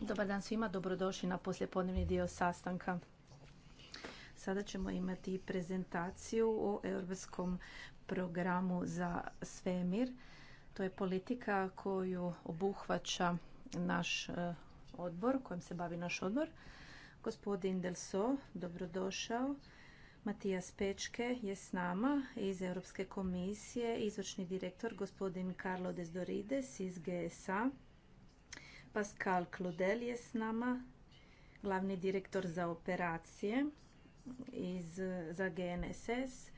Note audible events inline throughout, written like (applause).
Dobar dan svima, dobrodošli na poslijepodnevni dio sastanka. Sada ćemo imati prezentaciju o europskom programu za svemir. To je politika koju obuhvaća naš eh, odbor, kojim se bavi naš odbor. Gospodin Delso, dobrodošao. Matijas Pečke je s nama iz Europske komisije, izvršni direktor gospodin Carlo Desdorides iz GSA. Pascal Claudel je s nama, glavni direktor za operacije iz, za GNSS.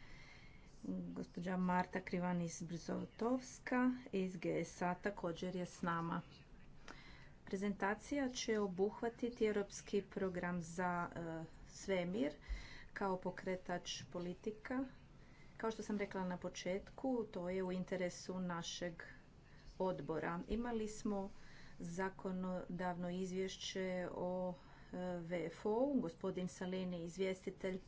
Gospođa Marta iz brzotovska iz GSA također je s nama. Prezentacija će obuhvatiti Europski program za e, svemir kao pokretač politika. Kao što sam rekla na početku, to je u interesu našeg odbora. Imali smo zakonodavno izvješće o e, VFO, gospodin Saleni, izvjestitelj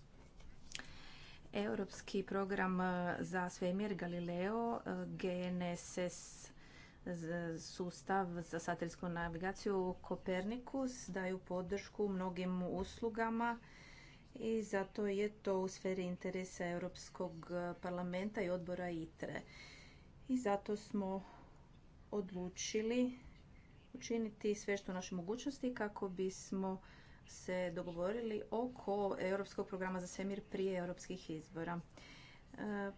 Europski program e, za svemir Galileo, e, GNSS sustav za satelitsku navigaciju Kopernikus daju podršku mnogim uslugama i zato je to u sferi interesa Europskog eh, parlamenta i odbora ITRE. I zato smo odlučili učiniti sve što u našoj mogućnosti kako bismo se dogovorili oko Europskog programa za svemir prije europskih izbora. Eh,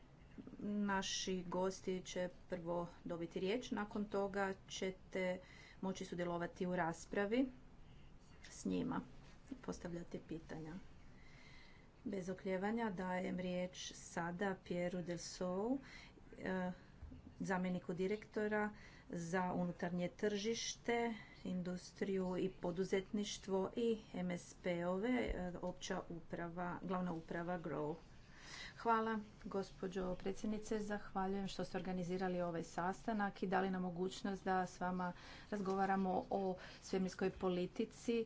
naši gosti će prvo dobiti riječ, nakon toga ćete moći sudjelovati u raspravi s njima i postavljati pitanja. Bez okljevanja dajem riječ sada Pieru del Sou, eh, zamjeniku direktora za unutarnje tržište, industriju i poduzetništvo i MSP-ove, eh, opća uprava, glavna uprava GROW. Hvala, gospođo predsjednice. Zahvaljujem što ste organizirali ovaj sastanak i dali nam mogućnost da s vama razgovaramo o svemirskoj politici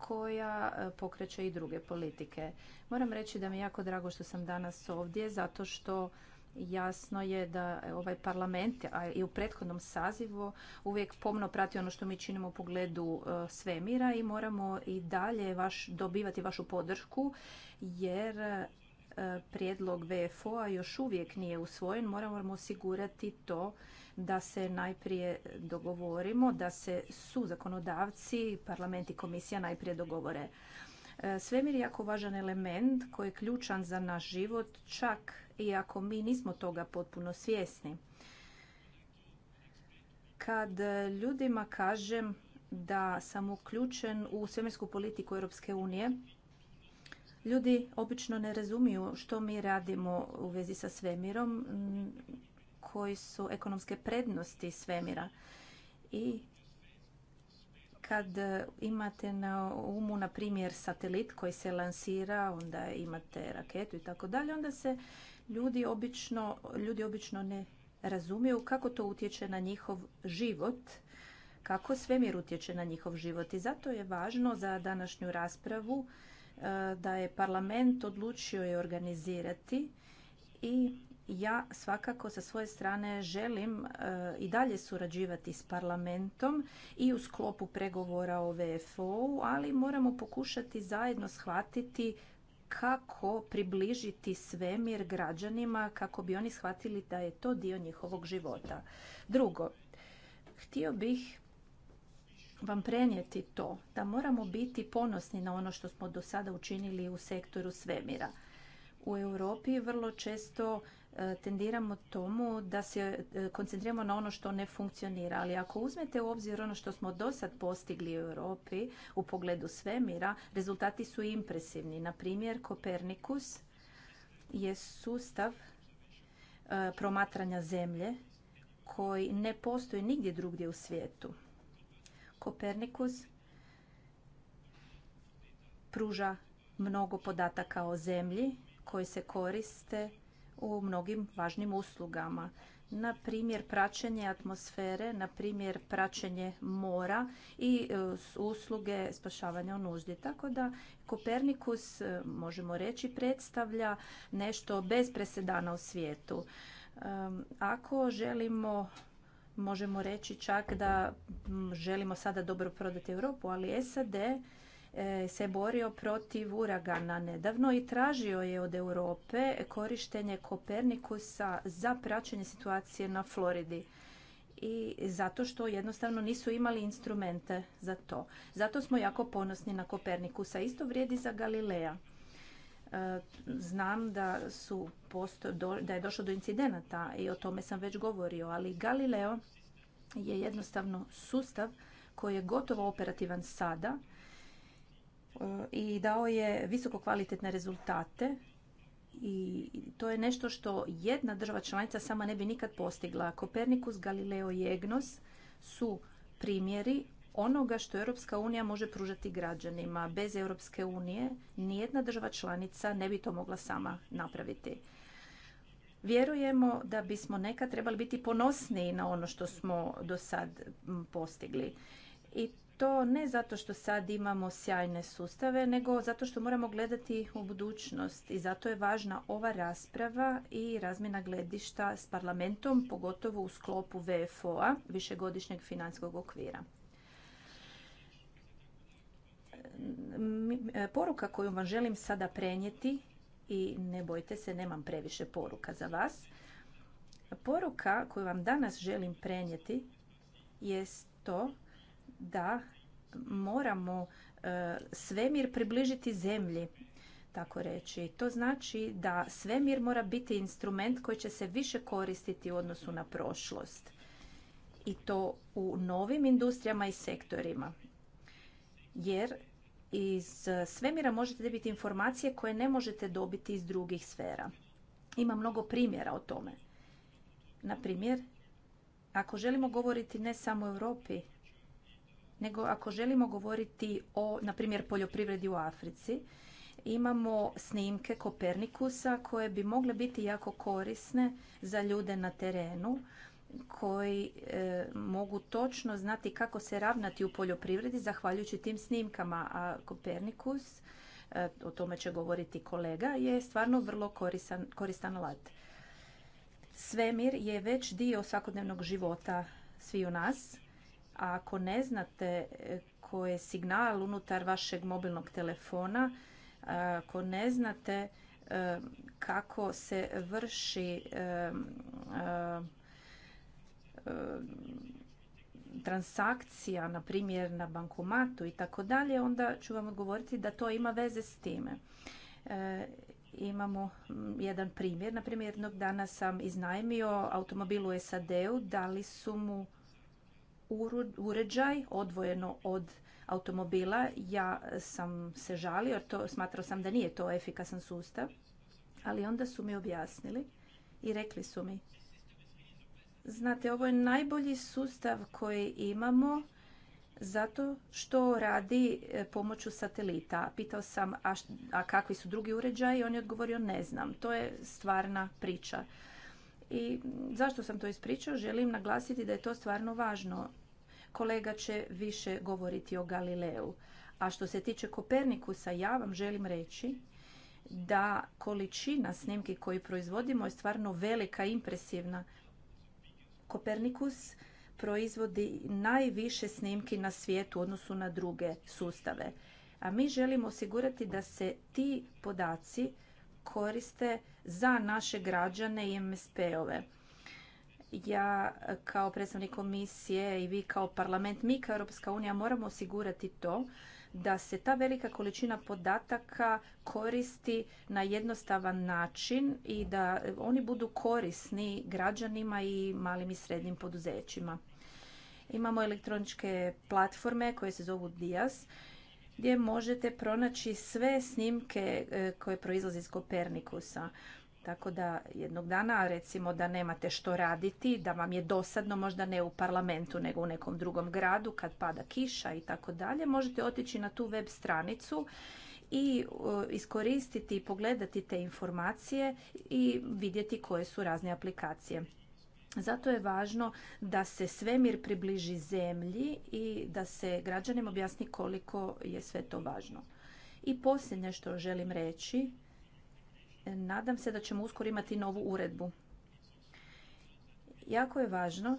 koja e, pokreće i druge politike. Moram reći da mi je jako drago što sam danas ovdje zato što jasno je da e, ovaj parlament, a i u prethodnom sazivu, uvijek pomno prati ono što mi činimo u pogledu e, svemira i moramo i dalje vaš, dobivati vašu podršku jer E, prijedlog VFO-a još uvijek nije usvojen, moramo osigurati to da se najprije dogovorimo, da se su zakonodavci, parlament i komisija najprije dogovore. E, svemir je jako važan element koji je ključan za naš život, čak i ako mi nismo toga potpuno svjesni. Kad ljudima kažem da sam uključen u svemirsku politiku Europske unije, Ljudi obično ne razumiju što mi radimo u vezi sa svemirom, koji su ekonomske prednosti svemira. I kad imate na umu, na primjer, satelit koji se lansira, onda imate raketu i tako dalje, onda se ljudi obično, ljudi obično ne razumiju kako to utječe na njihov život, kako svemir utječe na njihov život. I zato je važno za današnju raspravu da je parlament odlučio je organizirati i ja svakako sa svoje strane želim e, i dalje surađivati s parlamentom i u sklopu pregovora o VFO-u, ali moramo pokušati zajedno shvatiti kako približiti svemir građanima kako bi oni shvatili da je to dio njihovog života. Drugo, htio bih vam prenijeti to da moramo biti ponosni na ono što smo do sada učinili u sektoru svemira. U Europi vrlo često e, tendiramo tomu da se e, koncentriramo na ono što ne funkcionira. Ali ako uzmete u obzir ono što smo do sad postigli u Europi u pogledu svemira, rezultati su impresivni. Na primjer, Kopernikus je sustav e, promatranja zemlje koji ne postoji nigdje drugdje u svijetu. Kopernikus pruža mnogo podataka o zemlji koji se koriste u mnogim važnim uslugama. Na primjer praćenje atmosfere, na primjer praćenje mora i e, usluge spašavanja u nuždi. Tako da Kopernikus, e, možemo reći, predstavlja nešto bez presedana u svijetu. Ako želimo možemo reći čak da želimo sada dobro prodati Europu, ali SAD e, se borio protiv uragana nedavno i tražio je od Europe korištenje Kopernikusa za praćenje situacije na Floridi i zato što jednostavno nisu imali instrumente za to. Zato smo jako ponosni na Kopernikusa. Isto vrijedi za Galileja. Znam da, su posto, da je došlo do incidenata i o tome sam već govorio, ali Galileo je jednostavno sustav koji je gotovo operativan sada e, i dao je visoko kvalitetne rezultate i to je nešto što jedna država članica sama ne bi nikad postigla. Kopernikus, Galileo i Egnos su primjeri onoga što Europska unija može pružati građanima. Bez Europske unije nijedna država članica ne bi to mogla sama napraviti. Vjerujemo da bismo nekad trebali biti ponosniji na ono što smo do sad postigli. I to ne zato što sad imamo sjajne sustave, nego zato što moramo gledati u budućnost i zato je važna ova rasprava i razmjena gledišta s parlamentom, pogotovo u sklopu VFO-a, višegodišnjeg financijskog okvira. E, poruka koju vam želim sada prenijeti i ne bojte se, nemam previše poruka za vas. Poruka koju vam danas želim prenijeti jest to da moramo e, svemir približiti zemlji tako reći. To znači da svemir mora biti instrument koji će se više koristiti u odnosu na prošlost. I to u novim industrijama i sektorima. Jer iz e, svemira možete dobiti informacije koje ne možete dobiti iz drugih sfera. Ima mnogo primjera o tome. Na primjer, ako želimo govoriti ne samo o Europi, nego ako želimo govoriti o, na primjer, poljoprivredi u Africi, imamo snimke Kopernikusa koje bi mogle biti jako korisne za ljude na terenu, koji e, mogu točno znati kako se ravnati u poljoprivredi zahvaljujući tim snimkama, a Kopernikus, e, o tome će govoriti kolega, je stvarno vrlo korisan, koristan alat. Svemir je već dio svakodnevnog života svi u nas, a ako ne znate e, koji je signal unutar vašeg mobilnog telefona, ako ne znate kako se vrši E, transakcija, na primjer na bankomatu i tako dalje, onda ću vam odgovoriti da to ima veze s time. E, imamo jedan primjer. Na primjer, jednog dana sam iznajmio automobil u SAD-u, dali su mu uređaj odvojeno od automobila. Ja sam se žalio, to, smatrao sam da nije to efikasan sustav, ali onda su mi objasnili i rekli su mi Znate, ovo je najbolji sustav koji imamo zato što radi e, pomoću satelita. Pitao sam, a, kakvi su drugi uređaji? On je odgovorio, ne znam. To je stvarna priča. I zašto sam to ispričao? Želim naglasiti da je to stvarno važno. Kolega će više govoriti o Galileu. A što se tiče Kopernikusa, ja vam želim reći da količina snimki koju proizvodimo je stvarno velika, impresivna Kopernikus proizvodi najviše snimki na svijetu u odnosu na druge sustave. A mi želimo osigurati da se ti podaci koriste za naše građane i MSP-ove. Ja kao predstavnik komisije i vi kao parlament, mi kao Europska unija moramo osigurati to da se ta velika količina podataka koristi na jednostavan način i da oni budu korisni građanima i malim i srednjim poduzećima. Imamo elektroničke platforme koje se zovu DIAS gdje možete pronaći sve snimke e, koje proizlaze iz Kopernikusa. Tako da jednog dana recimo da nemate što raditi, da vam je dosadno možda ne u parlamentu nego u nekom drugom gradu kad pada kiša i tako dalje, možete otići na tu web stranicu i uh, iskoristiti i pogledati te informacije i vidjeti koje su razne aplikacije. Zato je važno da se svemir približi zemlji i da se građanima objasni koliko je sve to važno. I posljednje što želim reći nadam se da ćemo uskoro imati novu uredbu. Jako je važno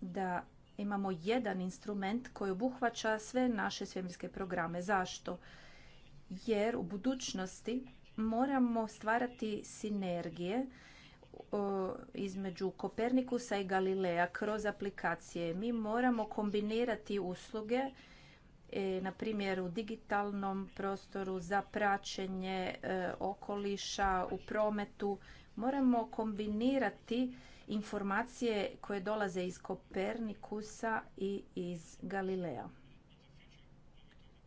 da imamo jedan instrument koji obuhvaća sve naše svemirske programe. Zašto? Jer u budućnosti moramo stvarati sinergije između Kopernikusa i Galilea kroz aplikacije. Mi moramo kombinirati usluge E, na primjer u digitalnom prostoru za praćenje e, okoliša u prometu moramo kombinirati informacije koje dolaze iz Kopernikusa i iz Galilea.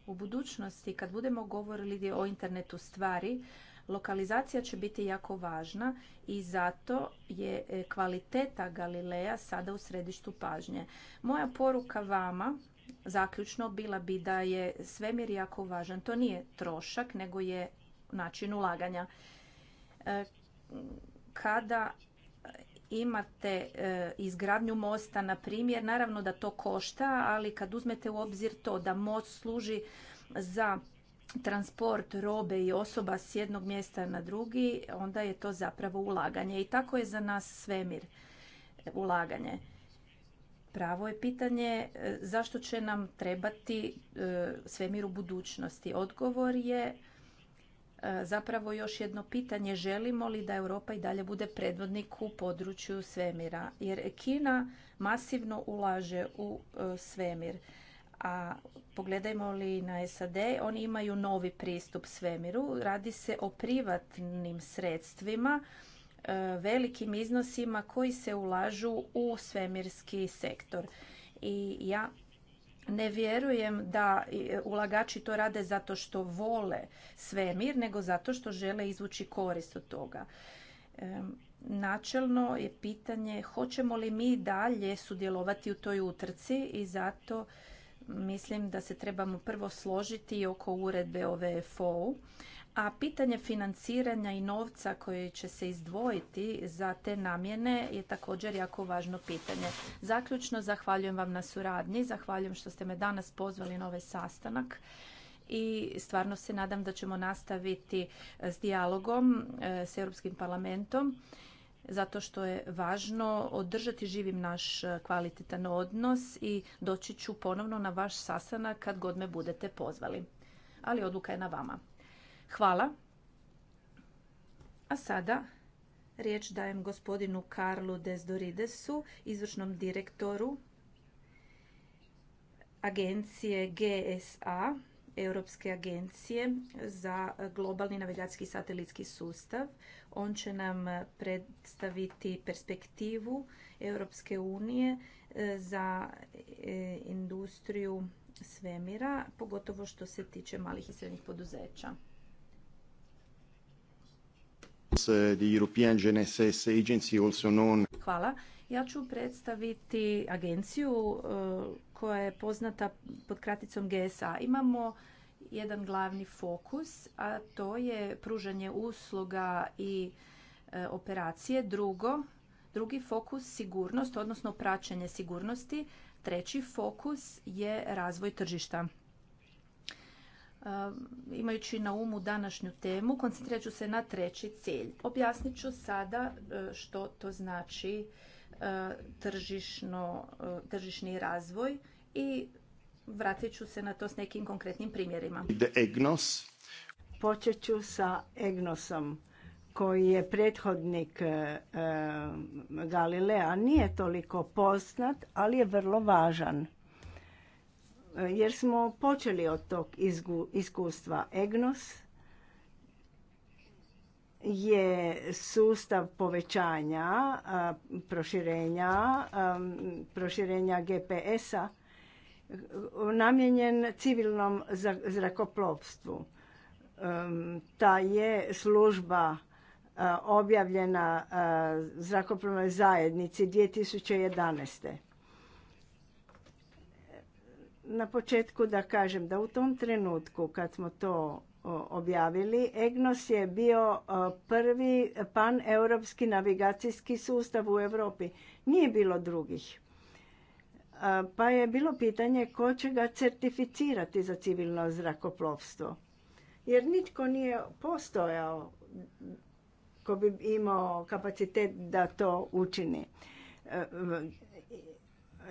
U budućnosti kad budemo govorili o internetu stvari, lokalizacija će biti jako važna i zato je e, kvaliteta Galileja sada u središtu pažnje. Moja poruka vama zaključno bila bi da je svemir jako važan. To nije trošak, nego je način ulaganja. E, kada imate e, izgradnju mosta, na primjer, naravno da to košta, ali kad uzmete u obzir to da most služi za transport robe i osoba s jednog mjesta na drugi, onda je to zapravo ulaganje. I tako je za nas svemir ulaganje pravo je pitanje e, zašto će nam trebati e, svemir u budućnosti. Odgovor je e, zapravo još jedno pitanje želimo li da Europa i dalje bude predvodnik u području svemira jer Kina masivno ulaže u svemir. A pogledajmo li na SAD, oni imaju novi pristup svemiru, radi se o privatnim sredstvima E, velikim iznosima koji se ulažu u svemirski sektor. I ja ne vjerujem da e, ulagači to rade zato što vole svemir, nego zato što žele izvući korist od toga. E, načelno je pitanje hoćemo li mi dalje sudjelovati u toj utrci i zato mislim da se trebamo prvo složiti oko uredbe o VFO-u a pitanje financiranja i novca koje će se izdvojiti za te namjene je također jako važno pitanje. Zaključno zahvaljujem vam na suradnji, zahvaljujem što ste me danas pozvali na ovaj sastanak i stvarno se nadam da ćemo nastaviti e, s dijalogom e, s Europskim parlamentom zato što je važno održati živim naš e, kvalitetan odnos i doći ću ponovno na vaš sastanak kad god me budete pozvali. Ali odluka je na vama. Hvala. A sada riječ dajem gospodinu Karlu Desdoridesu, izvršnom direktoru agencije GSA, Europske agencije za globalni navigacijski satelitski sustav. On će nam predstaviti perspektivu Europske unije eh, za eh, industriju svemira, pogotovo što se tiče malih i srednjih poduzeća. Hvala. Ja ću predstaviti agenciju e, koja je poznata pod kraticom GSA. Imamo jedan glavni fokus, a to je pružanje usluga i e, operacije. Drugo, drugi fokus sigurnost, odnosno praćenje sigurnosti. Treći fokus je razvoj tržišta. Eh, imajući na umu današnju temu, koncentrirat ću se na treći cilj. Objasnit ću sada eh, što to znači eh, tržišni razvoj i vratit ću se na to s nekim konkretnim primjerima. Počet ću sa EGNOSom koji je prethodnik Galilea. Nije toliko poznat, ali je vrlo važan jer smo počeli od tog iskustva EGNOS je sustav povećanja, proširenja, proširenja GPS-a namjenjen civilnom zrakoplovstvu. Um, ta je služba objavljena zrakoplovnoj zajednici 2011 na početku da kažem da u tom trenutku kad smo to objavili, EGNOS je bio prvi paneuropski navigacijski sustav u Europi. Nije bilo drugih. E, pa je bilo pitanje ko će ga certificirati za civilno zrakoplovstvo. Jer nitko nije postojao ko bi imao kapacitet da to učini e,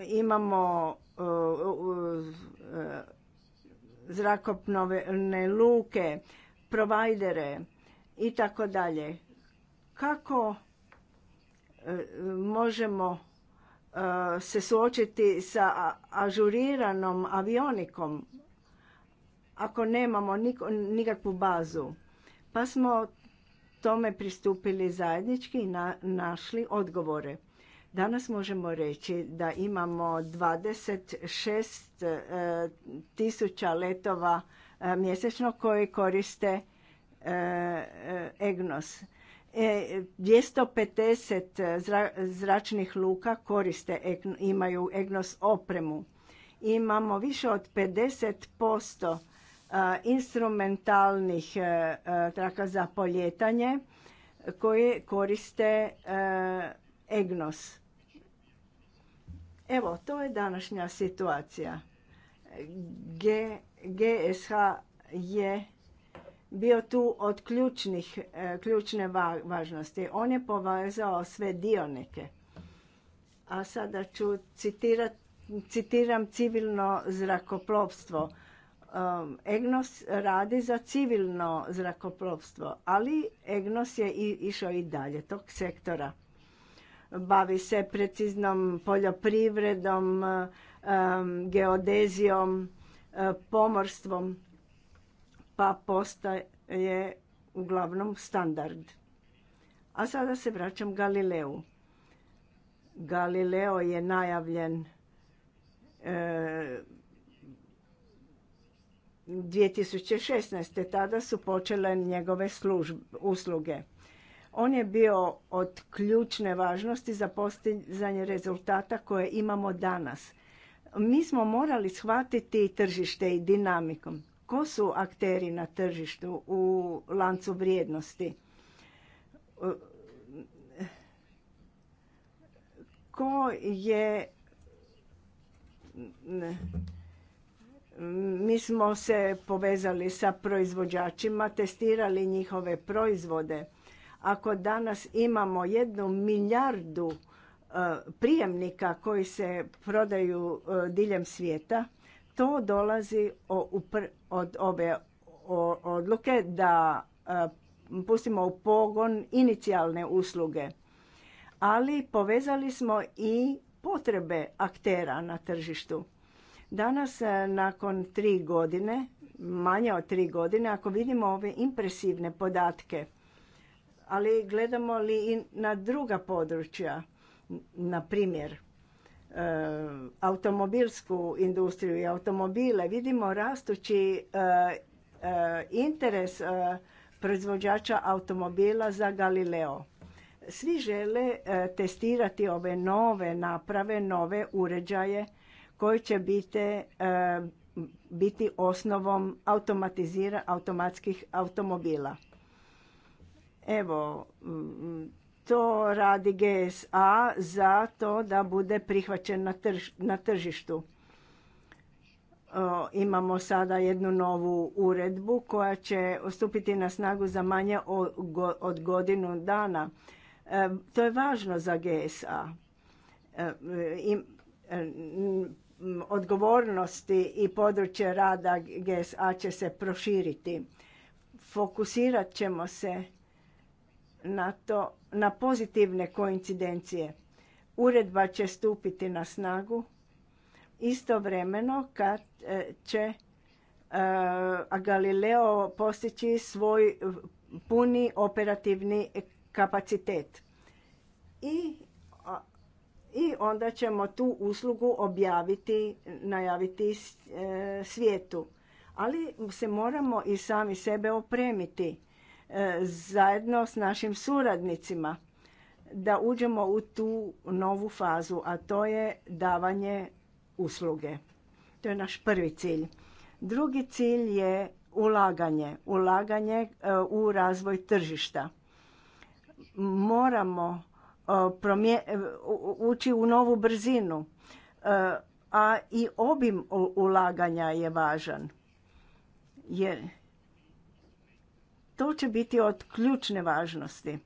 imamo uh, uh, uh, zrakoplovne luke, provajdere i tako dalje. Kako možemo se suočiti sa ažuriranom avionikom ako nemamo nikakvu bazu? Pa smo tome pristupili zajednički i našli odgovore. Danas možemo reći da imamo 26 e, tisuća letova e, mjesečno koji koriste e, EGNOS. 250 zračnih luka koriste, imaju EGNOS opremu. Imamo više od 50% instrumentalnih traka za poljetanje koje koriste EGNOS. Evo, to je današnja situacija. GSH je bio tu od ključnih, e, ključne važnosti. On je povezao sve dionike. A sada ću citirat, citiram civilno zrakoplovstvo. EGNOS radi za civilno zrakoplovstvo, ali EGNOS je išao i dalje tog sektora bavi se preciznom poljoprivredom, geodezijom, eh, pomorstvom, pa postaje uglavnom standard. A sada se vraćam Galileu. Galileo je najavljen 2016. Eh, tada su počele njegove usluge. On je bio od ključne važnosti za postizanje rezultata koje imamo danas. Mi smo morali shvatiti tržište i dinamikom. Ko su akteri na tržištu u lancu vrijednosti? Ko je... Mi smo se povezali sa proizvođačima, testirali njihove proizvode ako danas imamo jednu milijardu e, prijemnika koji se prodaju e, diljem svijeta, to dolazi od ove odluke da e, pustimo u pogon inicijalne usluge. Ali povezali smo i potrebe aktera na tržištu. Danas, nakon tri godine, manje od tri godine, ako vidimo ove impresivne podatke, ali gledamo li i na druga područja, na primjer e, automobilsku industriju i automobile, vidimo rastući e, e, interes proizvođača automobila za Galileo. Svi žele testirati ove nove naprave, nove uređaje koji će biti, biti osnovom automatskih automobila. Evo, mm, to radi GSA za to da bude prihvaćen na, tržištu. imamo sada jednu novu uredbu koja će stupiti na snagu za manje od godinu dana. E, to je važno za GSA. E, e, odgovornosti i područje rada GSA će se proširiti. Fokusirat ćemo se na, to, na pozitivne koincidencije. Uredba će stupiti na snagu istovremeno kad e, će e, Galileo postići svoj puni operativni kapacitet. I, I onda ćemo tu uslugu objaviti, najaviti e, svijetu. Ali se moramo i sami sebe opremiti E, zajedno s našim suradnicima da uđemo u tu novu fazu, a to je davanje usluge. To je naš prvi cilj. Drugi cilj je ulaganje, ulaganje e, u razvoj tržišta. Moramo e, ući u novu brzinu, a i obim ulaganja je važan. Jer to će biti od ključne važnosti.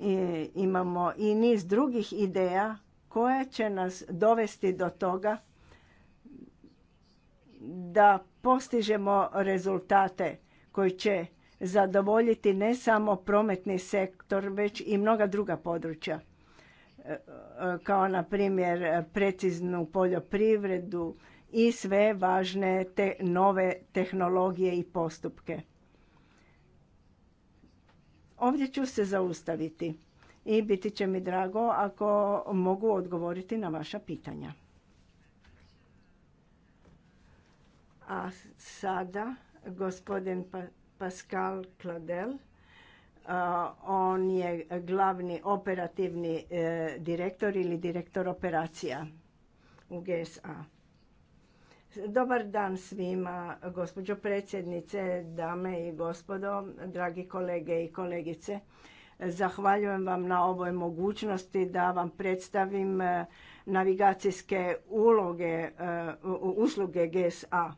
I imamo i niz drugih ideja koje će nas dovesti do toga da postižemo rezultate koji će zadovoljiti ne samo prometni sektor, već i mnoga druga područja. E, kao na primjer preciznu poljoprivredu i sve važne te nove tehnologije i postupke. Ovdje ću se zaustaviti i biti će mi drago ako mogu odgovoriti na vaša pitanja. A sada gospodin pa-, Pascal Cladel, on je glavni operativni e, direktor ili direktor operacija u GSA. Dobar dan svima, gospođo predsjednice, dame i gospodo, dragi kolege i kolegice. Zahvaljujem vam na ovoj mogućnosti da vam predstavim e, navigacijske uloge, e, usluge GSA.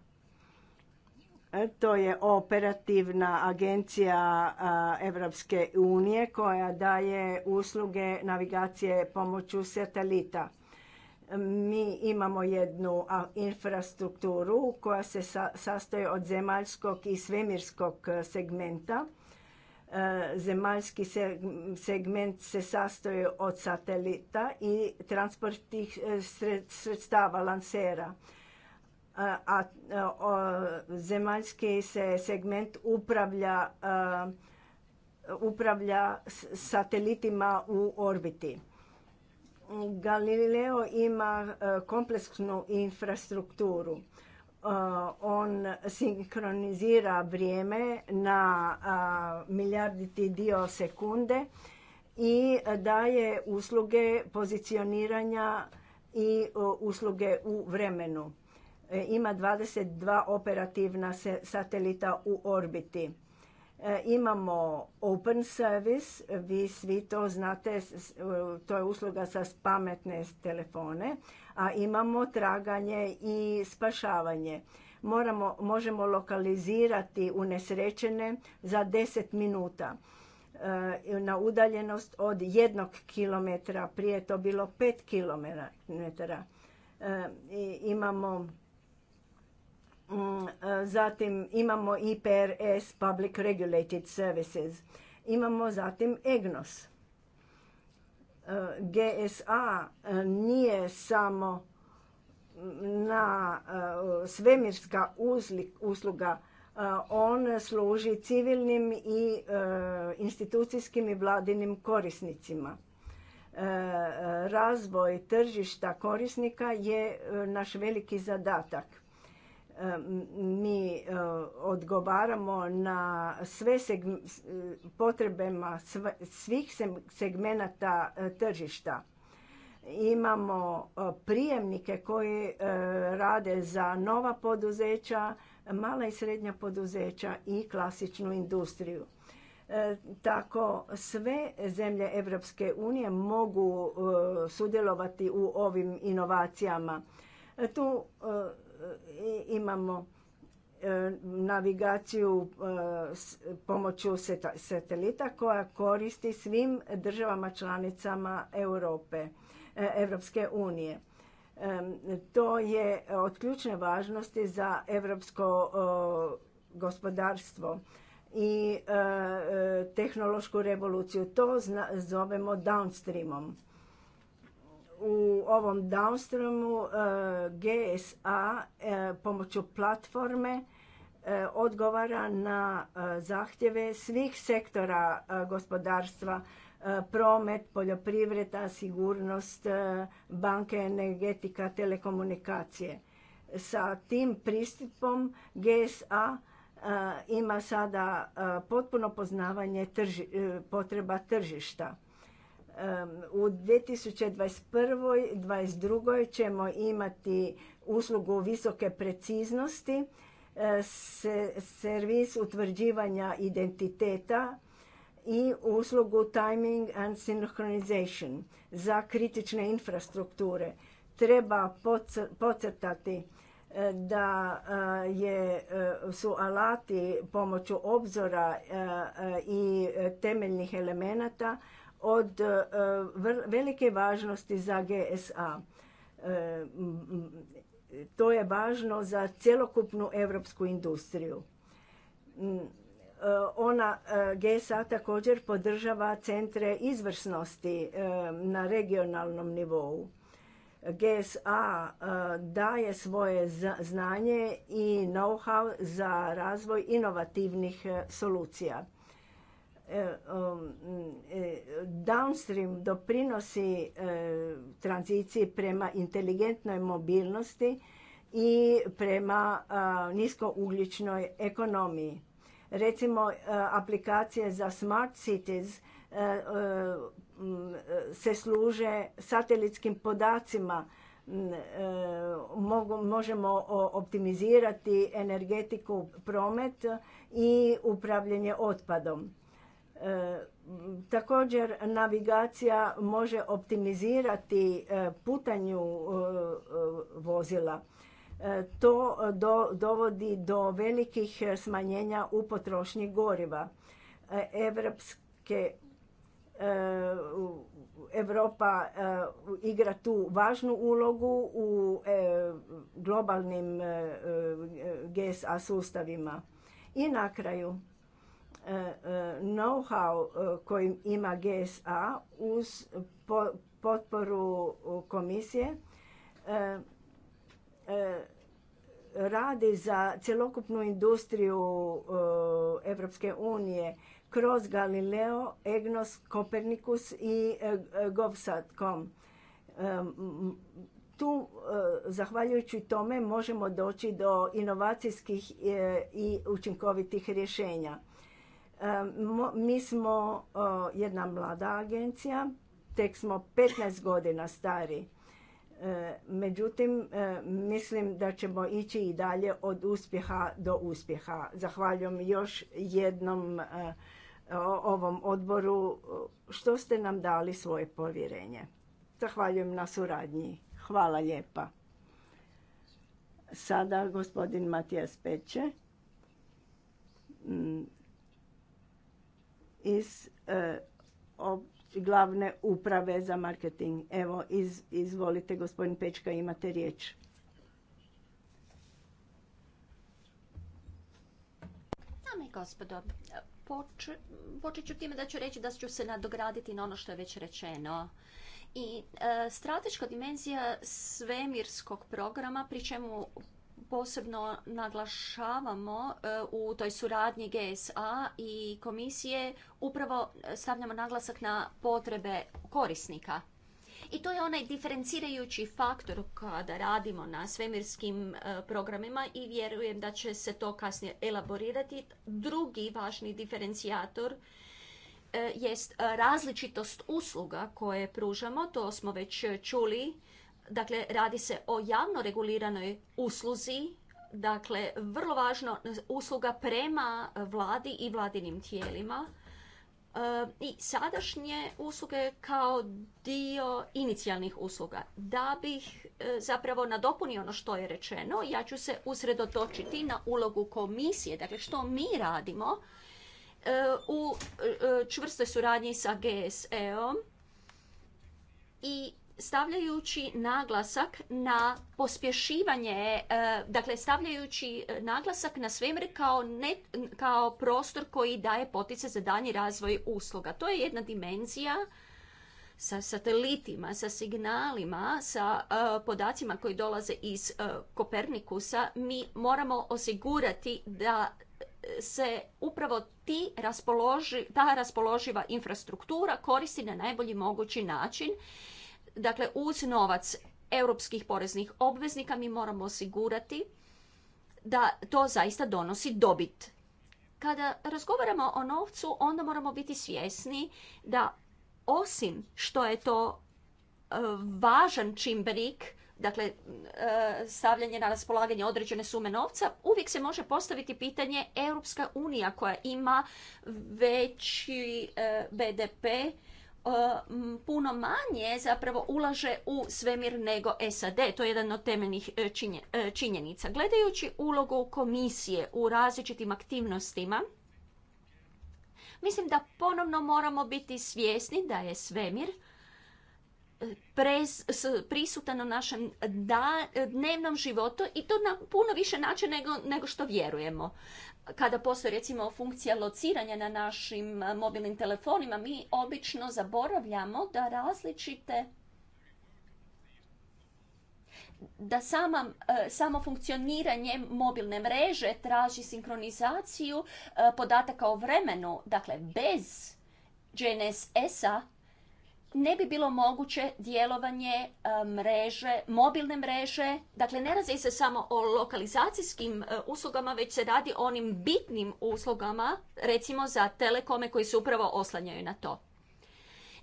E, to je operativna agencija Evropske unije koja daje usluge navigacije pomoću satelita mi imamo jednu infrastrukturu koja se sastoji od zemaljskog i svemirskog e, segmenta. E, zemaljski segment se sastoji od satelita i transportnih e, sredstava lansera. A zemaljski se segment upravlja, upravlja satelitima u orbiti Galileo ima e, kompleksnu infrastrukturu. E, on sinkronizira vrijeme na milijarditi dio sekunde i daje usluge pozicioniranja i e, usluge u vremenu. Ima 22 operativna satelita u orbiti E, imamo open service, vi svi to znate, e, to je usluga sa pametne telefone, a imamo traganje i spašavanje. Moramo, možemo lokalizirati unesrećene za 10 minuta e, na udaljenost od jednog kilometra, prije je to bilo pet kilometara. Imamo Mm, e, zatim imamo IPRS, Public Regulated Services. Imamo zatim EGNOS. E, GSA e, nije samo na svemirska usluga, on služi civilnim i institucijskim i vladinim korisnicima. Razvoj tržišta korisnika je naš veliki zadatak mi e, odgovaramo na sve e, potrebama svih segmenata e, tržišta. Imamo prijemnike koji rade za nova poduzeća, mala i srednja poduzeća i klasičnu industriju. Tako sve zemlje Europske unije mogu sudjelovati u ovim inovacijama. Tu imamo e, navigaciju e, pomoću satelita koja koristi svim državama članicama Europe, Europske unije. E, to je od ključne važnosti za europsko gospodarstvo i tehnološku revoluciju. To zovemo downstreamom u ovom downstreamu e, GSA e, pomoću platforme e, odgovara na zahtjeve svih sektora gospodarstva, promet, poljoprivreda, sigurnost, banke, energetika, telekomunikacije. Sa tim pristupom GSA ima sada potpuno poznavanje potreba tržišta u 2021. i 2022. ćemo imati uslugu visoke preciznosti, e, servis utvrđivanja identiteta i uslugu timing and synchronization za kritične infrastrukture. Treba podcrtati e, da e, je, su alati pomoću obzora i temeljnih elemenata od e, velike važnosti za GSA. E, to je važno za cjelokupnu europsku industriju. E, ona GSA također podržava centre izvrsnosti na regionalnom nivou. GSA daje svoje znanje i know-how za razvoj inovativnih solucija. E, um, e, downstream doprinosi e, tranziciji prema inteligentnoj mobilnosti i prema niskougljičnoj ekonomiji. Recimo, aplikacije za smart cities se služe satelitskim podacima, mm, možemo optimizirati energetiku, promet i upravljanje otpadom. E, također navigacija može optimizirati e, putanju e, vozila. To dovodi do velikih smanjenja u potrošnji goriva. Evropske, Evropa igra tu važnu ulogu u globalnim GSA sustavima. I na kraju, E, e, know-how e, kojim ima GSA uz potporu komisije radi za cjelokupnu industriju Evropske unije kroz Galileo, EGNOS, Kopernikus i Govsatcom. Tu, zahvaljujući tome, možemo doći do inovacijskih i učinkovitih rješenja. Mi smo jedna mlada agencija, tek smo 15 godina stari. E, međutim, e, mislim da ćemo ići i dalje od uspjeha do uspjeha. Zahvaljujem još jednom e, ovom odboru što ste nam dali svoje povjerenje. Zahvaljujem na suradnji. Hvala lijepa. Sada gospodin Matijas Peće mm, iz e, glavne uprave za marketing. Evo, izvolite, gospodin Pečka, imate riječ. Dame i gospodo, počet ću time da ću reći da ću se nadograditi na ono što je već rečeno. I e, strateška dimenzija svemirskog programa, pri čemu posebno naglašavamo e, u toj suradnji GSA i komisije upravo stavljamo naglasak na potrebe korisnika. I to je onaj diferencirajući faktor kada radimo na svemirskim e, programima i vjerujem da će se to kasnije elaborirati. Drugi važni diferencijator e, jest različitost usluga koje pružamo, to smo već čuli Dakle, radi se o javno reguliranoj usluzi, dakle, vrlo važno usluga prema vladi i vladinim tijelima. E, I sadašnje usluge kao dio inicijalnih usluga. Da bih e, zapravo nadopunio ono što je rečeno, ja ću se usredotočiti na ulogu komisije, dakle što mi radimo e, u čvrstoj suradnji sa GSE-om i stavljajući naglasak na pospješivanje, e, dakle stavljajući e, naglasak na svemir kao, ne, kao prostor koji daje potice za danji razvoj usluga. To je jedna dimenzija sa satelitima, sa signalima, sa e, podacima koji dolaze iz Kopernikusa, mi moramo osigurati da se upravo ti raspoloži, ta raspoloživa infrastruktura koristi na najbolji mogući način Dakle, uz novac europskih poreznih obveznika mi moramo osigurati da to zaista donosi dobit. Kada razgovaramo o novcu, onda moramo biti svjesni da osim što je to e, važan čimbenik, dakle e, stavljanje na raspolaganje određene sume novca, uvijek se može postaviti pitanje Europska unija koja ima veći e, BDP puno manje zapravo ulaže u svemir nego SAD. To je jedan od temeljnih e, e, činjenica. Gledajući ulogu komisije u različitim aktivnostima, mislim da ponovno moramo biti svjesni da je svemir e, prisutan u našem dnevnom životu i to na puno više način nego, nego što vjerujemo kada postoji recimo funkcija lociranja na našim e, mobilnim telefonima, mi obično zaboravljamo da različite da sama, e, samo funkcioniranje mobilne mreže traži sinkronizaciju e, podataka o vremenu. Dakle, bez GNSS-a ne bi bilo moguće djelovanje e, mreže, mobilne mreže. Dakle, ne radi se samo o lokalizacijskim e, uslugama, već se radi o onim bitnim uslugama, recimo za telekome koji se upravo oslanjaju na to.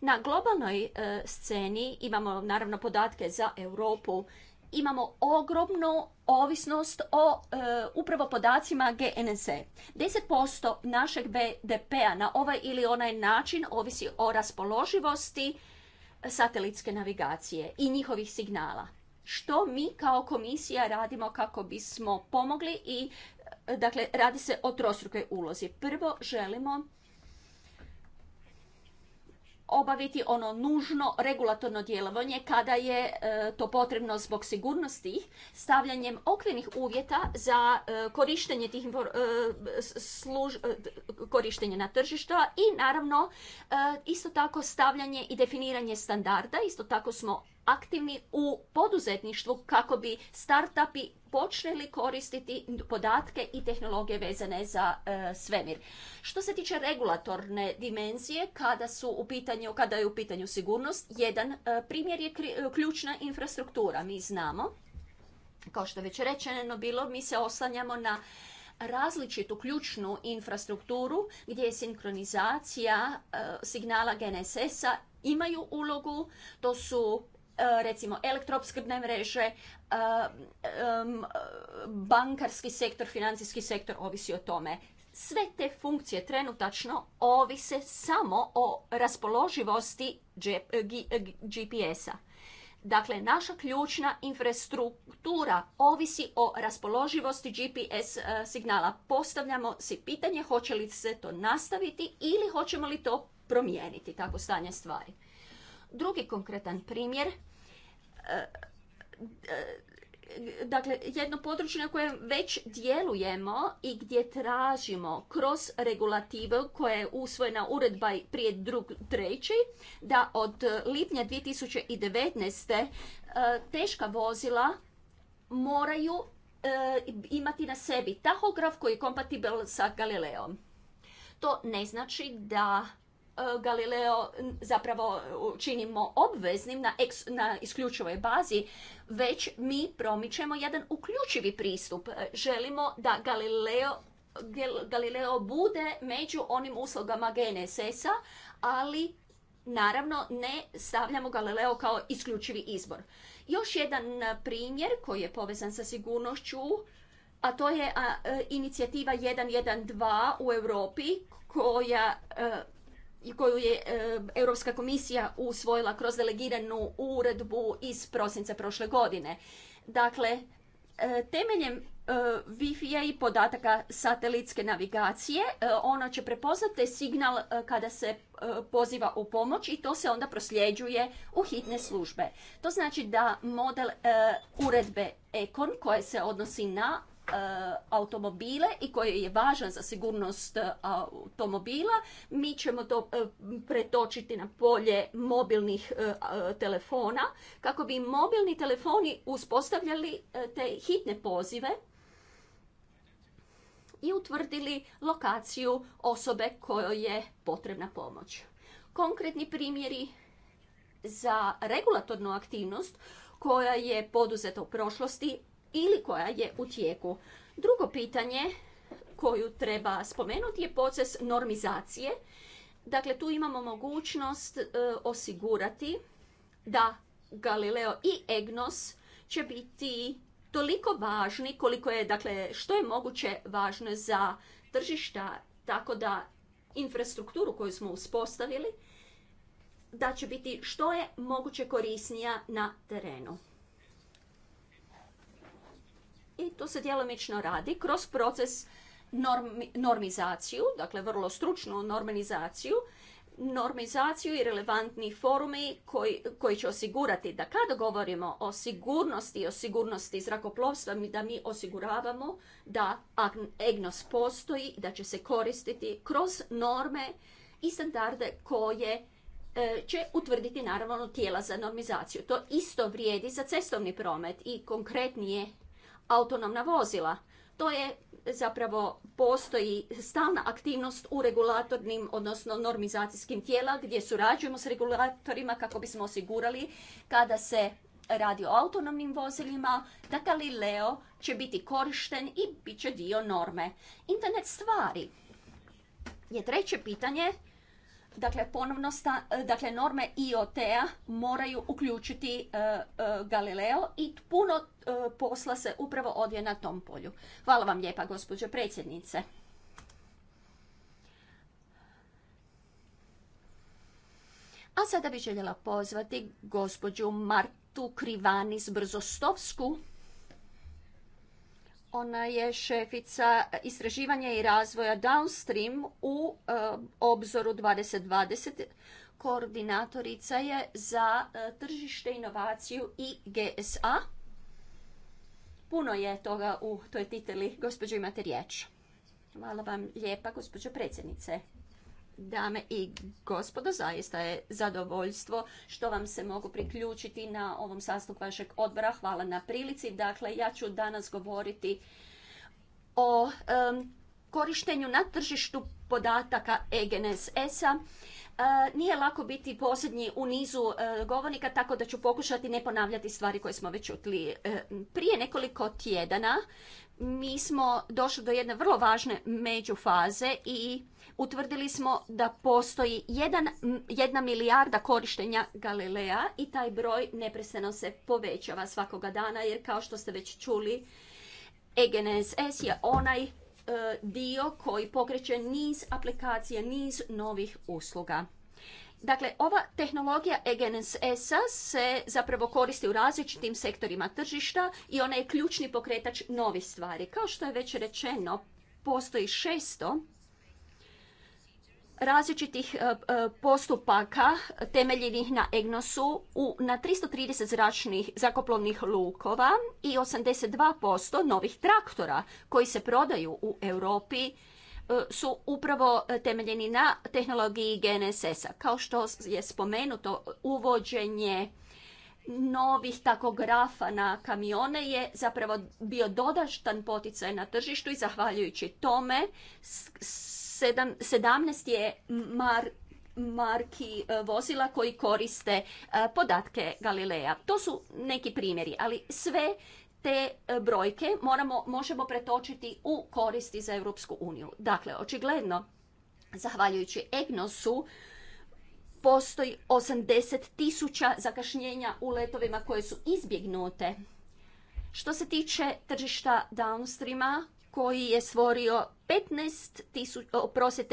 Na globalnoj e, sceni imamo naravno podatke za Europu, imamo ogromnu ovisnost o e, upravo podacima GNSE. 10% našeg BDP-a na ovaj ili onaj način ovisi o raspoloživosti satelitske navigacije i njihovih signala. Što mi kao komisija radimo kako bismo pomogli i e, dakle radi se o trostrukoj ulozi. Prvo želimo obaviti ono nužno regulatorno djelovanje kada je e, to potrebno zbog sigurnosti stavljanjem okvirnih uvjeta za e, korištenje tih e, e korištenje na tržišta i naravno isto tako stavljanje i definiranje standarda. Isto tako smo aktivni u poduzetništvu kako bi startupi počeli koristiti podatke i tehnologije vezane za e, svemir. Što se tiče regulatorne dimenzije, kada su u pitanju, kada je u pitanju sigurnost, jedan e, primjer je e, ključna infrastruktura. Mi znamo, kao što je već rečeno bilo, mi se oslanjamo na različitu ključnu infrastrukturu gdje je sinkronizacija signala GNSS-a imaju ulogu, to su E, recimo elektropskrbne mreže, e, bankarski sektor, financijski sektor, ovisi o tome. Sve te funkcije trenutačno ovise samo o raspoloživosti e, GPS-a. Dakle, naša ključna infrastruktura ovisi o raspoloživosti GPS signala. Postavljamo si pitanje hoće li se to nastaviti ili hoćemo li to promijeniti, tako stanje stvari. Drugi konkretan primjer dakle, jedno područje na kojem već djelujemo i gdje tražimo kroz regulativu koja je usvojena uredba prije drug treći, da od lipnja 2019. E, teška vozila moraju e, imati na sebi tahograf koji je kompatibilan sa Galileom. To ne znači da E, Galileo zapravo činimo obveznim na, na isključivoj bazi, već mi promičemo jedan uključivi pristup. E, želimo da Galileo Galileo bude među onim uslugama GNSS-a, ali naravno ne stavljamo Galileo kao isključivi izbor. Još jedan primjer koji je povezan sa sigurnošću, a to je e, inicijativa 112 u Europi koja koju je e, Europska komisija usvojila kroz delegiranu uredbu iz prosinca prošle godine. Dakle, e, temeljem e, Wi-Fi i podataka satelitske navigacije. Ona će prepoznati signal kada se poziva u pomoć i to se onda prosljeđuje u hitne službe. To znači da model uredbe ECON koje se odnosi na Eh, automobile i koji je važan za sigurnost eh, automobila, mi ćemo to eh, pretočiti na polje mobilnih telefona kako bi mobilni telefoni uspostavljali te hitne pozive i utvrdili lokaciju osobe kojoj je potrebna pomoć. Konkretni primjeri za regulatornu aktivnost koja je poduzeta u prošlosti ili koja je u tijeku. Drugo pitanje koju treba spomenuti je proces normizacije. Dakle, tu imamo mogućnost e, osigurati da Galileo i EGNOS će biti toliko važni koliko je, dakle, što je moguće važno za tržišta, tako da infrastrukturu koju smo uspostavili, da će biti što je moguće korisnija na terenu i to se djelomično radi kroz proces normizaciju, dakle vrlo stručnu normalizaciju, normizaciju i relevantni forumi koji, će osigurati da kada govorimo o sigurnosti i o sigurnosti zrakoplovstva, da mi osiguravamo da EGNOS postoji, da će se koristiti kroz norme i standarde koje e, će utvrditi naravno tijela za normizaciju. To isto vrijedi za cestovni promet i konkretnije autonomna vozila. To je zapravo postoji stalna aktivnost u regulatornim, odnosno normizacijskim tijela gdje surađujemo s regulatorima kako bismo osigurali kada se radi o autonomnim vozilima, da Galileo će biti korišten i bit će dio norme. Internet stvari je treće pitanje Dakle, ponovno e, dakle, norme IoT-a moraju uključiti e, e, Galileo i puno posla se upravo odje na tom polju. Hvala vam lijepa, gospođo predsjednice. A sada bih željela pozvati gospođu Martu Krivanis Brzostovsku ona je šefica istraživanja i razvoja downstream u e, obzoru 2020. Koordinatorica je za e, tržište, inovaciju i GSA. Puno je toga u toj titeli. Gospođo, imate riječ. Hvala vam lijepa, gospođo predsjednice. Dame i gospodo, zaista je zadovoljstvo što vam se mogu priključiti na ovom sastanku vašeg odbora. Hvala na prilici. Dakle, ja ću danas govoriti o korištenju na tržištu podataka EGNSS-a. E, nije lako biti posljednji u nizu e, govornika, tako da ću pokušati ne ponavljati stvari koje smo već utli. E, prije nekoliko tjedana mi smo došli do jedne vrlo važne međufaze i utvrdili smo da postoji jedan, jedna milijarda korištenja Galilea i taj broj neprestano se povećava svakoga dana jer kao što ste već čuli EGNSS je onaj e, dio koji pokreće niz aplikacija, niz novih usluga. Dakle, ova tehnologija egnss a se zapravo koristi u različitim sektorima tržišta i ona je ključni pokretač novih stvari. Kao što je već rečeno, postoji 600 različitih e, e, postupaka temeljenih na EGNOS-u na 330 zračnih zakoplovnih lukova i 82% novih traktora koji se prodaju u Europi E, su upravo e, temeljeni na tehnologiji GNSS-a. Kao što je spomenuto, uvođenje novih takografa na kamione je zapravo bio dodaštan poticaj na tržištu i zahvaljujući tome 17 je marki e, vozila koji koriste podatke Galileja. To su neki primjeri, ali sve te e, brojke moramo, možemo pretočiti u koristi za Europsku uniju. Dakle, očigledno, zahvaljujući EGNOS-u, postoji 80 tisuća zakašnjenja u letovima koje su izbjegnute. Što se tiče tržišta downstreama, koji je stvorio tisuća,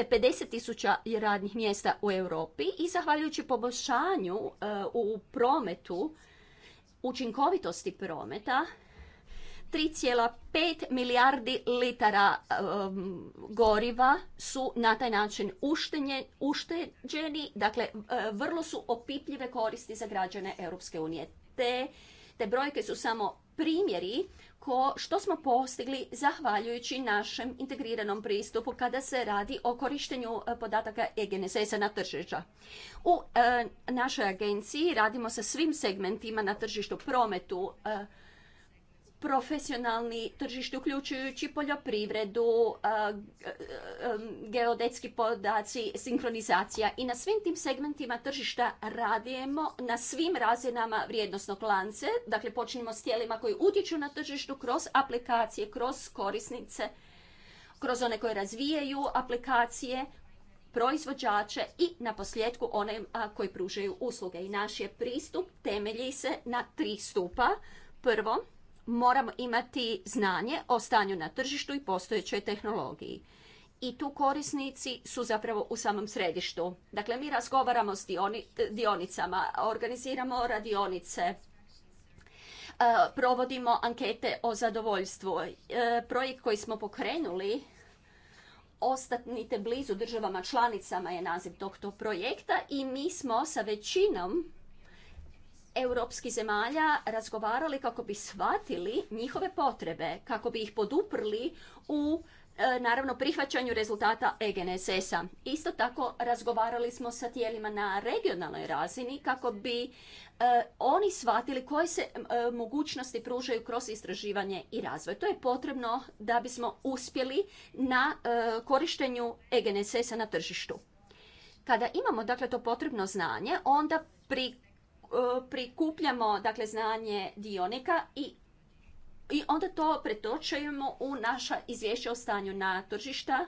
50 tisuća radnih mjesta u Europi i zahvaljujući poboljšanju e, u prometu, učinkovitosti prometa, 3,5 milijardi litara um, goriva su na taj način uštenje, ušteđeni, dakle uh, vrlo su opipljive koristi za građane Europske unije. Te, te brojke su samo primjeri ko, što smo postigli zahvaljujući našem integriranom pristupu kada se radi o korištenju uh, podataka EGNSS-a na tržišta. U uh, našoj agenciji radimo sa svim segmentima na tržištu prometu, profesionalni tržišti, uključujući poljoprivredu, geodetski podaci, sinkronizacija. I na svim tim segmentima tržišta radijemo na svim razinama vrijednostnog lance. Dakle, počinjemo s tijelima koji utječu na tržištu kroz aplikacije, kroz korisnice, kroz one koje razvijaju aplikacije, proizvođače i na posljedku one koji pružaju usluge. I naš je pristup temelji se na tri stupa. Prvo, moramo imati znanje o stanju na tržištu i postojećoj tehnologiji. I tu korisnici su zapravo u samom središtu. Dakle, mi razgovaramo s dionicama, organiziramo radionice, e, provodimo ankete o zadovoljstvu. E, projekt koji smo pokrenuli Ostatnite blizu državama članicama je naziv tog, tog projekta i mi smo sa većinom europskih zemalja razgovarali kako bi shvatili njihove potrebe, kako bi ih poduprli u e, naravno prihvaćanju rezultata EGNSS-a. Isto tako razgovarali smo sa tijelima na regionalnoj razini kako bi e, oni shvatili koje se e, mogućnosti pružaju kroz istraživanje i razvoj. To je potrebno da bismo uspjeli na korištenju EGNSS-a na tržištu. Kada imamo dakle to potrebno znanje, onda pri E, prikupljamo dakle, znanje dionika i i onda to pretočujemo u naša izvješća o stanju na tržišta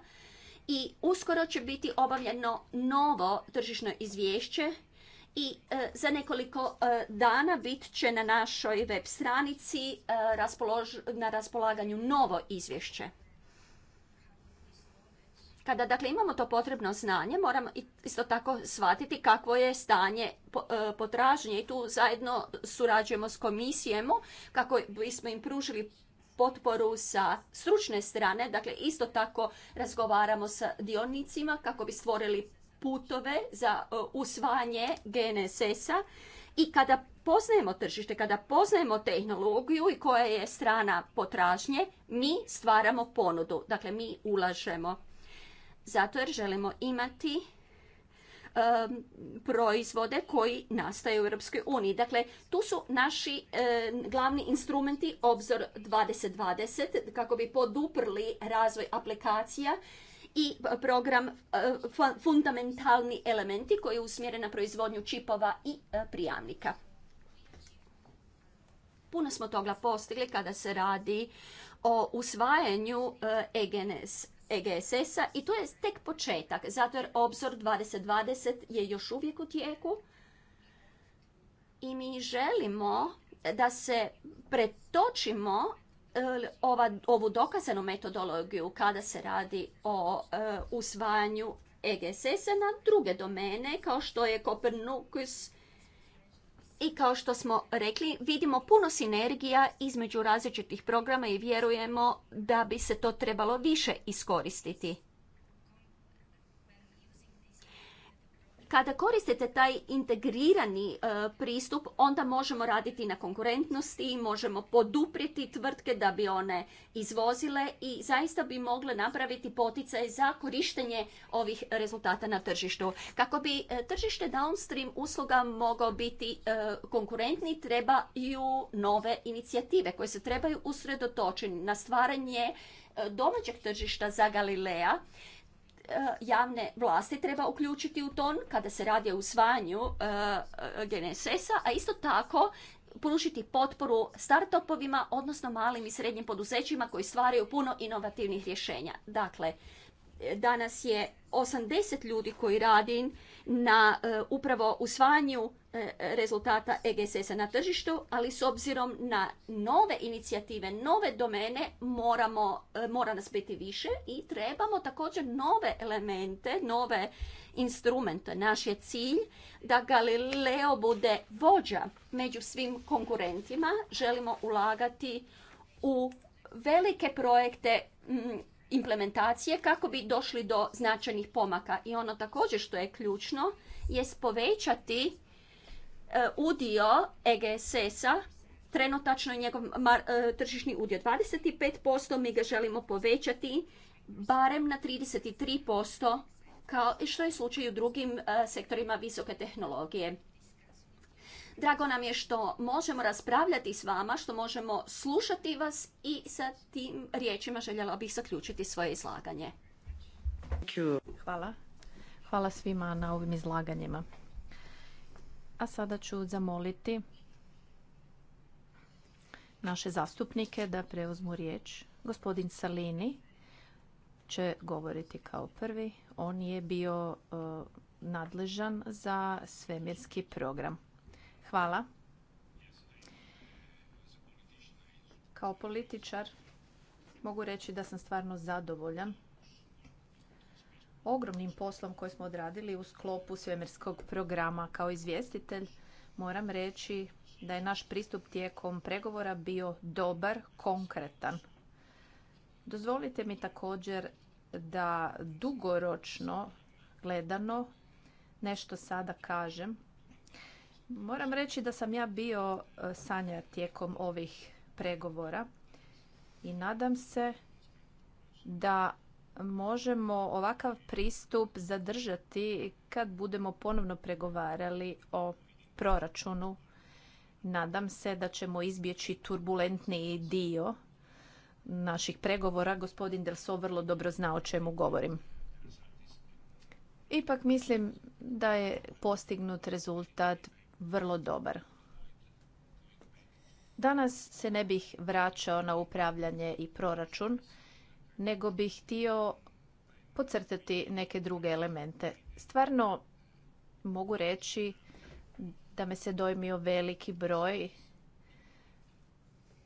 i uskoro će biti obavljeno novo tržišno izvješće i e, za nekoliko e, dana bit će na našoj web stranici na raspolaganju novo izvješće. Kada dakle imamo to potrebno znanje, moramo isto tako shvatiti kakvo je stanje e, potražnje i tu zajedno surađujemo s komisijemo kako bismo im pružili potporu sa stručne strane, dakle isto tako razgovaramo sa dionicima kako bi stvorili putove za e, usvajanje GNSS-a i kada poznajemo tržište, kada poznajemo tehnologiju i koja je strana potražnje, mi stvaramo ponudu, dakle mi ulažemo zato jer želimo imati proizvode koji nastaju u Europskoj uniji. Dakle, tu su naši glavni instrumenti Obzor 2020 kako bi poduprli razvoj aplikacija i program fundamentalni elementi koji je usmjeren na proizvodnju čipova i prijamnika. Puno smo toga postigli kada se radi o usvajanju EGNS egss i to je tek početak, zato jer obzor 2020 je još uvijek u tijeku i mi želimo da se pretočimo e, ova, ovu dokazanu metodologiju kada se radi o e, usvajanju EGSS-a na druge domene kao što je Copernicus i kao što smo rekli, vidimo puno sinergija između različitih programa i vjerujemo da bi se to trebalo više iskoristiti. Kada koristite taj integrirani e, pristup, onda možemo raditi na konkurentnosti, možemo poduprijeti tvrtke da bi one izvozile i zaista bi mogle napraviti poticaj za korištenje ovih rezultata na tržištu. Kako bi e, tržište downstream usluga mogao biti e, konkurentni, trebaju nove inicijative koje se trebaju usredotočiti na stvaranje e, domaćeg tržišta za Galilea E, javne vlasti treba uključiti u ton kada se radi o usvajanju e, e, GNSS-a, a isto tako pružiti potporu startupovima, odnosno malim i srednjim poduzećima koji stvaraju puno inovativnih rješenja. Dakle, danas je 80 ljudi koji radi na e, upravo usvajanju e, rezultata EGSS-a na tržištu, ali s obzirom na nove inicijative, nove domene, moramo, e, mora nas biti više i trebamo također nove elemente, nove instrumente. Naš je cilj da Galileo bude vođa među svim konkurentima. Želimo ulagati u velike projekte implementacije kako bi došli do značajnih pomaka. I ono također što je ključno je povećati e, udio EGSS-a, trenutačno je njegov e, tržišni udio 25%, mi ga želimo povećati barem na 33% kao što je slučaj u drugim e, sektorima visoke tehnologije. Drago nam je što možemo raspravljati s vama, što možemo slušati vas i sa tim riječima željela bih zaključiti svoje izlaganje. Hvala. Hvala svima na ovim izlaganjima. A sada ću zamoliti naše zastupnike da preuzmu riječ. Gospodin Salini će govoriti kao prvi. On je bio eh, nadležan za svemirski program. Hvala. Kao političar mogu reći da sam stvarno zadovoljan ogromnim poslom koji smo odradili u sklopu svemirskog programa kao izvjestitelj. Moram reći da je naš pristup tijekom pregovora bio dobar, konkretan. Dozvolite mi također da dugoročno gledano nešto sada kažem Moram reći da sam ja bio e, sanjar tijekom ovih pregovora i nadam se da možemo ovakav pristup zadržati kad budemo ponovno pregovarali o proračunu. Nadam se da ćemo izbjeći turbulentniji dio naših pregovora. Gospodin Delso vrlo dobro zna o čemu govorim. Ipak mislim da je postignut rezultat vrlo dobar. Danas se ne bih vraćao na upravljanje i proračun, nego bih htio podcrtati neke druge elemente. Stvarno mogu reći da me se dojmio veliki broj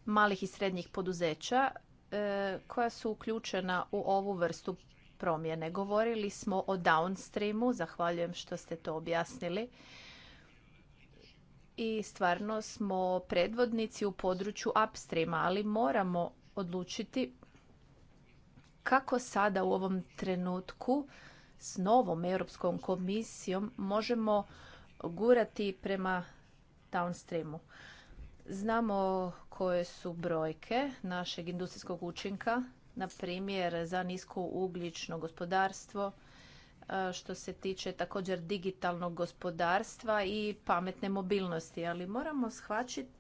malih i srednjih poduzeća e, koja su uključena u ovu vrstu promjene. Govorili smo o downstreamu, zahvaljujem što ste to objasnili i stvarno smo predvodnici u području upstreama, ali moramo odlučiti kako sada u ovom trenutku s novom Europskom komisijom možemo gurati prema downstreamu. Znamo koje su brojke našeg industrijskog učinka, na primjer za nisko ugljično gospodarstvo, što se tiče također digitalnog gospodarstva i pametne mobilnosti, ali moramo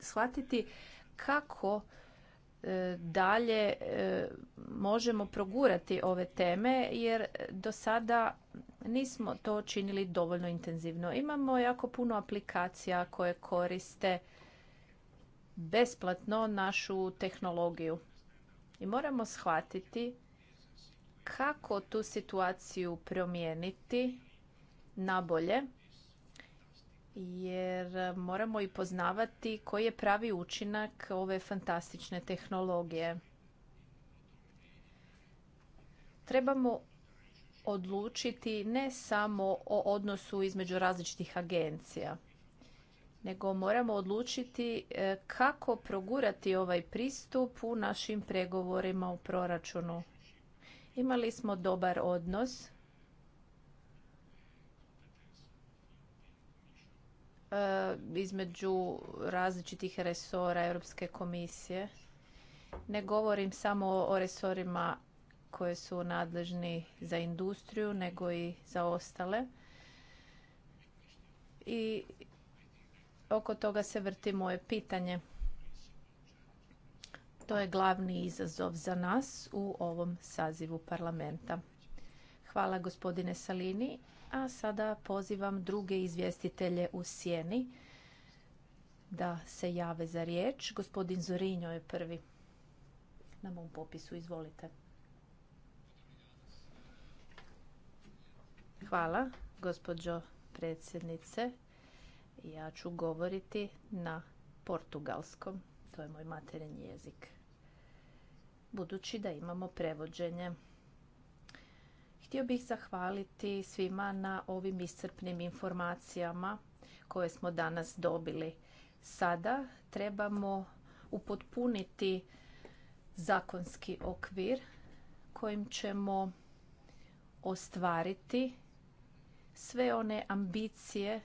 shvatiti kako e, dalje e, možemo progurati ove teme jer do sada nismo to činili dovoljno intenzivno. Imamo jako puno aplikacija koje koriste besplatno našu tehnologiju. I moramo shvatiti kako tu situaciju promijeniti na bolje jer moramo i poznavati koji je pravi učinak ove fantastične tehnologije. Trebamo odlučiti ne samo o odnosu između različitih agencija, nego moramo odlučiti eh, kako progurati ovaj pristup u našim pregovorima u proračunu. Imali smo dobar odnos. E, između različitih resora Europske komisije. Ne govorim samo o resorima koje su nadležni za industriju, nego i za ostale. I oko toga se vrti moje pitanje. To je glavni izazov za nas u ovom sazivu parlamenta. Hvala gospodine Salini, a sada pozivam druge izvjestitelje u sjeni da se jave za riječ. Gospodin Zorinjo je prvi na mom popisu. Izvolite. Hvala, gospođo predsjednice. Ja ću govoriti na portugalskom to je moj materinji jezik. Budući da imamo prevođenje. Htio bih zahvaliti svima na ovim iscrpnim informacijama koje smo danas dobili. Sada trebamo upotpuniti zakonski okvir kojim ćemo ostvariti sve one ambicije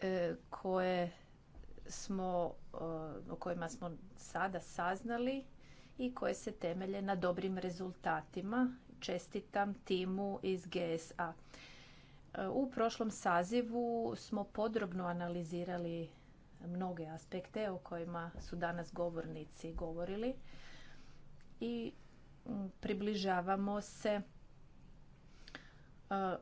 e, koje smo, o kojima smo sada saznali i koje se temelje na dobrim rezultatima. Čestitam timu iz GSA. E, u prošlom sazivu smo podrobno analizirali mnoge aspekte o kojima su danas govornici govorili i približavamo se e,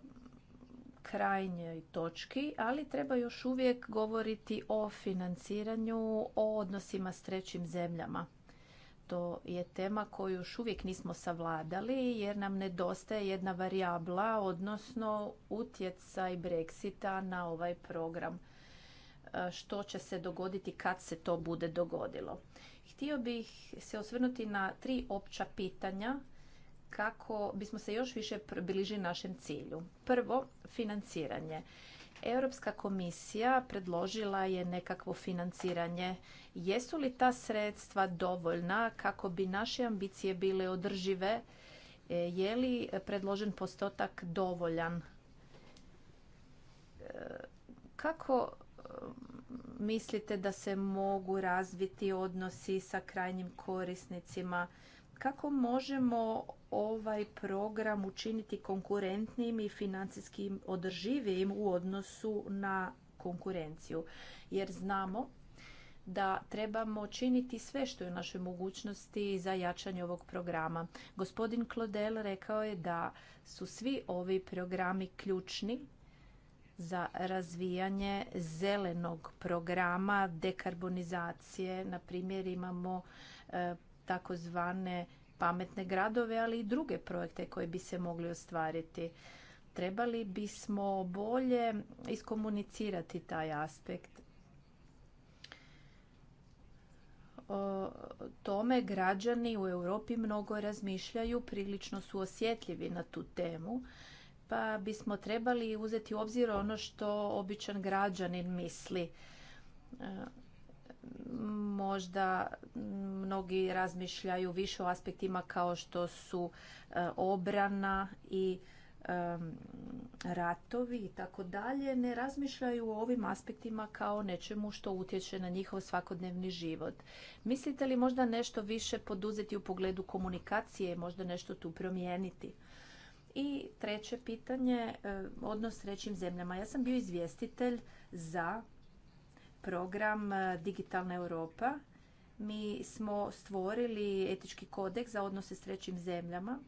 krajnjoj točki, ali treba još uvijek govoriti o financiranju, o odnosima s trećim zemljama. To je tema koju još uvijek nismo savladali jer nam nedostaje jedna varijabla, odnosno utjecaj Brexita na ovaj program. E, što će se dogoditi kad se to bude dogodilo? Htio bih se osvrnuti na tri opća pitanja kako bismo se još više približili našem cilju. Prvo, financiranje. Europska komisija predložila je nekakvo financiranje. Jesu li ta sredstva dovoljna kako bi naše ambicije bile održive? E, je li predložen postotak dovoljan? E, kako mm, mislite da se mogu razviti odnosi sa krajnjim korisnicima? Kako možemo ovaj program učiniti konkurentnim i financijski održivijim u odnosu na konkurenciju. Jer znamo da trebamo činiti sve što je u našoj mogućnosti za jačanje ovog programa. Gospodin Clodel rekao je da su svi ovi programi ključni za razvijanje zelenog programa dekarbonizacije. Na primjer imamo eh, takozvane pametne gradove, ali i druge projekte koji bi se mogli ostvariti. Trebali bismo bolje iskomunicirati taj aspekt. O tome građani u Europi mnogo razmišljaju, prilično su osjetljivi na tu temu, pa bismo trebali uzeti u obzir ono što običan građanin misli e, možda mnogi razmišljaju više o aspektima kao što su e, obrana i ratovi i tako dalje, ne razmišljaju o ovim aspektima kao nečemu što utječe na njihov svakodnevni život. Mislite li možda nešto više poduzeti u pogledu komunikacije, možda nešto tu promijeniti? I treće pitanje, e, odnos s trećim zemljama. Ja sam bio izvjestitelj za program e, Digitalna Europa. Mi smo stvorili etički kodeks za odnose s trećim zemljama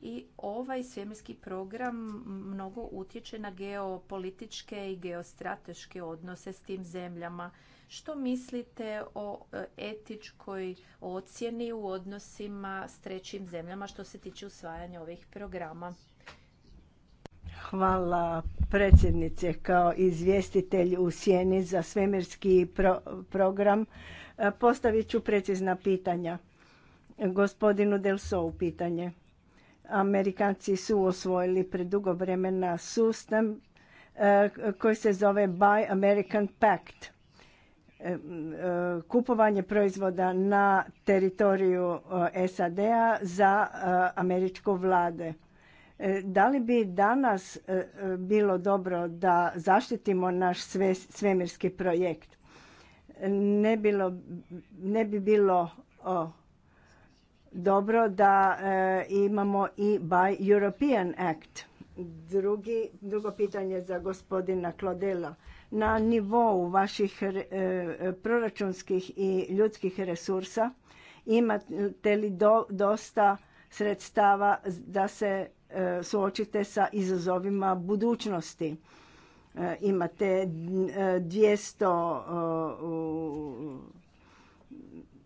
i ovaj svemirski program mnogo utječe na geopolitičke i geostrateške odnose s tim zemljama. Što mislite o e, etičkoj ocjeni u odnosima s trećim zemljama što se tiče usvajanja ovih programa? Hvala predsjednice kao izvjestitelj u Sjeni za svemirski program. E, postavit ću precizna pitanja. Gospodinu Delsou pitanje. Amerikanci su osvojili predugo vremena sustav e, koji se zove Buy American Pact. E, kupovanje proizvoda na teritoriju SAD-a za američku vlade E, da li bi danas e, e, bilo dobro da zaštitimo naš svemirski projekt? Ne, bilo, ne bi bilo dobro da imamo i by European Act. Drugi, drugo pitanje za gospodina Klodela. Na nivou vaših proračunskih i ljudskih resursa imate li dosta sredstava da se suočite sa izazovima budućnosti. E, imate 200 e,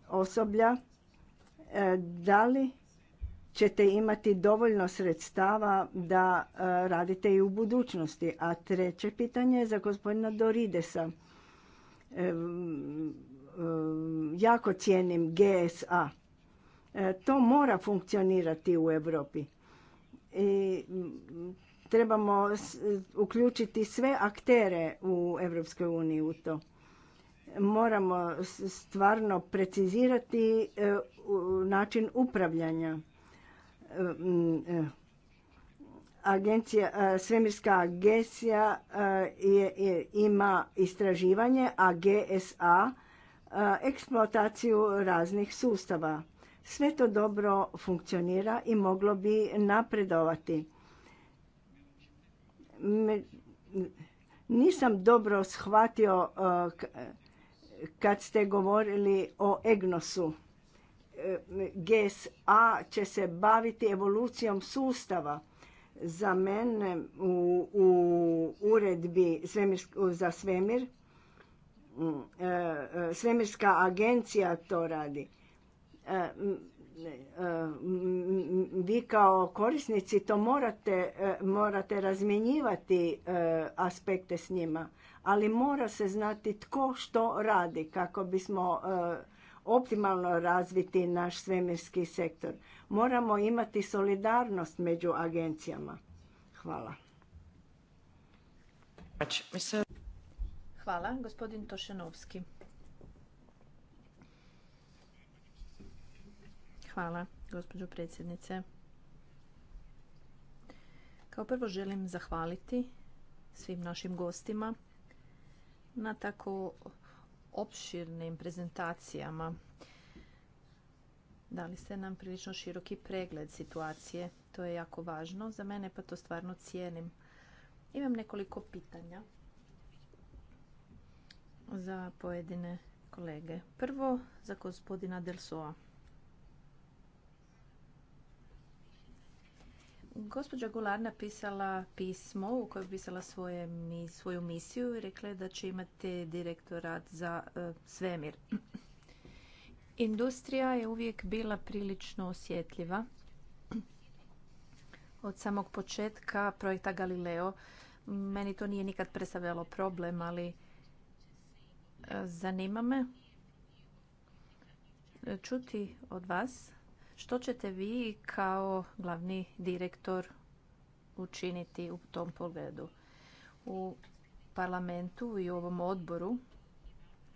osoblja. E, da li ćete imati dovoljno sredstava da radite i u budućnosti? A treće pitanje je za gospodina Doridesa. Jako cijenim GSA. To mora funkcionirati u Europi i mm, trebamo uključiti sve aktere u Europskoj uniji u to. Moramo stvarno precizirati e, način upravljanja. E, mm, e. Agencija, svemirska agencija je, ima istraživanje, a GSA eksploataciju raznih sustava sve to dobro funkcionira i moglo bi napredovati. Nisam dobro shvatio uh, kad ste govorili o EGNOS-u. Uh, GSA će se baviti evolucijom sustava. Za mene u, u uredbi za svemir, mm, e, e, svemirska agencija to radi. E, e, vi kao korisnici to morate, e, morate razmjenjivati aspekte s njima, ali mora se znati tko što radi kako bismo optimalno razviti naš svemirski sektor. Moramo imati solidarnost među agencijama. Hvala. Hvala, gospodin Tošenovski. Hvala, gospođo predsjednice. Kao prvo želim zahvaliti svim našim gostima na tako opširnim prezentacijama. Dali ste nam prilično široki pregled situacije. To je jako važno za mene, pa to stvarno cijenim. Imam nekoliko pitanja za pojedine kolege. Prvo za gospodina Delsoa. Gospođa Gular napisala pismo u kojem pisala svoje, svoju misiju i rekla je da će imati direktorat za e, svemir. Industrija je uvijek bila prilično osjetljiva. Od samog početka projekta Galileo meni to nije nikad predstavljalo problem, ali e, zanima me e, čuti od vas što ćete vi kao glavni direktor učiniti u tom pogledu? U parlamentu i u ovom odboru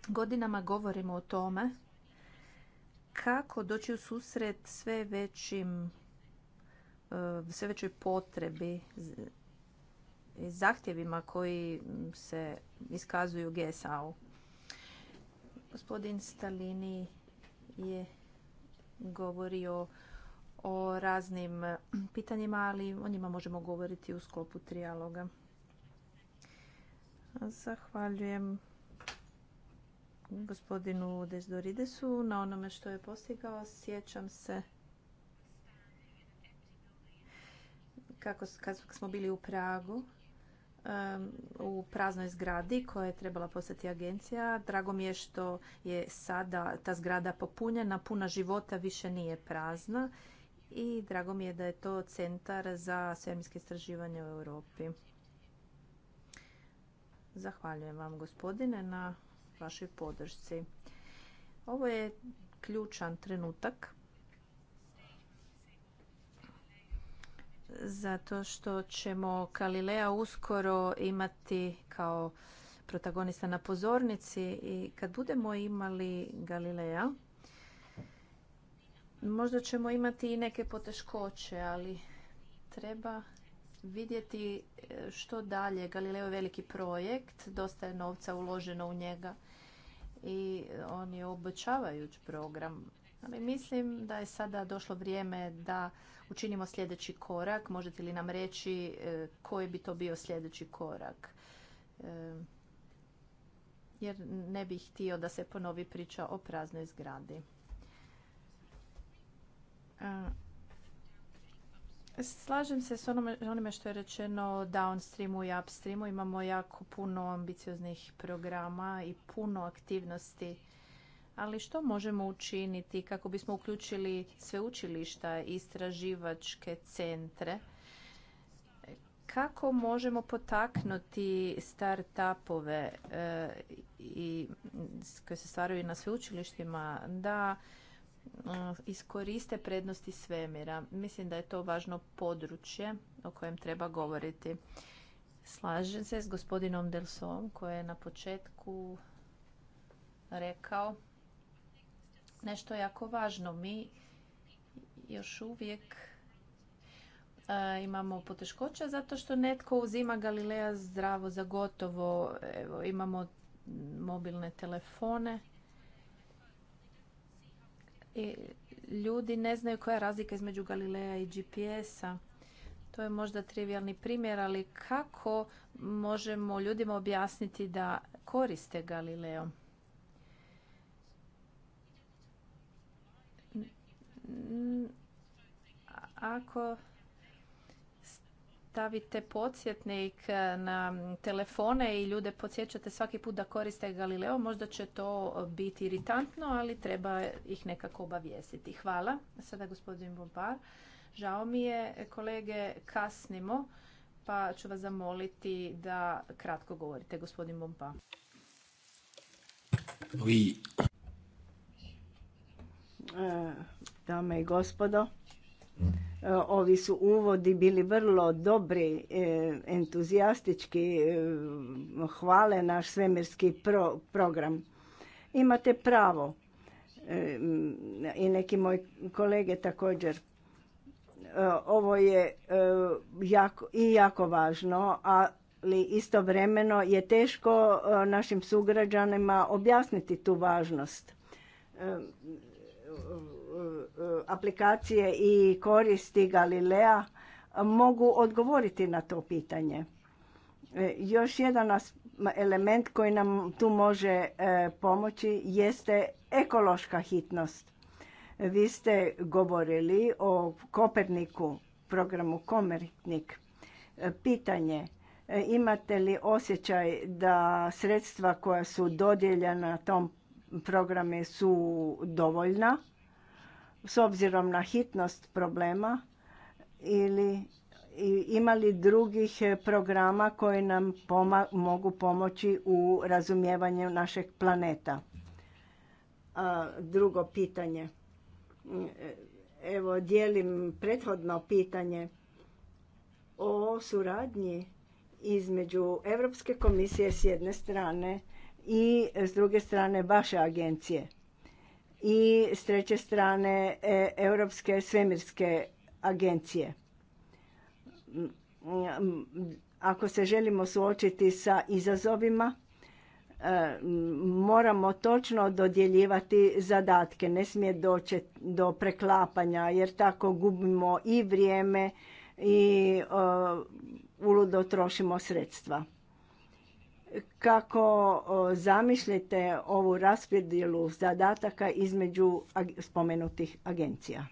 godinama govorimo o tome kako doći u susret sve većim e, sve većoj potrebi i e, zahtjevima koji se iskazuju GSA-u. Gospodin Stalini je Govori o raznim pitanjima, ali o njima možemo govoriti u sklopu trijaloga. Zahvaljujem gospodinu Desdoridesu na onome što je postigao. Sjećam se kako kad smo bili u Pragu u praznoj zgradi koja je trebala postati agencija. Drago mi je što je sada ta zgrada popunjena, puna života više nije prazna i drago mi je da je to centar za svemirske istraživanje u Europi. Zahvaljujem vam gospodine na vašoj podršci. Ovo je ključan trenutak zato što ćemo Galilea uskoro imati kao protagonista na pozornici i kad budemo imali Galilea možda ćemo imati i neke poteškoće, ali treba vidjeti e, što dalje. Galileo je veliki projekt, dosta je novca uloženo u njega i on je obećavajući program. Ali mislim da je sada došlo vrijeme da učinimo sljedeći korak? Možete li nam reći e, koji bi to bio sljedeći korak? E, jer ne bih htio da se ponovi priča o praznoj zgradi. E, slažem se s onome, što je rečeno o downstreamu i upstreamu. Imamo jako puno ambicioznih programa i puno aktivnosti ali što možemo učiniti kako bismo uključili sveučilišta i istraživačke centre? Kako možemo potaknuti start-upove eh, koje se stvaraju na sveučilištima da eh, iskoriste prednosti svemira? Mislim da je to važno područje o kojem treba govoriti. Slažem se s gospodinom Delsom koji je na početku rekao nešto jako važno. Mi još uvijek e, imamo poteškoća zato što netko uzima Galileja zdravo za gotovo. imamo mobilne telefone. ljudi ne znaju koja je razlika između Galileja i GPS-a. To je možda trivialni primjer, ali kako možemo ljudima objasniti da koriste Galileo? Ako stavite podsjetnik e, na telefone i ljude podsjećate svaki put da koriste Galileo, možda će to biti iritantno, ali treba ih nekako obavijestiti. Hvala. Sada gospodin Bompar. Žao mi je, kolege, kasnimo, pa ću vas zamoliti da kratko govorite, gospodin Bompa. Oui. E, dame i gospodo. E, ovi su uvodi bili vrlo dobri, e, entuzijastički, e, hvale naš svemirski program. Imate pravo, i neki moji kolege također, ovo je jako, i jako važno, ali istovremeno je teško našim sugrađanima objasniti tu važnost E, aplikacije i koristi Galilea mogu odgovoriti na to pitanje. E, još jedan element koji nam tu može e, pomoći jeste ekološka hitnost. Vi ste govorili o Koperniku, programu Komernik. Pitanje, imate li osjećaj da sredstva koja su dodijeljena tom programu su dovoljna? s obzirom na hitnost problema ili imali drugih e, programa koji nam mogu pomoći u razumijevanju našeg planeta. drugo pitanje. E, evo, dijelim prethodno pitanje o suradnji između Europske komisije s jedne strane i s druge strane vaše agencije i s treće strane e, Europske svemirske agencije. Mm, mm, ako se želimo suočiti sa izazovima, e, moramo točno dodjeljivati zadatke. Ne smije doći do preklapanja jer tako gubimo i vrijeme i e, uludo trošimo sredstva kako zamislite ovu raspodjelu zadataka između spomenutih agencija.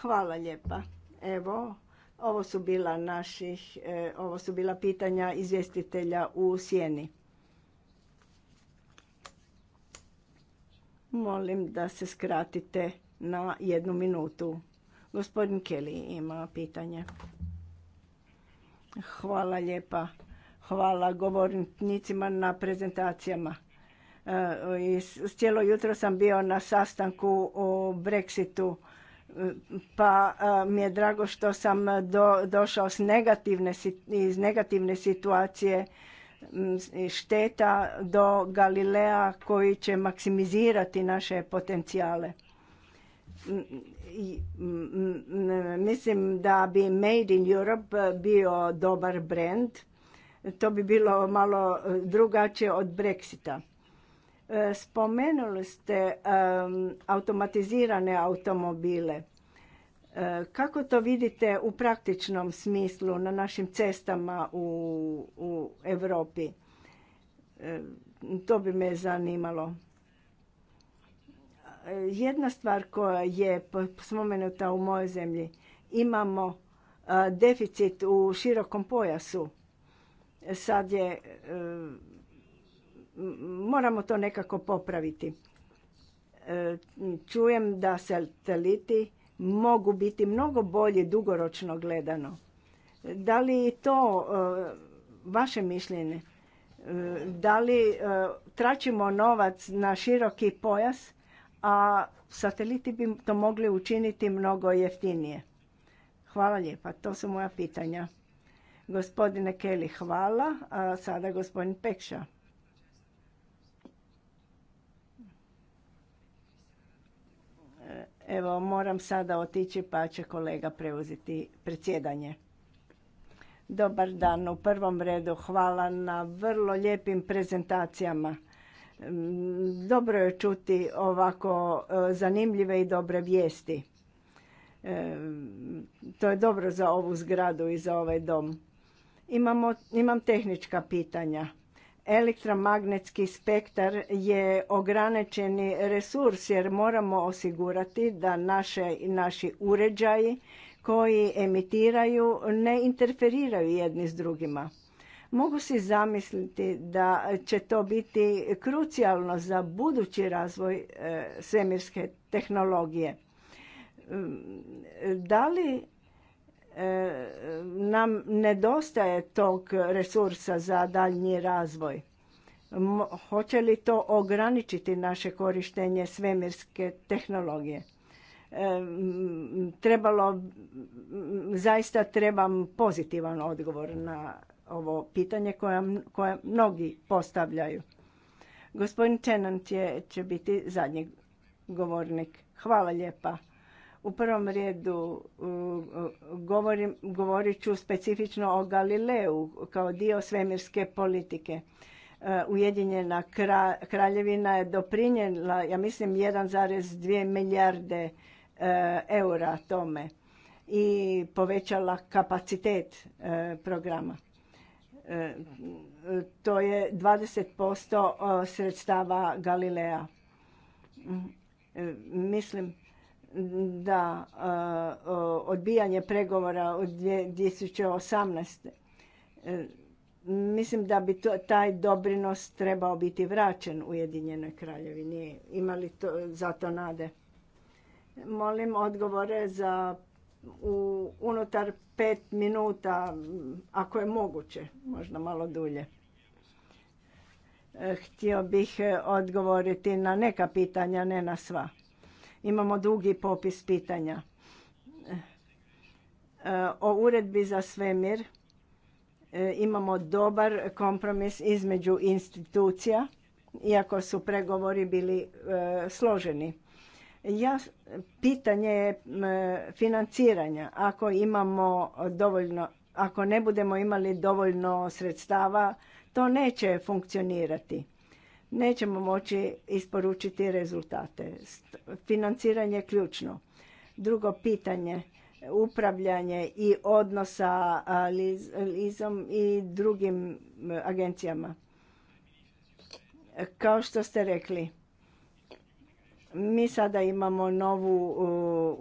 Hvala lijepa. Evo, ovo su bila naših, e, ovo su bila pitanja izvjestitelja u sjeni. Molim da se skratite na jednu minutu. Gospodin Kelly ima pitanje. Hvala lijepa. Hvala govornicima na prezentacijama. E, I cijelo jutro sam bio na sastanku o Brexitu, e, pa e, mi je drago što sam do, došao s negativne, iz negativne situacije šteta do Galilea koji će maksimizirati naše potencijale. Mislim da bi Made in Europe bio dobar brand to bi bilo malo e, drugačije od Brexita. E, spomenuli ste e, automatizirane automobile. Kako to vidite u praktičnom smislu na našim cestama u, u Europi? To bi me zanimalo. Jedna stvar koja je spomenuta u mojoj zemlji, imamo deficit u širokom pojasu Sad je, e, moramo to nekako popraviti. E, čujem da sateliti mogu biti mnogo bolji dugoročno gledano. Da li to e, vaše mišljenje? Da li tračimo novac na široki pojas, a sateliti bi to mogli učiniti mnogo jeftinije? Hvala lijepa, to su moja pitanja. Gospodine Kelly, hvala. A sada gospodin Pekša. Evo, moram sada otići pa će kolega preuzeti predsjedanje. Dobar dan. U prvom redu hvala na vrlo lijepim prezentacijama. Mm, dobro je čuti ovako e, zanimljive i dobre vijesti. E, to je dobro za ovu zgradu i za ovaj dom. Imamo, imam tehnička pitanja. Elektromagnetski spektar je ograničeni resurs jer moramo osigurati da naše, naši uređaji koji emitiraju ne interferiraju jedni s drugima. Mogu si zamisliti da će to biti krucijalno za budući razvoj e, svemirske tehnologije. Da li nam nedostaje tog resursa za daljnji razvoj. Hoće li to ograničiti naše korištenje svemirske tehnologije? E, trebalo, zaista trebam pozitivan odgovor na ovo pitanje koje, koje mnogi postavljaju. Gospodin je će biti zadnji govornik. Hvala lijepa. U prvom redu govorim, govorit ću specifično o Galileu kao dio svemirske politike. E, Ujedinjena kraljevina je doprinjela, ja mislim, 1,2 milijarde e, eura tome i povećala kapacitet e, programa. To je 20% sredstava Galilea. Mislim da e, odbijanje pregovora od 2018. E, mislim da bi taj dobrinost trebao biti vraćen Ujedinjenoj kraljevini. Imali to, za to nade? Molim odgovore za unutar pet minuta, ako je moguće, možda malo dulje. E, htio bih odgovoriti na neka pitanja, ne na sva. Imamo dugi popis pitanja. E, o uredbi za svemir e, imamo dobar kompromis između institucija, iako su pregovori bili e, složeni. Ja, pitanje je financiranja. Ako imamo dovoljno, ako ne budemo imali dovoljno sredstava, to neće funkcionirati nećemo moći isporučiti rezultate. Financiranje je ključno. Drugo pitanje, upravljanje i odnosa Lizom i drugim agencijama. Kao što ste rekli, mi sada imamo novu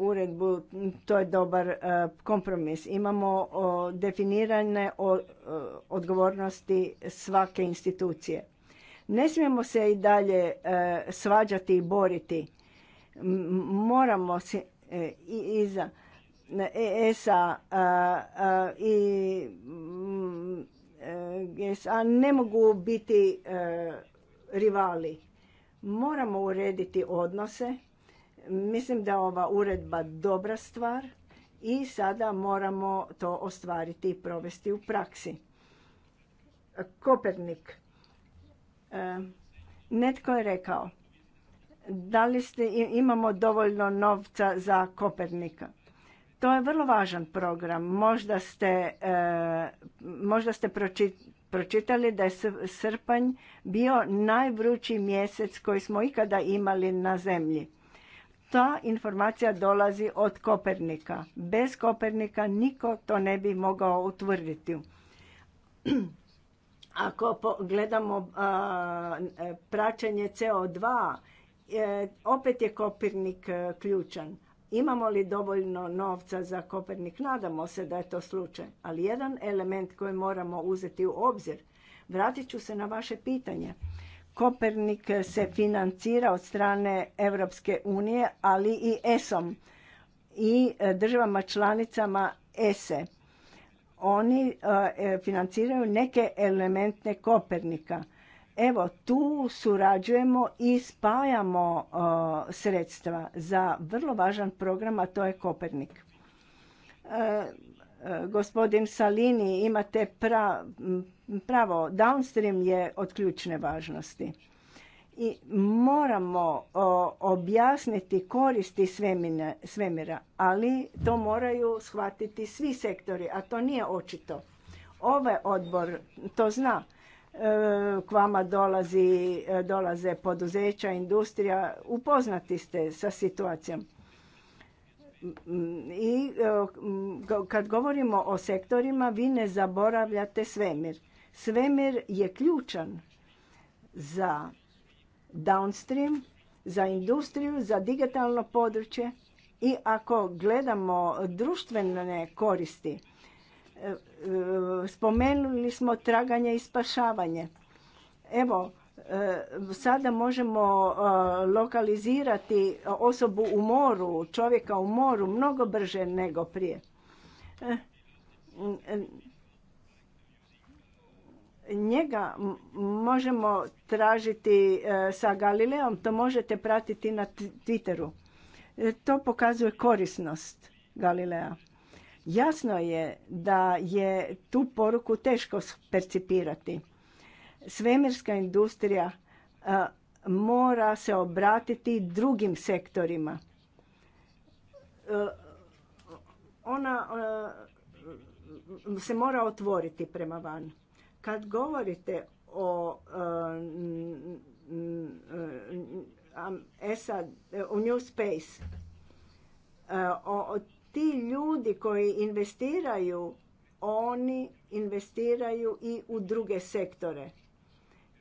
uredbu, to je dobar e, kompromis. Imamo definirane e, odgovornosti svake institucije. Ne smijemo se i dalje e, svađati i boriti. Moramo se e, i iza ESA e i GSA ne mogu biti rivali. Moramo urediti odnose. Mislim da je ova uredba dobra stvar i sada moramo to ostvariti i provesti u praksi. Kopernik. E, netko je rekao, da li ste, imamo dovoljno novca za Kopernika? To je vrlo važan program. Možda ste, e, možda ste pročitali da je srpanj bio najvrući mjesec koji smo ikada imali na zemlji. Ta informacija dolazi od Kopernika. Bez Kopernika niko to ne bi mogao utvrditi. (clears throat) Ako gledamo e, praćenje CO2, e, opet je Kopernik e, ključan. Imamo li dovoljno novca za Kopernik? Nadamo se da je to slučaj. Ali jedan element koji moramo uzeti u obzir, vratit ću se na vaše pitanje. Kopernik se financira od strane Europske unije, ali i ESOM i državama članicama ESE oni e, e, financiraju neke elementne Kopernika. Evo, tu surađujemo i spajamo e, sredstva za vrlo važan program, a to je Kopernik. Gospodin Salini, imate pravo, downstream je od ključne važnosti i moramo objasniti koristi svemira, ali to moraju shvatiti svi sektori, a to nije očito. Ovaj odbor to zna. E, k vama dolazi, e, dolaze poduzeća, industrija, upoznati ste sa situacijom. Mm, I e, kad govorimo o sektorima, vi ne zaboravljate svemir. Svemir je ključan za downstream, za industriju, za digitalno područje i ako gledamo društvene koristi, e, e, spomenuli smo traganje i spašavanje. Evo, e, sada možemo lokalizirati osobu u moru, čovjeka u moru mnogo brže nego prije njega možemo tražiti e, sa Galileom, to možete pratiti na Twitteru. E, to pokazuje korisnost Galilea. Jasno je da je tu poruku teško percipirati. Svemirska industrija e, mora se obratiti drugim sektorima. ona se mora otvoriti prema van. Kad govorite o e, e, e, u New Space, o, ti ljudi koji investiraju, oni investiraju i u druge sektore.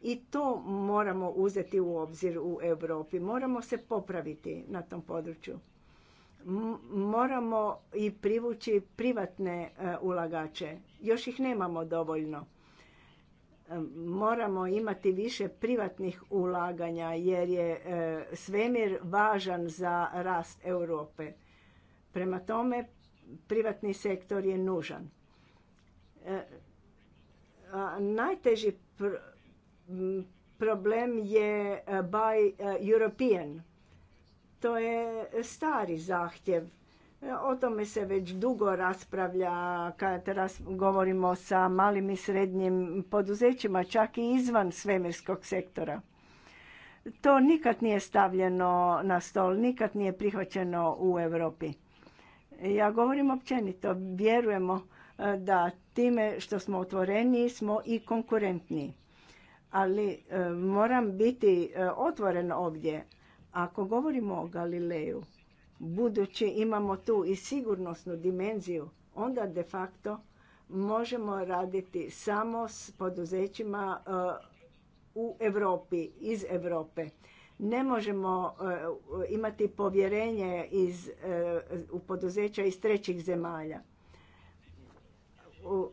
I to moramo uzeti u obzir u Europi. Moramo se popraviti na tom području. moramo i privući privatne ulagače. Još ih nemamo dovoljno moramo imati više privatnih ulaganja jer je e, svemir važan za rast Europe. Prema tome, privatni sektor je nužan. E, najteži problem je e, by European. To je stari zahtjev o tome se već dugo raspravlja kad govorimo sa malim i srednjim poduzećima, čak i izvan svemirskog sektora. To nikad nije stavljeno na stol, nikad nije prihvaćeno u Europi. Ja govorim općenito, vjerujemo e, da time što smo otvoreni smo i konkurentni. Ali e, moram biti e, otvoren ovdje. Ako govorimo o Galileju, budući imamo tu i sigurnosnu dimenziju, onda de facto možemo raditi samo s poduzećima uh, u Europi, iz Europe. Ne možemo uh, imati povjerenje uh, u poduzeća iz trećih zemalja.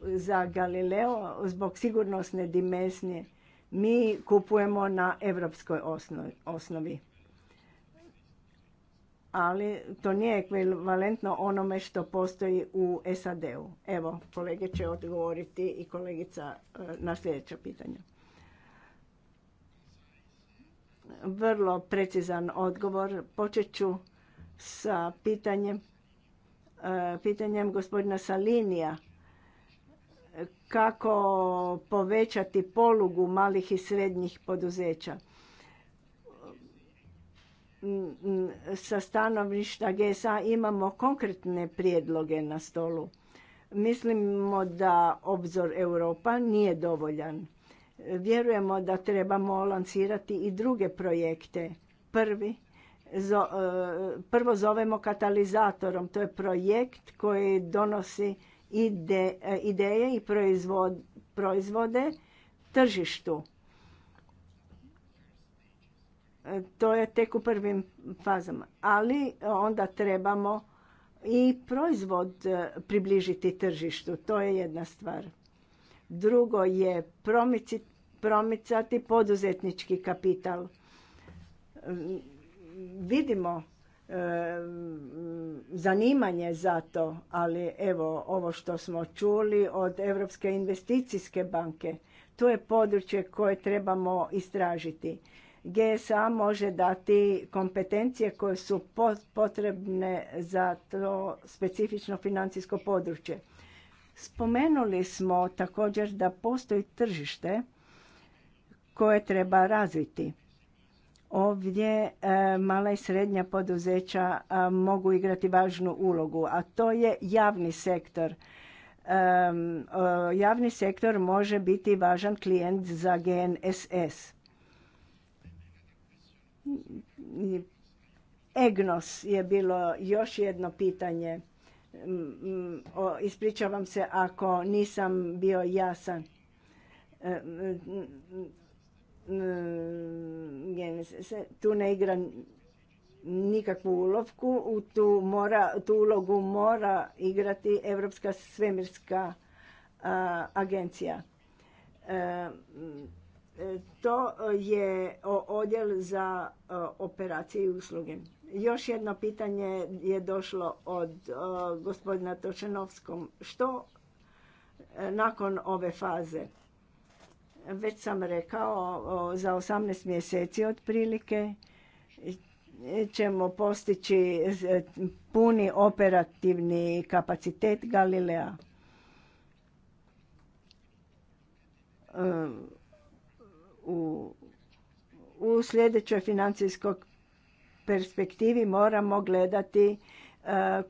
Za Galileo, zbog sigurnosne dimenzije, mi kupujemo na europskoj osnovi ali to nije ekvivalentno onome što postoji u SAD-u. Evo, kolege će odgovoriti i kolegica e, na sljedeća pitanja. Vrlo precizan odgovor. Počet ću sa pitanjem, e, pitanjem gospodina Salinija kako povećati polugu malih i srednjih poduzeća sa stanovišta GSA imamo konkretne prijedloge na stolu. Mislimo da obzor Europa nije dovoljan. Vjerujemo da trebamo lancirati i druge projekte. Prvi, e, prvo zovemo katalizatorom. To je projekt koji donosi ide, e, ideje i proizvod, proizvode tržištu to je tek u prvim fazama. Ali onda trebamo i proizvod e, približiti tržištu. To je jedna stvar. Drugo je promicati poduzetnički kapital. Vidimo e, zanimanje za to, ali evo ovo što smo čuli od Europske investicijske banke, to je područje koje trebamo istražiti. GSA može dati kompetencije koje su potrebne za to specifično financijsko područje. Spomenuli smo također da postoji tržište koje treba razviti. Ovdje e, mala i srednja poduzeća e, mogu igrati važnu ulogu, a to je javni sektor. E, javni sektor može biti važan klijent za GNSS EGNOS je bilo još jedno pitanje. Mm, mm, ispričavam se ako nisam bio jasan. E, mm, tu ne igra nikakvu ulovku. U tu, mora, tu ulogu mora igrati Europska svemirska agencija. E, E, to e, je odjel za e, operacije i usluge. Još jedno pitanje je došlo od gospodina Točenovskom. Što nakon ove faze? Već sam rekao, za 18 mjeseci otprilike ćemo postići puni operativni kapacitet Galilea u, u sljedećoj financijskoj perspektivi moramo gledati e,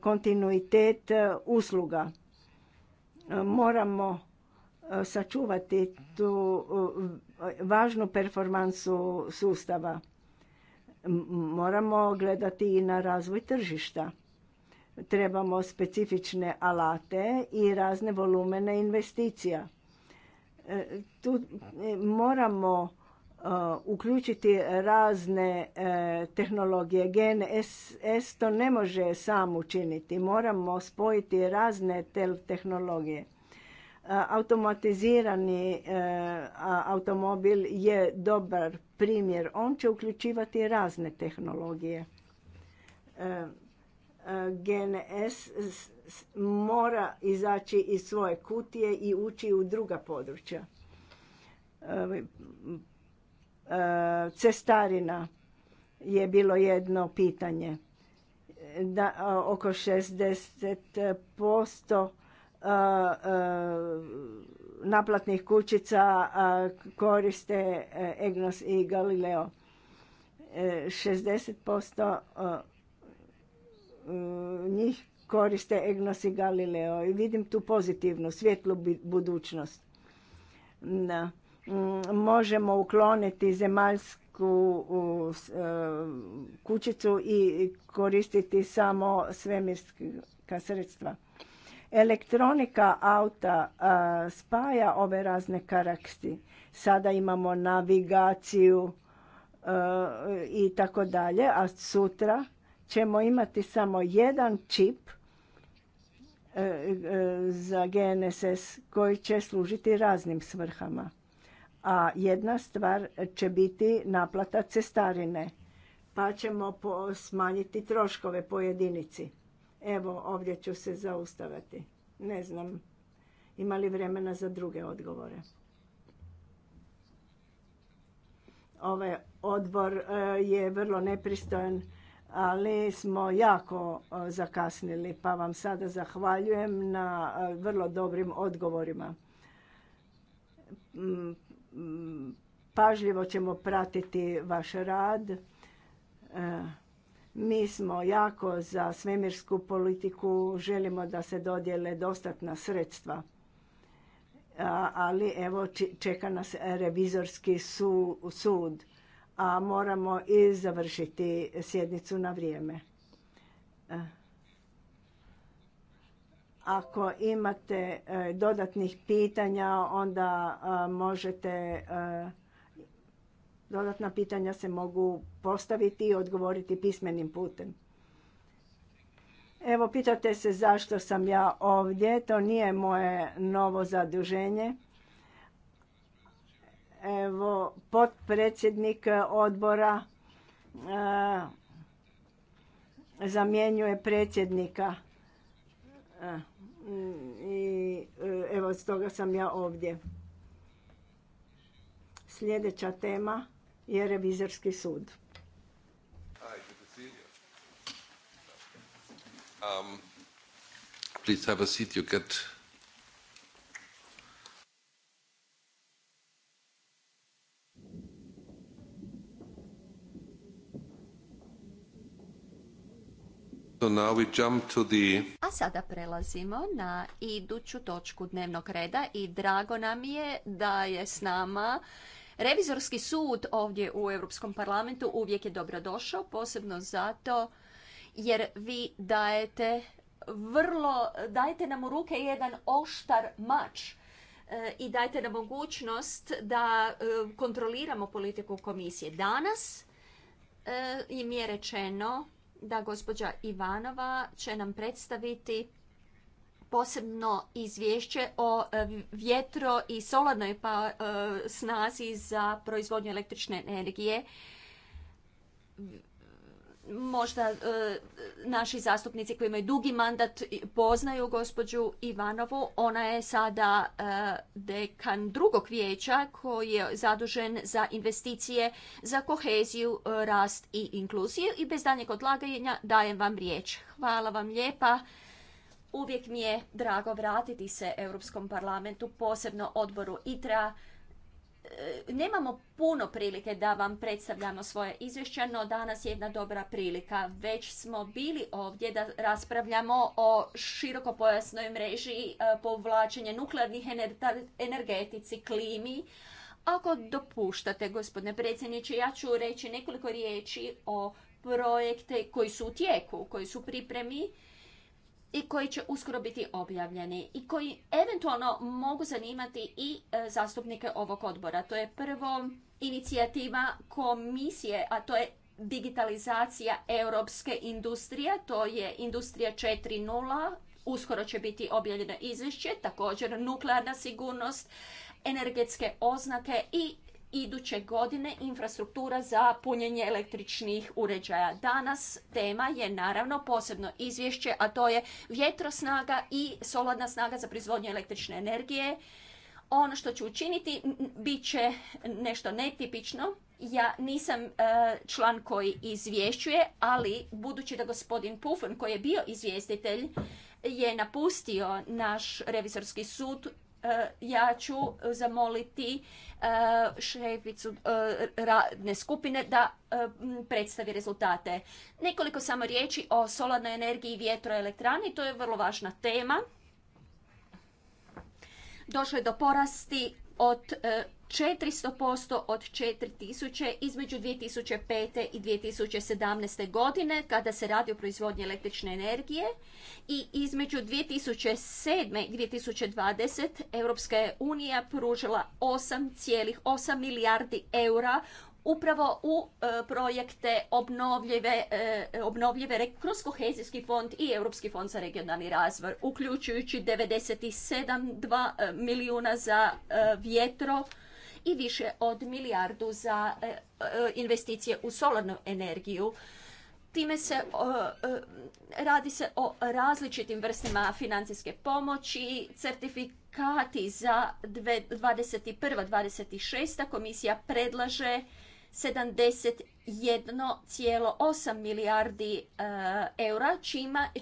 kontinuitet e, usluga. E, moramo sačuvati tu važnu performansu sustava. Moramo gledati i na razvoj tržišta. Trebamo specifične alate i razne volumene investicija E, tu e, moramo e, uključiti razne tehnologije. GNSS to ne može sam učiniti. Moramo spojiti razne tehnologije. Automatizirani automobil je dobar primjer. On će uključivati razne tehnologije. GNS mora izaći iz svoje kutije i ući u druga područja. E, cestarina je bilo jedno pitanje. Da, oko 60% e, e, naplatnih kućica koriste Egnos i Galileo. 60% njih koriste Egnos i Galileo i vidim tu pozitivnu, svjetlu budućnost. Mm, možemo ukloniti zemaljsku e, kućicu i koristiti samo svemirska sredstva. Elektronika auta spaja ove razne karaksti. Sada imamo navigaciju e, i tako dalje, a sutra ćemo imati samo jedan čip E, e, za GNSS koji će služiti raznim svrhama. A jedna stvar će biti naplata cestarine, pa ćemo smanjiti troškove po jedinici. Evo, ovdje ću se zaustaviti. Ne znam, ima li vremena za druge odgovore. Ovaj odbor e, je vrlo nepristojan ali smo jako e, zakasnili, pa vam sada zahvaljujem na e, vrlo dobrim odgovorima. Mm, mm, pažljivo ćemo pratiti vaš rad. E, mi smo jako za svemirsku politiku, želimo da se dodjele dostatna sredstva. Ali evo čeka nas revizorski sud a moramo i završiti sjednicu na vrijeme. E, ako imate e, dodatnih pitanja, onda e, možete, dodatna pitanja se mogu postaviti i odgovoriti pismenim putem. Evo, pitate se zašto sam ja ovdje. To nije moje novo zaduženje. Evo, potpredsjednik odbora e, zamjenjuje predsjednika. E, I e, evo, stoga sam ja ovdje. Sljedeća tema je revizorski sud. Um, please have So we jump to the... A sada prelazimo na iduću točku dnevnog reda i drago nam je da je s nama Revizorski sud ovdje u Europskom parlamentu uvijek je dobrodošao, posebno zato jer vi dajete vrlo, dajete nam u ruke jedan oštar mač e, i dajte nam mogućnost da e, kontroliramo politiku komisije. Danas e, im je rečeno da gospođa Ivanova će nam predstaviti posebno izvješće o e, vjetro i solarnoj pa, e, snazi za proizvodnju električne energije možda e, naši zastupnici koji imaju dugi mandat poznaju gospođu Ivanovu. Ona je sada e, dekan drugog vijeća koji je zadužen za investicije, za koheziju, e, rast i inkluziju. I bez danjeg odlaganja dajem vam riječ. Hvala vam lijepa. Uvijek mi je drago vratiti se Europskom parlamentu, posebno odboru ITRA E, nemamo puno prilike da vam predstavljamo svoje izvješća, no danas je jedna dobra prilika. Već smo bili ovdje da raspravljamo o širokopojasnoj mreži e, povlačenja nuklearnih energetici, klimi. Ako dopuštate, gospodine predsjedniče, ja ću reći nekoliko riječi o projekte koji su u tijeku, koji su pripremi i koji će uskoro biti objavljeni i koji eventualno mogu zanimati i e, zastupnike ovog odbora. To je prvo inicijativa komisije, a to je digitalizacija europske industrije, to je industrija 4.0, uskoro će biti objavljeno izvješće, također nuklearna sigurnost, energetske oznake i iduće godine infrastruktura za punjenje električnih uređaja. Danas tema je naravno posebno izvješće, a to je vjetrosnaga i solarna snaga za proizvodnju električne energije. Ono što ću učiniti bit će nešto netipično. Ja nisam e, član koji izvješćuje, ali budući da gospodin Pufan koji je bio izvjestitelj je napustio naš revizorski sud Eh, ja ću zamoliti eh, šeficu eh, radne skupine da predstavi rezultate. Nekoliko samo riječi o solarnoj energiji i vjetroelektrani, to je vrlo važna tema. Došlo je do porasti od 400% od 4000 između 2005. i 2017. godine kada se radi o proizvodnji električne energije i između 2007. i 2020. Europska je unija pružila 8,8 milijardi eura upravo u e, projekte obnovljive, e, obnovljive kroz kohezijski fond i Europski fond za regionalni razvoj, uključujući 97 2 e, milijuna za vjetro, i više od milijardu za e, e, investicije u solarnu energiju. Time se e, radi se o različitim vrstama financijske pomoći, certifikati za 21. 26. komisija predlaže 71,8 milijardi eura,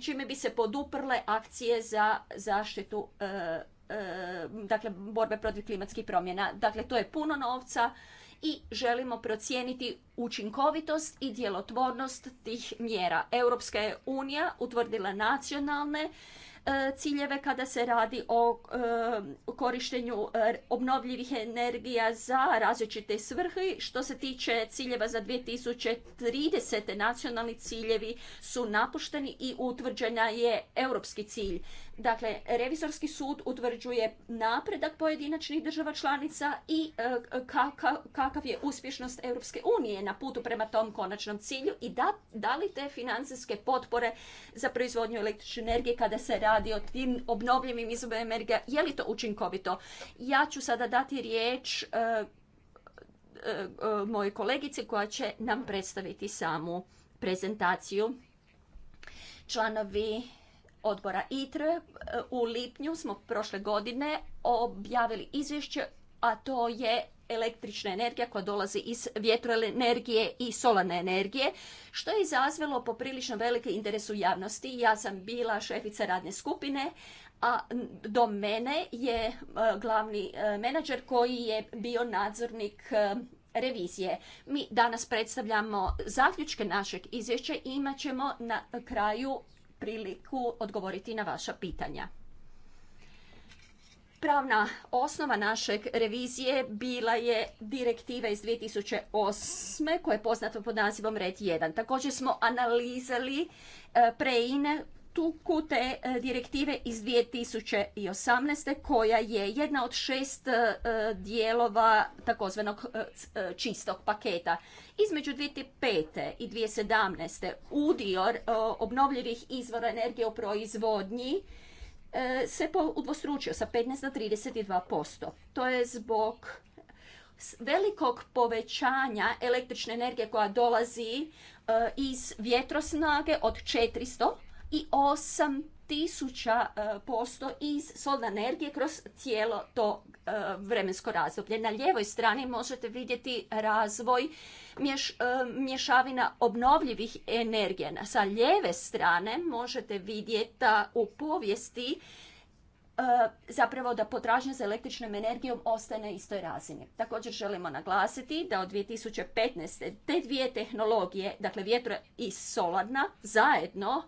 čime bi se poduprle akcije za zaštitu E, dakle, borbe protiv klimatskih promjena. Dakle, to je puno novca i želimo procijeniti učinkovitost i djelotvornost tih mjera. Europska je unija utvrdila nacionalne e, ciljeve kada se radi o e, korištenju obnovljivih energija za različite svrhe. Što se tiče ciljeva za 2030. nacionalni ciljevi su napušteni i utvrđena je europski cilj. Dakle, revizorski sud utvrđuje napredak pojedinačnih država članica i e, kakav je uspješnost Europske unije na putu prema tom konačnom cilju i da, li te financijske potpore za proizvodnju električne energije kada se radi o tim obnovljivim izvorima energije, je li to učinkovito? Ja ću sada dati riječ e, e, mojoj kolegici koja će nam predstaviti samu prezentaciju. Članovi odbora ITRE e, u lipnju smo prošle godine objavili izvješće, a to je električna energija koja dolazi iz vjetroenergije i solarne energije, što je izazvalo poprilično veliki interes u javnosti. Ja sam bila šefica radne skupine, a do mene je e, glavni e, menadžer koji je bio nadzornik revizije. Mi danas predstavljamo zaključke našeg izvješća i imat ćemo na kraju priliku odgovoriti na vaša pitanja. Pravna osnova našeg revizije bila je direktiva iz 2008. koja je poznata pod nazivom RED 1. Također smo analizali e, preine tuku te e, direktive iz 2018. koja je jedna od šest e, e, dijelova takozvanog čistog paketa. Između 2005. i 2017. udio obnovljivih izvora energije u proizvodnji se udvostručio sa 15 na 32%. To je zbog velikog povećanja električne energije koja dolazi iz vjetrosnage od 400 i 8 tisuća e, posto iz solne energije kroz cijelo to e, vremensko razdoblje. Na lijevoj strani možete vidjeti razvoj e, mješavina obnovljivih energija. Sa lijeve strane možete vidjeti da u povijesti zapravo da potražnja za električnom energijom ostaje na istoj razini. Također želimo naglasiti da od 2015. te dvije tehnologije, dakle vjetro i solarna, zajedno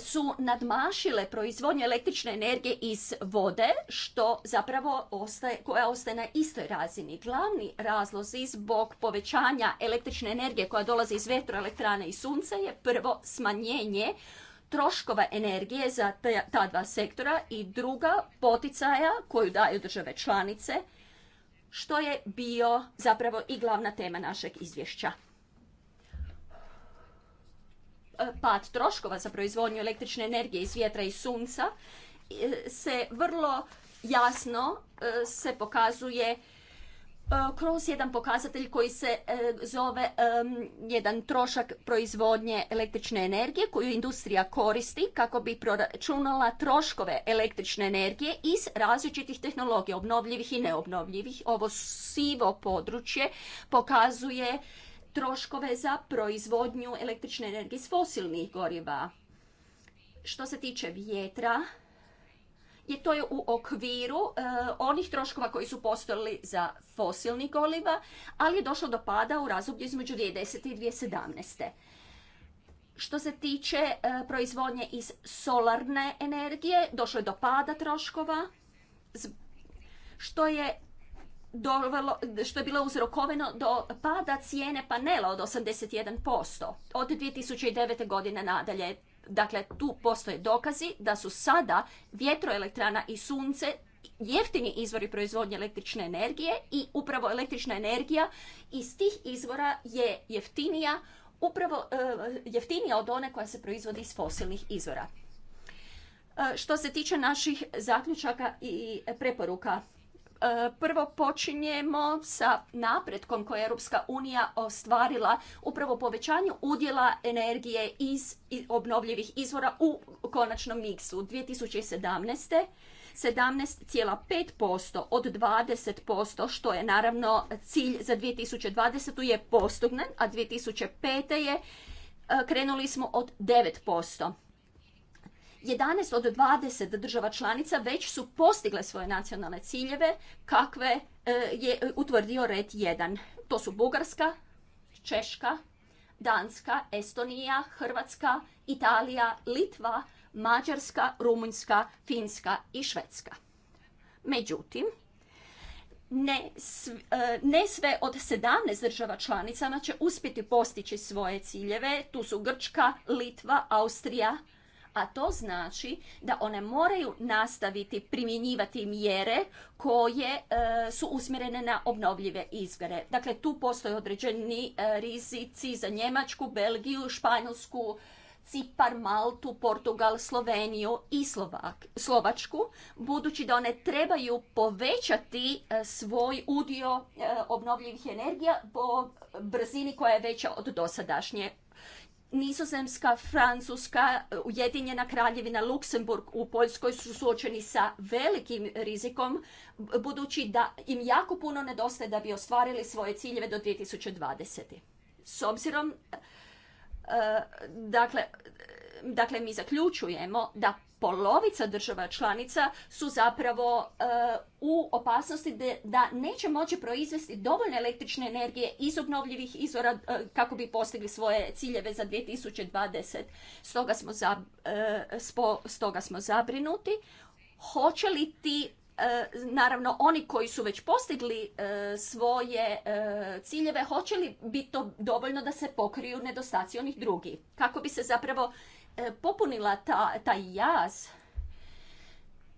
su nadmašile proizvodnju električne energije iz vode, što zapravo ostaje, koja ostaje na istoj razini. Glavni razlozi zbog povećanja električne energije koja dolazi iz vetroelektrane i sunca je prvo smanjenje troškova energije za ta dva sektora i druga poticaja koju daju države članice, što je bio zapravo i glavna tema našeg izvješća. E, pad troškova za proizvodnju električne energije iz vjetra i sunca e, se vrlo jasno e, se pokazuje kroz jedan pokazatelj koji se zove jedan trošak proizvodnje električne energije koju industrija koristi kako bi proračunala troškove električne energije iz različitih tehnologija, obnovljivih i neobnovljivih. Ovo sivo područje pokazuje troškove za proizvodnju električne energije iz fosilnih goriva. Što se tiče vjetra, je to je u okviru e, onih troškova koji su postojali za fosilnih goriva, ali je došlo do pada u razdoblju između 2010. i 2017. Što se tiče e, proizvodnje iz solarne energije, došlo je do pada troškova, što je dovelo, što je bilo uzrokoveno do pada cijene panela od 81% od 2009. godine nadalje. Dakle, tu postoje dokazi da su sada vjetroelektrana i sunce jeftini izvori proizvodnje električne energije i upravo električna energija iz tih izvora je jeftinija upravo e, jeftinija od one koja se proizvodi iz fosilnih izvora. E, što se tiče naših zaključaka i preporuka, E, prvo počinjemo sa napretkom koje je Europska unija ostvarila upravo povećanju udjela energije iz obnovljivih izvora u konačnom miksu. 2017. 17,5% od 20%, što je naravno cilj za 2020. je postignen, a 2005. je e, krenuli smo od 9%. 11 od 20 država članica već su postigle svoje nacionalne ciljeve kakve e, je utvrdio red 1. To su Bugarska, Češka, Danska, Estonija, Hrvatska, Italija, Litva, Mađarska, Rumunjska, Finska i Švedska. Međutim, ne, e, sve od 17 država članicama će uspjeti postići svoje ciljeve. Tu su Grčka, Litva, Austrija, a to znači da one moraju nastaviti primjenjivati mjere koje e, su usmjerene na obnovljive izvore. Dakle, tu postoje određeni e, rizici za Njemačku, Belgiju, Španjolsku, Cipar, Maltu, Portugal, Sloveniju i Slovak, Slovačku, budući da one trebaju povećati e, svoj udio obnovljivih energija po brzini koja je veća od dosadašnje Nizozemska, Francuska, Ujedinjena kraljevina, Luksemburg u Poljskoj su suočeni sa velikim rizikom, budući da im jako puno nedostaje da bi ostvarili svoje ciljeve do 2020. S obzirom, e, dakle, dakle mi zaključujemo da polovica država članica su zapravo e, u opasnosti da neće moći proizvesti dovoljno električne energije iz obnovljivih izvora e, kako bi postigli svoje ciljeve za 2020. Stoga smo, e, stoga smo zabrinuti. Hoće li ti naravno oni koji su već postigli svoje ciljeve, hoće li biti to dovoljno da se pokriju nedostaci onih drugih? Kako bi se zapravo E, popunila ta, taj jaz?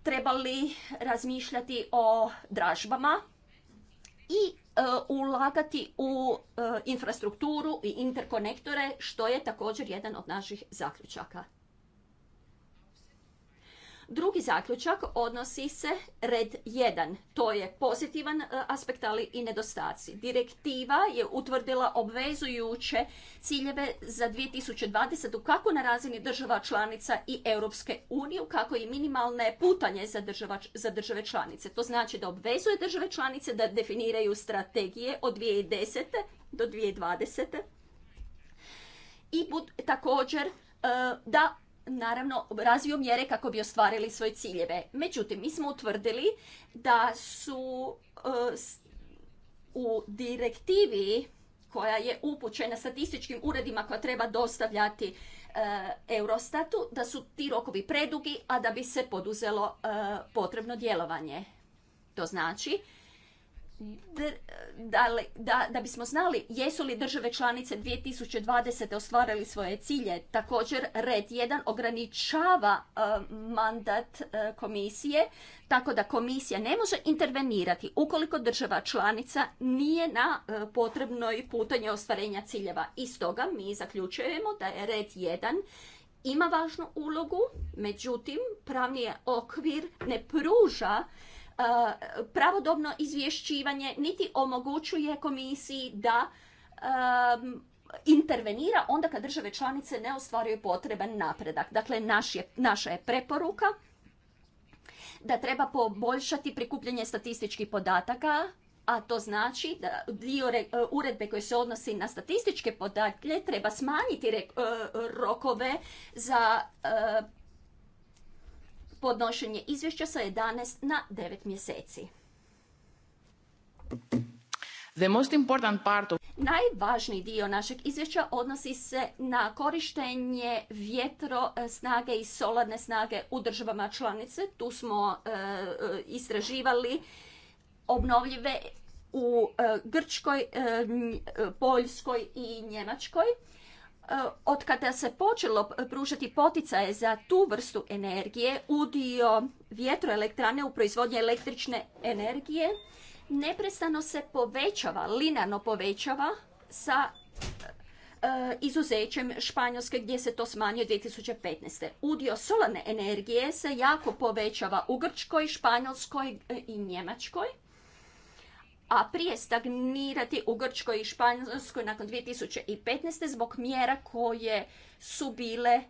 trebali razmišljati o dražbama i e, ulagati u e, infrastrukturu i interkonektore, što je također jedan od naših zaključaka. Drugi zaključak odnosi se red 1. To je pozitivan e, aspekt, ali i nedostaci. Direktiva je utvrdila obvezujuće ciljeve za 2020. kako na razini država članica i Europske unije, kako i minimalne putanje za, države članice. To znači da obvezuje države članice da definiraju strategije od 2010. do 2020. I također e, da naravno razvio mjere kako bi ostvarili svoje ciljeve. Međutim, mi smo utvrdili da su e, u direktivi koja je upućena statističkim uredima koja treba dostavljati e, Eurostatu, da su ti rokovi predugi, a da bi se poduzelo e, potrebno djelovanje. To znači da, da, da bismo znali jesu li države članice 2020. ostvarili svoje cilje. Također, red 1 ograničava e, mandat e, komisije, tako da komisija ne može intervenirati ukoliko država članica nije na uh, potrebnoj putanje ostvarenja ciljeva. I stoga mi zaključujemo da je red 1 ima važnu ulogu, međutim, pravni okvir ne pruža Eh, pravodobno izvješćivanje niti omogućuje komisiji da intervenira onda kad države članice ne ostvaruju potreban napredak. Dakle, naša je preporuka da treba poboljšati prikupljanje statističkih podataka, a to znači da dio eh, uredbe koje se odnosi na statističke podatke treba smanjiti eh, rokove za podnošenje izvješća sa 11 na 9 mjeseci. The most important part of... Najvažniji dio našeg izvješća odnosi se na korištenje vjetro e, snage i solarne snage u državama članice. Tu smo e, e, istraživali obnovljive u Grčkoj, Poljskoj i Njemačkoj. Eh, od kada se počelo pružati poticaje za tu vrstu energije, udio vjetroelektrane u proizvodnji električne energije neprestano se povećava, linarno povećava sa eh, izuzećem Španjolske gdje se to smanjuje 2015. Udio solarne energije se jako povećava u Grčkoj, Španjolskoj eh, i Njemačkoj a prije stagnirati u Grčkoj i Španjolskoj nakon 2015. zbog mjera koje su bile eh,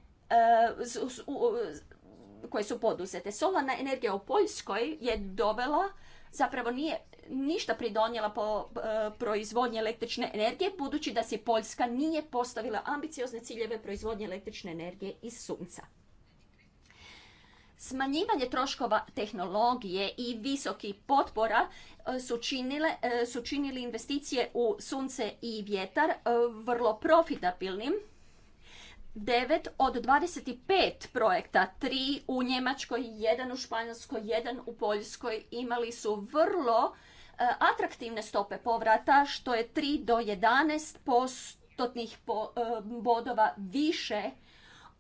koje su poduzete. Solarna energija u Poljskoj je dovela, zapravo nije ništa pridonijela po eh, proizvodnji električne energije, budući da se Poljska nije postavila ambiciozne ciljeve proizvodnje električne energije iz sunca. Smanjivanje troškova tehnologije i visoki potpora e, su, činile, e, su činili investicije u sunce i vjetar e, vrlo profitabilnim. 9 od 25 projekta, 3 u Njemačkoj, 1 u Španjolskoj, 1 u Poljskoj imali su vrlo atraktivne stope povrata, što je 3 do 11 postotnih bodova više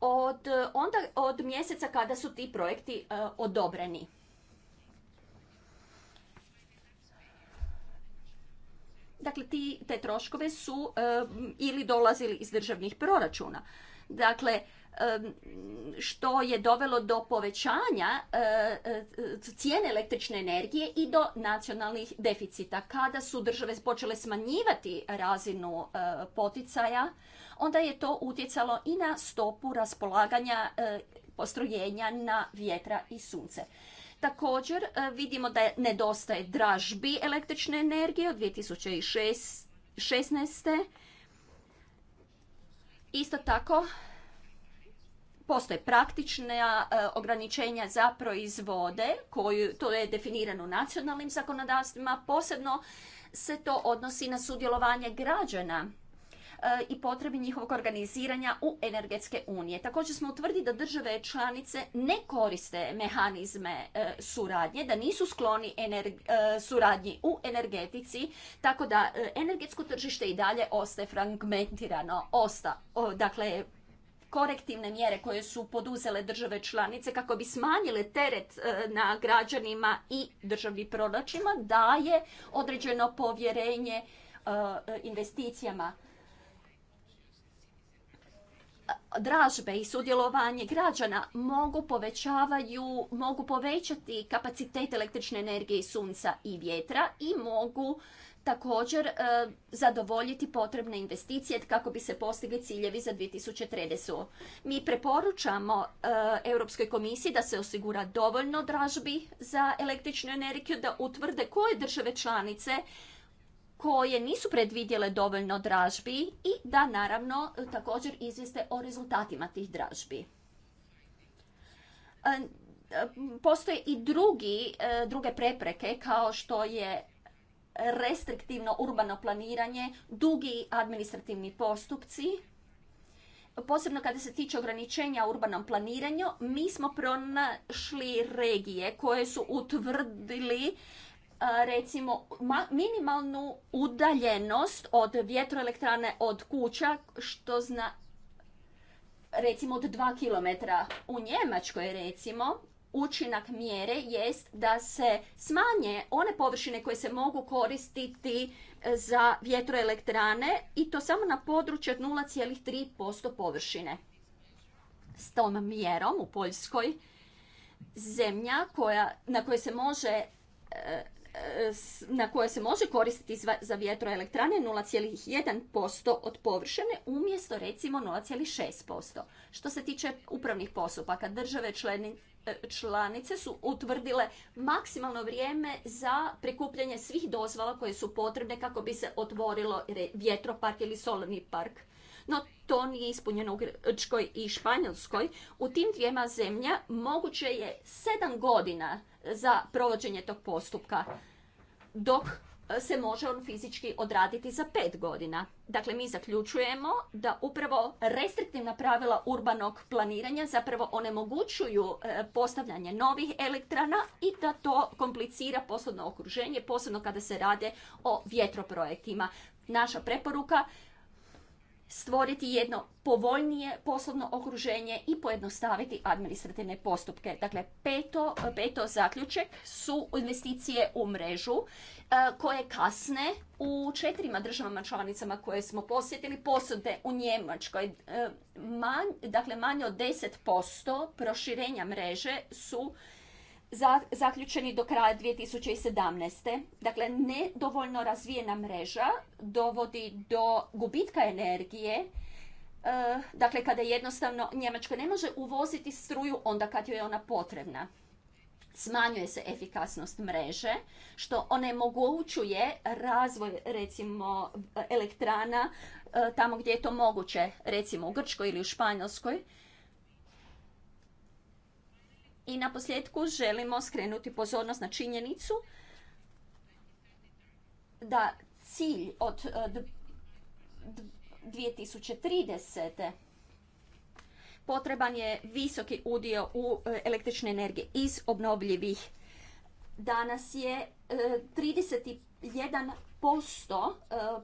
od, eh, onda, od mjeseca kada su ti projekti eh, odobreni. Dakle, ti, te troškove su eh, ili dolazili iz državnih proračuna. Dakle, što je dovelo do povećanja e, e, cijene električne energije i do nacionalnih deficita. Kada su države počele smanjivati razinu e, poticaja, onda je to utjecalo i na stopu raspolaganja postrojenja na vjetra i sunce. Također vidimo da nedostaje dražbi električne energije od 2016. Isto tako, postoje praktična e, ograničenja za proizvode, koju, to je definirano nacionalnim zakonodavstvima, posebno se to odnosi na sudjelovanje građana e, i potrebi njihovog organiziranja u energetske unije. Također smo utvrdili da države članice ne koriste mehanizme e, suradnje, da nisu skloni suradnji u energetici, tako da energetsko tržište i dalje ostaje fragmentirano. Osta, dakle, korektivne mjere koje su poduzele države članice kako bi smanjile teret e, na građanima i državni proračima daje određeno povjerenje e, investicijama dražbe i sudjelovanje građana mogu povećavaju, mogu povećati kapacitet električne energije i sunca i vjetra i mogu također e, zadovoljiti potrebne investicije kako bi se postigli ciljevi za 2030. Mi preporučamo e, Europskoj komisiji da se osigura dovoljno dražbi za električnu energiju, da utvrde koje države članice koje nisu predvidjele dovoljno dražbi i da naravno također izvijeste o rezultatima tih dražbi. E, postoje i drugi, druge prepreke kao što je restriktivno urbano planiranje, dugi administrativni postupci, posebno kada se tiče ograničenja u urbanom planiranju, mi smo pronašli regije koje su utvrdili e, recimo minimalnu udaljenost od vjetroelektrane od kuća, što zna recimo od 2 km. U Njemačkoj recimo učinak mjere jest da se smanje one površine koje se mogu koristiti e, za vjetroelektrane i to samo na područje od 0,3% površine. S tom mjerom u Poljskoj zemlja na kojoj se može e, e, na koje se može koristiti za vjetroelektrane 0,1% od površine umjesto recimo 0,6%. Što se tiče upravnih postupaka, države članice članice su utvrdile maksimalno vrijeme za prikupljanje svih dozvala koje su potrebne kako bi se otvorilo vjetropark ili solarni park. No, to nije ispunjeno u Grčkoj i Španjolskoj. U tim dvijema zemlja moguće je sedam godina za provođenje tog postupka, dok se može on fizički odraditi za pet godina. Dakle, mi zaključujemo da upravo restriktivna pravila urbanog planiranja zapravo onemogućuju e, postavljanje novih elektrana i da to komplicira poslovno okruženje, posebno kada se rade o vjetroprojektima. Naša preporuka stvoriti jedno povoljnije poslovno okruženje i pojednostaviti administrativne postupke. Dakle, peto, peto zaključek su investicije u mrežu e, koje kasne u četirima državama članicama koje smo posjetili, posude u Njemačkoj. E, dakle, manje od 10% proširenja mreže su zaključeni do kraja 2017. Dakle, nedovoljno razvijena mreža dovodi do gubitka energije. E, dakle, kada jednostavno Njemačka ne može uvoziti struju onda kad joj je ona potrebna. Smanjuje se efikasnost mreže, što onemogućuje razvoj, recimo, elektrana e, tamo gdje je to moguće, recimo u Grčkoj ili u Španjolskoj, i na posljedku želimo skrenuti pozornost na činjenicu da cilj od 2030. E, potreban je visoki udio u e, električne energije iz obnovljivih. Danas je 31% e,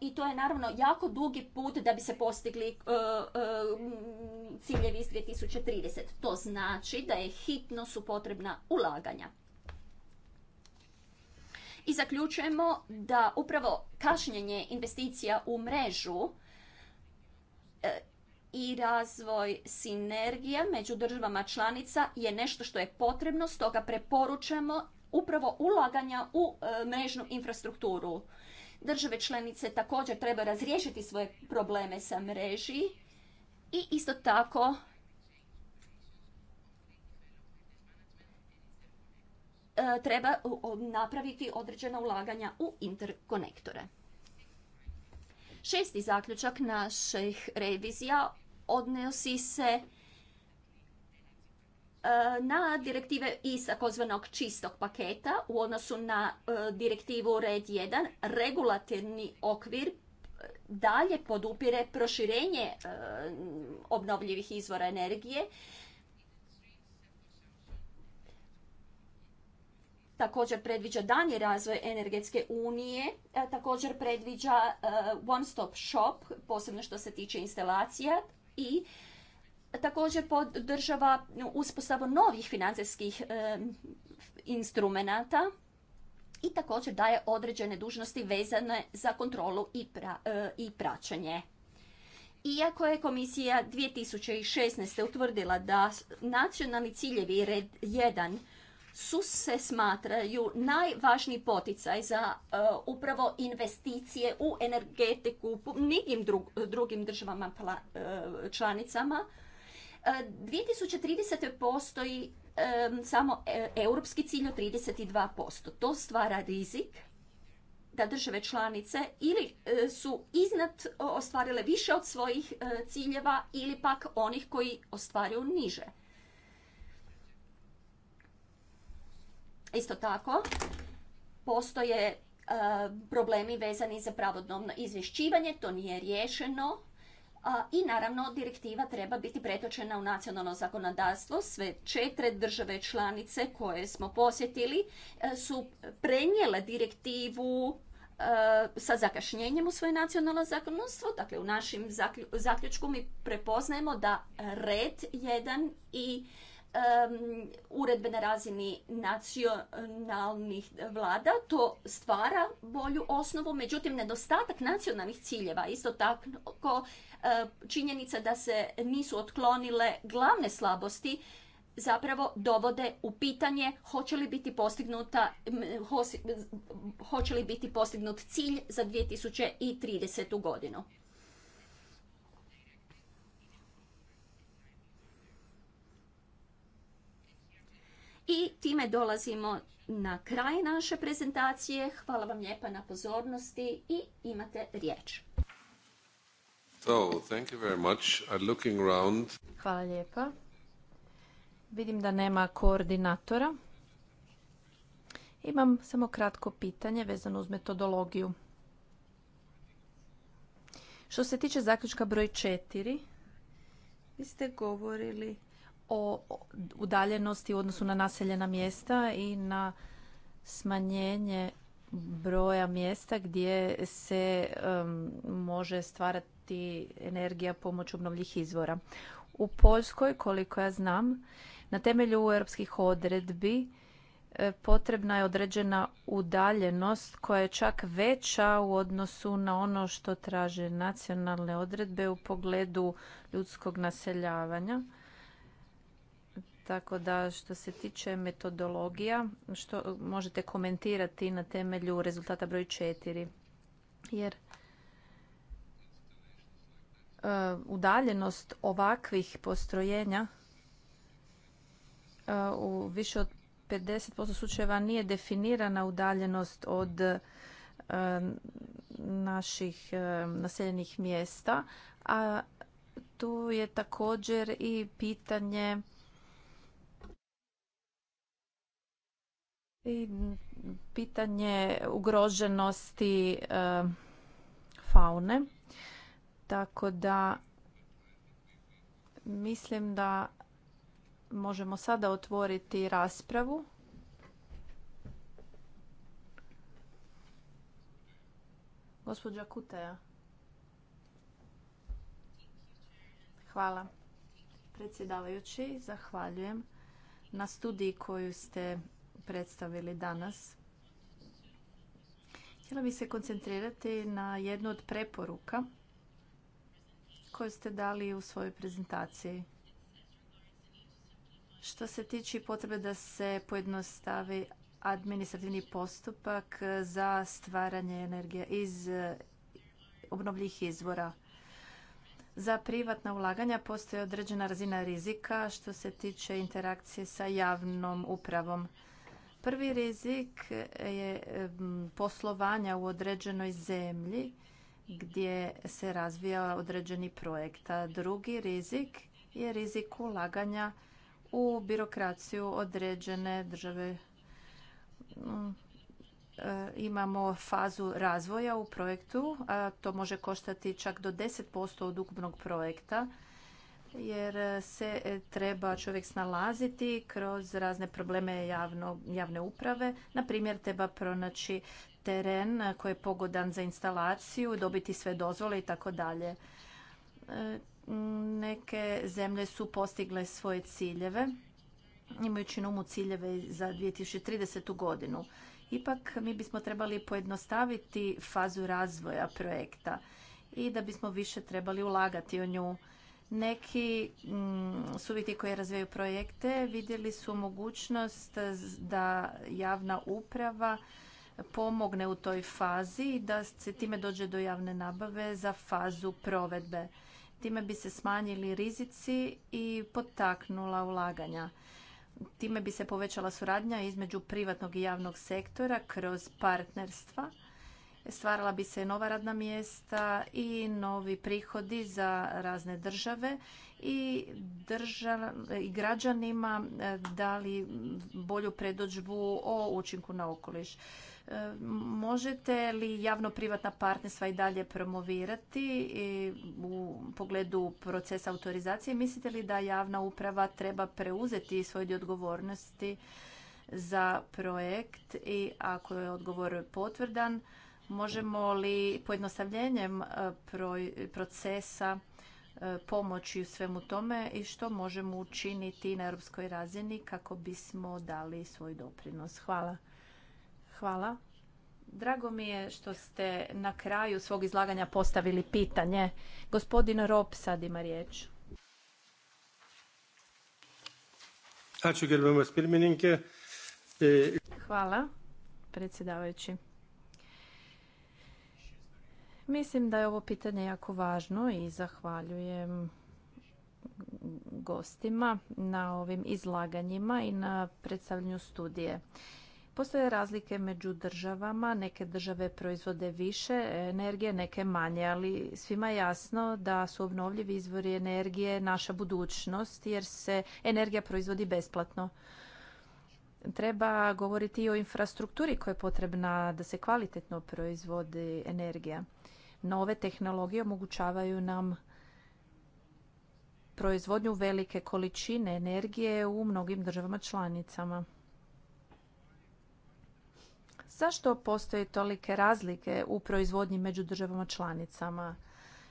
i to je naravno jako dugi put da bi se postigli e, e, ciljevi iz 2030. To znači da je hitno su potrebna ulaganja. I zaključujemo da upravo kašnjenje investicija u mrežu e, i razvoj sinergija među državama članica je nešto što je potrebno, stoga preporučujemo upravo ulaganja u mrežnu infrastrukturu. Države članice također treba razriješiti svoje probleme sa mreži i isto tako e, treba napraviti određena ulaganja u interkonektore. Šesti zaključak naših revizija odnosi se Eh, na direktive iz takozvanog čistog paketa u odnosu na eh, direktivu red 1 regulatorni okvir eh, dalje podupire proširenje obnovljivih izvora energije također predviđa danji razvoj energetske unije, također predviđa one stop shop, posebno što se tiče instalacija i također podržava uspostavu novih financijskih e, instrumenata i također daje određene dužnosti vezane za kontrolu i, e, praćenje. Iako je komisija 2016. utvrdila da nacionalni ciljevi red 1 su se smatraju najvažniji poticaj za e, upravo investicije u energetiku u nekim drugim državama članicama 2030. E, postoji samo e, europski cilj od 32%. To stvara rizik da države članice ili e, su iznad ostvarile više od svojih ciljeva ili pak onih koji ostvaruju niže. Isto tako, postoje problemi vezani za pravodobno izvješćivanje, to nije riješeno i naravno direktiva treba biti pretočena u nacionalno zakonodavstvo. Sve četiri države članice koje smo posjetili e, su prenijele direktivu e, sa zakašnjenjem u svoje nacionalno zakonodavstvo. Dakle, u našim zaključku mi prepoznajemo da red jedan i uredbe na razini nacionalnih vlada, to stvara bolju osnovu, međutim nedostatak nacionalnih ciljeva, isto tako e, činjenica da se nisu otklonile glavne slabosti zapravo dovode u pitanje hoće li biti postignuta hoće li biti postignut cilj za 2030. godinu. I time dolazimo na kraj naše prezentacije. Hvala vam lijepa na pozornosti i imate riječ. thank you very much. I'm looking Hvala lijepa. Vidim da nema koordinatora. Imam samo kratko pitanje vezano uz metodologiju. Što se tiče zaključka broj 4, vi ste govorili o udaljenosti u odnosu na naseljena mjesta i na smanjenje broja mjesta gdje se može stvarati energija pomoć obnovljivih izvora. U Poljskoj, koliko ja znam, na temelju europskih odredbi e, potrebna je određena udaljenost koja je čak veća u odnosu na ono što traže nacionalne odredbe u pogledu ljudskog naseljavanja tako da što se tiče metodologija, što možete komentirati na temelju rezultata broj četiri. Jer e, udaljenost ovakvih postrojenja e, u više od 50% slučajeva nije definirana udaljenost od e, naših naseljenih mjesta, a tu je također i pitanje I pitanje ugroženosti e, faune. Tako da mislim da možemo sada otvoriti raspravu. Gospođa Kuteja. Hvala. Predsjedavajući, zahvaljujem na studiji koju ste predstavili danas. Htjela bih se koncentrirati na jednu od preporuka koju ste dali u svojoj prezentaciji. Što se tiče potrebe da se pojednostavi administrativni postupak za stvaranje energije iz obnovljivih izvora. Za privatna ulaganja postoje određena razina rizika što se tiče interakcije sa javnom upravom. Prvi rizik je poslovanja u određenoj zemlji gdje se razvija određeni projekt. drugi rizik je rizik ulaganja u birokraciju određene države. Mm, e, imamo fazu razvoja u projektu, a to može koštati čak do 10% od ukupnog projekta jer e, se e, treba čovjek snalaziti kroz razne probleme javne uprave. Na primjer, treba pronaći teren koji je pogodan za instalaciju, dobiti sve dozvole i tako dalje. E, neke zemlje su postigle svoje ciljeve, imajući na umu ciljeve za 2030. godinu. Ipak mi bismo trebali pojednostaviti fazu razvoja projekta i da bismo više trebali ulagati u nju neki mm, subjekti koji razvijaju projekte vidjeli su mogućnost da javna uprava pomogne u toj fazi i da se time dođe do javne nabave za fazu provedbe. Time bi se smanjili rizici i potaknula ulaganja. Time bi se povećala suradnja između privatnog i javnog sektora kroz partnerstva stvarala bi se nova radna mjesta i novi prihodi za razne države i, drža, i građanima e, dali bolju predođbu o učinku na okoliš. E, možete li javno-privatna partnerstva i dalje promovirati e, u pogledu procesa autorizacije? Mislite li da javna uprava treba preuzeti svoj dio odgovornosti za projekt i ako je odgovor potvrdan, Možemo li pojednostavljenjem e, procesa e, pomoći u svemu tome i što možemo učiniti na europskoj razini kako bismo dali svoj doprinos? Hvala. Hvala. Drago mi je što ste na kraju svog izlaganja postavili pitanje. Gospodin Rop sad ima riječ. E, Hvala, predsjedavajući. Mislim da je ovo pitanje jako važno i zahvaljujem gostima na ovim izlaganjima i na predstavljanju studije. Postoje razlike među državama, neke države proizvode više energije, neke manje, ali svima je jasno da su obnovljivi izvori energije naša budućnost jer se energija proizvodi besplatno. Treba govoriti i o infrastrukturi koja je potrebna da se kvalitetno proizvodi energija nove tehnologije omogućavaju nam proizvodnju velike količine energije u mnogim državama članicama. Zašto postoje tolike razlike u proizvodnji među državama članicama?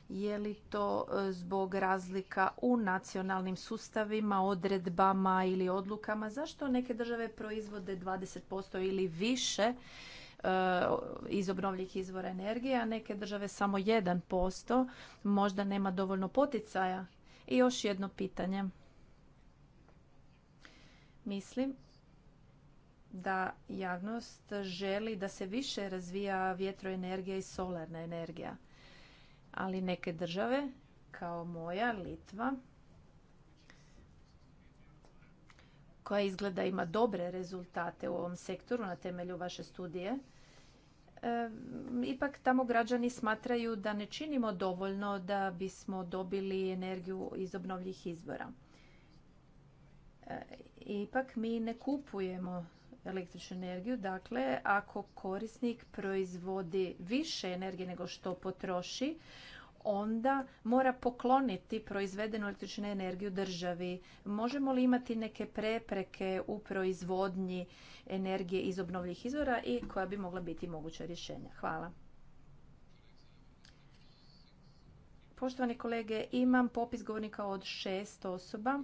Je li to e, zbog razlika u nacionalnim sustavima, odredbama ili odlukama? Zašto neke države proizvode 20% ili više Eh, iz obnovljivih izvora energije, a neke države samo 1%, možda nema dovoljno poticaja. I još jedno pitanje. Mislim da javnost želi da se više razvija vjetroenergija i solarna energija. Ali neke države, kao moja, Litva, koja izgleda ima dobre rezultate u ovom sektoru na temelju vaše studije, ipak tamo građani smatraju da ne činimo dovoljno da bismo dobili energiju iz obnovljivih izvora. E, ipak mi ne kupujemo električnu energiju, dakle ako korisnik proizvodi više energije nego što potroši, onda mora pokloniti proizvedenu električnu energiju državi. Možemo li imati neke prepreke u proizvodnji energije iz obnovljivih izvora i koja bi mogla biti moguća rješenja? Hvala. Poštovani kolege, imam popis govornika od šest osoba.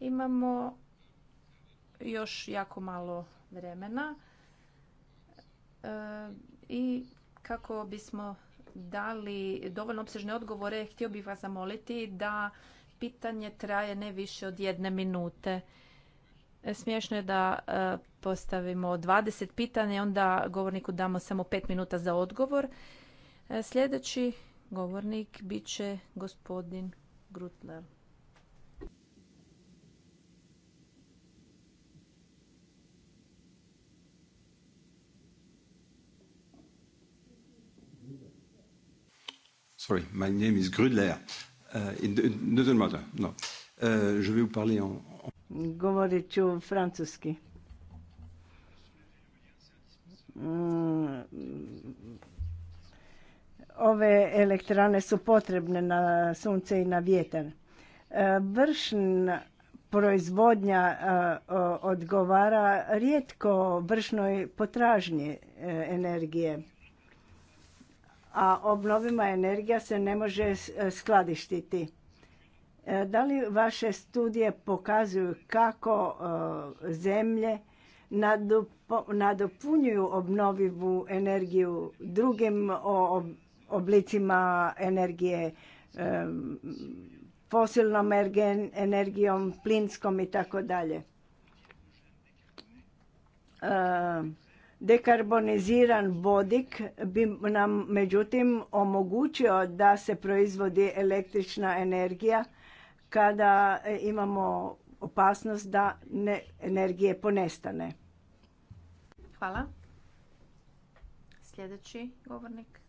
Imamo još jako malo vremena. E, I kako bismo da li dovoljno opsežne odgovore, htio bih vas zamoliti da pitanje traje ne više od jedne minute. Smiješno je da e, postavimo 20 pitanja i onda govorniku damo samo 5 minuta za odgovor. E, sljedeći govornik bit će gospodin Grutler. Sorry, my name is Grudler. Uh, it doesn't no. Uh, je vais vous parler en... Govorit ću francuski. Mm. Ove elektrane su potrebne na sunce i na vjetar. Uh, Vršna proizvodnja uh, odgovara rijetko vršnoj potražnji uh, energije a obnovima energija se ne može e, skladištiti. E, da li vaše studije pokazuju kako e, zemlje nadopunjuju obnovivu energiju drugim oblicima energije, fosilnom energijom, plinskom i tako dalje? Dekarboniziran vodik bi nam međutim omogućio da se proizvodi električna energija kada e, imamo opasnost da ne, energije ponestane. Hvala. Sljedeći govornik.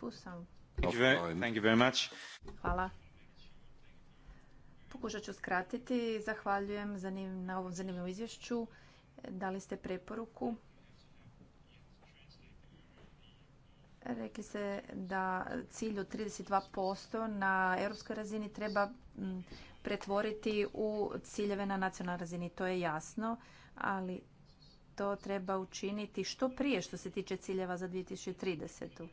Fusam. Hvala. Pokušat ću skratiti. Zahvaljujem na ovom zanimljivom izvješću dali ste preporuku. Rekli ste da cilj od 32% na europskoj razini treba pretvoriti u ciljeve na nacionalnoj razini. To je jasno, ali to treba učiniti što prije što se tiče ciljeva za 2030.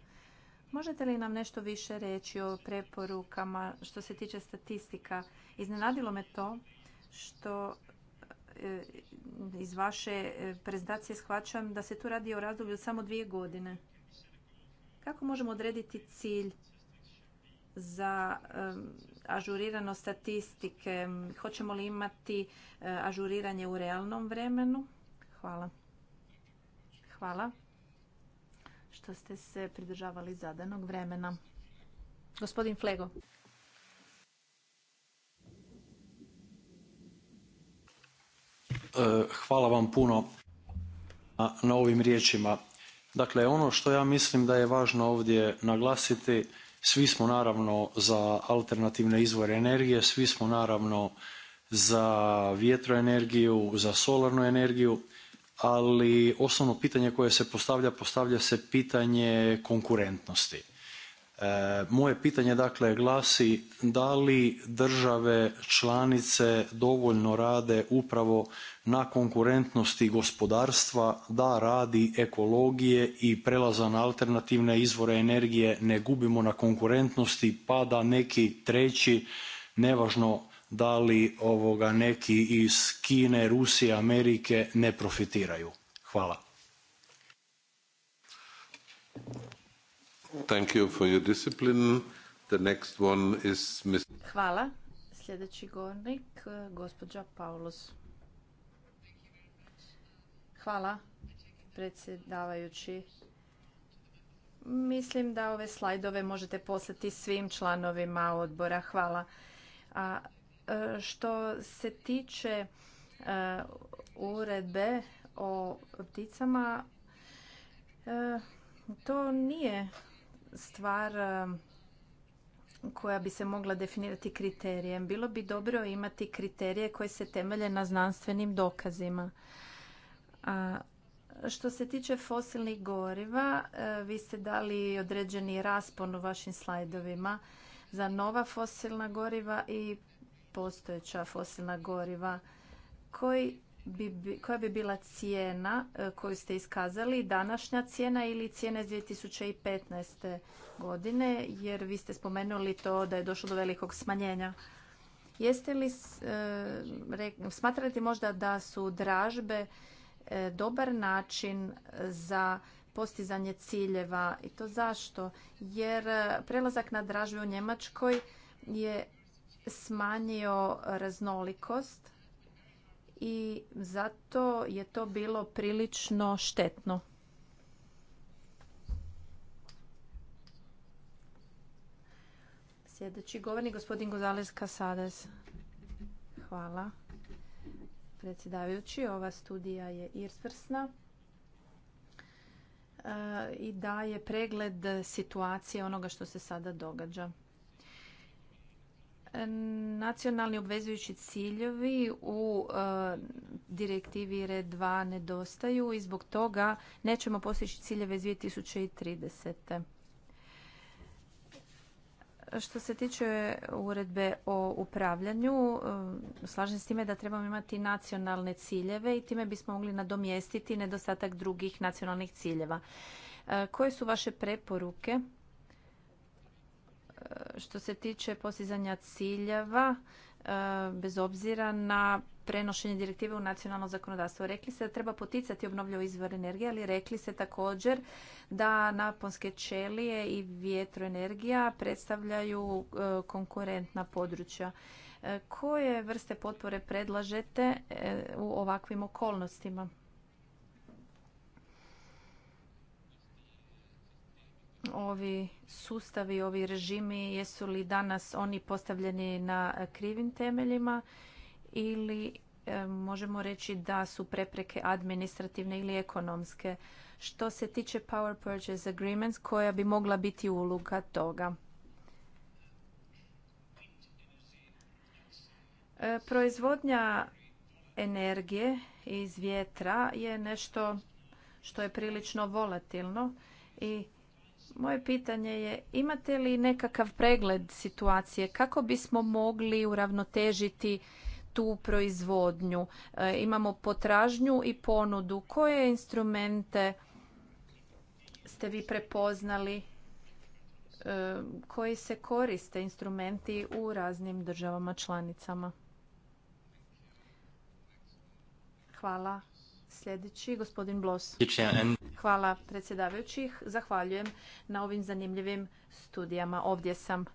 Možete li nam nešto više reći o preporukama što se tiče statistika? Iznenadilo me to što iz vaše e, prezentacije shvaćam da se tu radi o razdoblju samo dvije godine. Kako možemo odrediti cilj za ažurirano statistike? Hoćemo li imati e, ažuriranje u realnom vremenu? Hvala. Hvala što ste se pridržavali zadanog vremena. Gospodin Flego. Eh, hvala vam puno na ovim riječima. Dakle, ono što ja mislim da je važno ovdje naglasiti, svi smo naravno za alternativne izvore energije, svi smo naravno za vjetroenergiju, za solarnu energiju, ali osnovno pitanje koje se postavlja, postavlja se pitanje konkurentnosti. E, moje pitanje dakle glasi da li države članice dovoljno rade upravo na konkurentnosti gospodarstva da radi ekologije i prelaza na alternativne izvore energije ne gubimo na konkurentnosti pa da neki treći nevažno da li neki iz Kine, Rusije, Amerike ne profitiraju? Hvala. Thank you for your discipline. The next one is Hvala. Sljedeći govornik, eh, gospođa Paulus. Hvala, predsjedavajući. Mislim da ove slajdove možete poslati svim članovima odbora. Hvala. A eh, što se tiče eh, uredbe o pticama, to nije stvar eh, koja bi se mogla definirati kriterijem. Bilo bi dobro imati kriterije koje se temelje na znanstvenim dokazima. A što se tiče fosilnih goriva, eh, vi ste dali određeni raspon u vašim slajdovima za nova fosilna goriva i postojeća fosilna goriva. Koji bi, koja bi bila cijena e, koju ste iskazali, današnja cijena ili cijena iz 2015. godine, jer vi ste spomenuli to da je došlo do velikog smanjenja. Jeste li, e, smatrate možda da su dražbe e, dobar način za postizanje ciljeva i to zašto? Jer prelazak na dražbe u Njemačkoj je smanjio raznolikost i zato je to bilo prilično štetno. Sljedeći govornik, gospodin Gozales Casades. Hvala. Predsjedavajući, ova studija je irsvrsna e, i daje pregled situacije onoga što se sada događa. Nacionalni obvezujući ciljevi u e, direktivi red 2 nedostaju i zbog toga nećemo postići ciljeve iz 2030. Što se tiče uredbe o upravljanju, e, slažem s time da trebamo imati nacionalne ciljeve i time bismo mogli nadomjestiti nedostatak drugih nacionalnih ciljeva. E, koje su vaše preporuke što se tiče postizanja ciljeva, e, bez obzira na prenošenje direktive u nacionalno zakonodavstvo. Rekli se da treba poticati obnovljive izvor energije, ali rekli se također da naponske čelije i vjetroenergija predstavljaju e, konkurentna područja. E, koje vrste potpore predlažete u ovakvim okolnostima? ovi sustavi, ovi režimi, jesu li danas oni postavljeni na krivim temeljima ili e, možemo reći da su prepreke administrativne ili ekonomske. Što se tiče Power Purchase Agreements, koja bi mogla biti uloga toga? E, proizvodnja energije iz vjetra je nešto što je prilično volatilno i moje pitanje je imate li nekakav pregled situacije kako bismo mogli uravnotežiti tu proizvodnju? E, imamo potražnju i ponudu. Koje instrumente ste vi prepoznali e, koji se koriste instrumenti u raznim državama članicama? Hvala. Sljedeći, gospodin Blos. Hvala predsjedavajućih. Zahvaljujem na ovim zanimljivim studijama. Ovdje sam.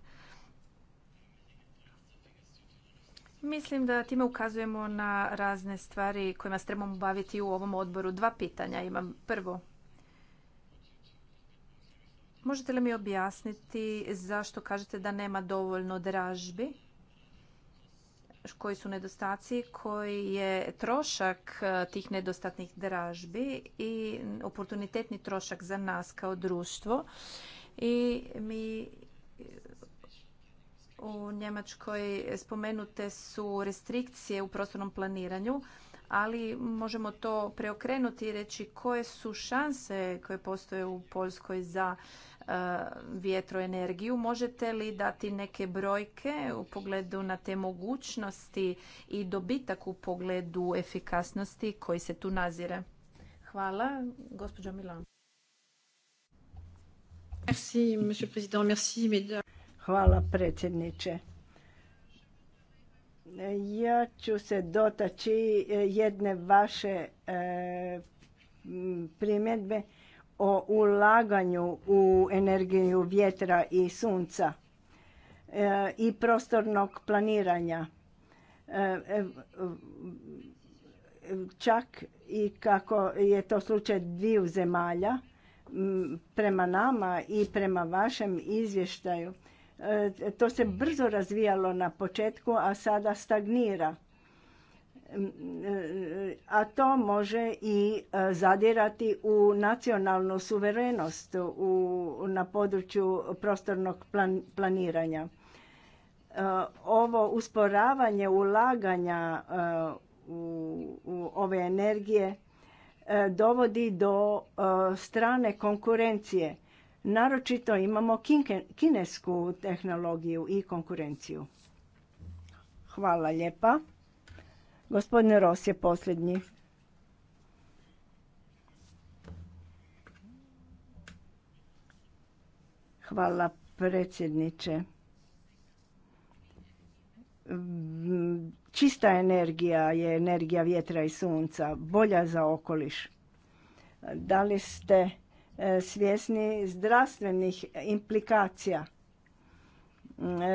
Mislim da time ukazujemo na razne stvari kojima se trebamo baviti u ovom odboru. Dva pitanja imam. Prvo, možete li mi objasniti zašto kažete da nema dovoljno dražbi? koji su nedostaci, koji je trošak e, tih nedostatnih dražbi i oportunitetni trošak za nas kao društvo. I mi e, u Njemačkoj spomenute su restrikcije u prostornom planiranju, ali možemo to preokrenuti i reći koje su šanse koje postoje u Poljskoj za E, vjetroenergiju. Možete li dati neke brojke u pogledu na te mogućnosti i dobitak u pogledu efikasnosti koji se tu nazire? Hvala. Gospođo Milan. Hvala predsjedniče. Ja ću se dotaći e, jedne vaše e, primjedbe o ulaganju u energiju vjetra i sunca e, i prostornog planiranja. E, e, čak i kako je to slučaj dviju zemalja, prema nama i prema vašem izvještaju, to se brzo razvijalo na početku, a sada stagnira a to može i e, zadirati u nacionalnu suverenost na području prostornog planiranja. E, ovo usporavanje ulaganja e, u ove energije dovodi do strane konkurencije. Naročito imamo kinesku tehnologiju i konkurenciju. Hvala lijepa. Gospodine Ros je posljednji. Hvala predsjedniče. Čista energija je energija vjetra i sunca, bolja za okoliš. Da li ste e, svjesni zdravstvenih implikacija?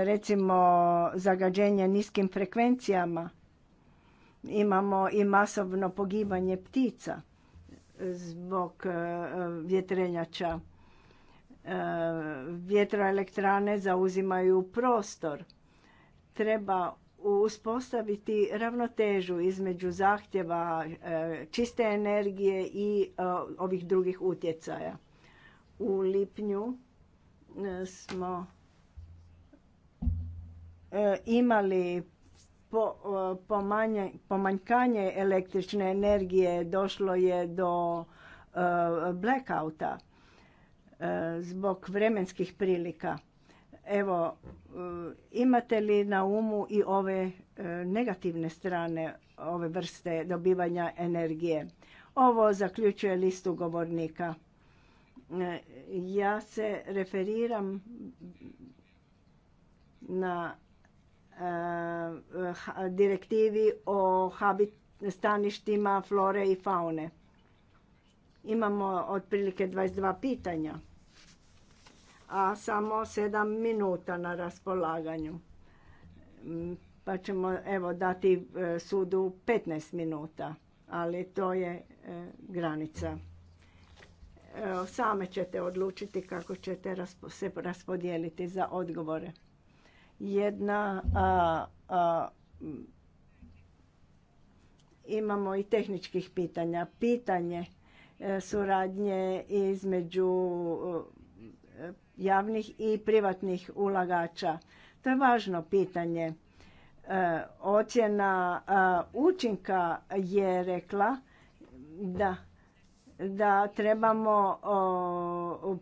Recimo zagađenje niskim frekvencijama Imamo i masovno pogibanje ptica zbog e, vjetrenjača. E, vjetroelektrane zauzimaju prostor. Treba uspostaviti ravnotežu između zahtjeva e, čiste energije i ovih drugih utjecaja. U lipnju smo imali po, pomanjkanje električne energije došlo je do uh, blackouta e, zbog vremenskih prilika. Evo, e, imate li na umu i ove negativne strane ove vrste dobivanja energije? Ovo zaključuje listu govornika. Ja se referiram na Eh, direktivi o staništima flore i faune. Imamo otprilike 22 pitanja, a samo 7 minuta na raspolaganju. Mm, pa ćemo evo dati eh, sudu 15 minuta, ali to je eh, granica. Same ćete odlučiti kako ćete se raspodijeliti za odgovore jedna a, imamo i tehničkih pitanja. Pitanje e, suradnje između e, javnih i privatnih ulagača. To je važno pitanje. E, ocjena učinka je rekla da da trebamo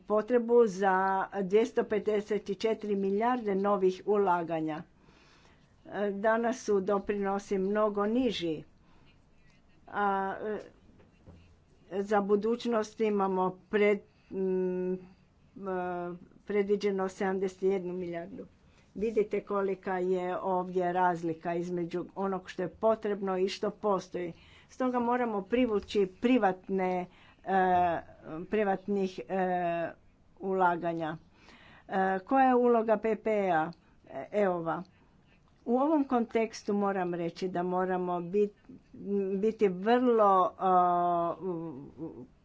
potrebu za 254 milijarde novih ulaganja. Danas su doprinosi mnogo niži. A, za budućnost imamo pred, m, predviđeno 71 milijardu. Vidite kolika je ovdje razlika između onog što je potrebno i što postoji. Stoga moramo privući privatne E, privatnih e, ulaganja. E, koja je uloga PPA EOVA? U ovom kontekstu moram reći da moramo biti vrlo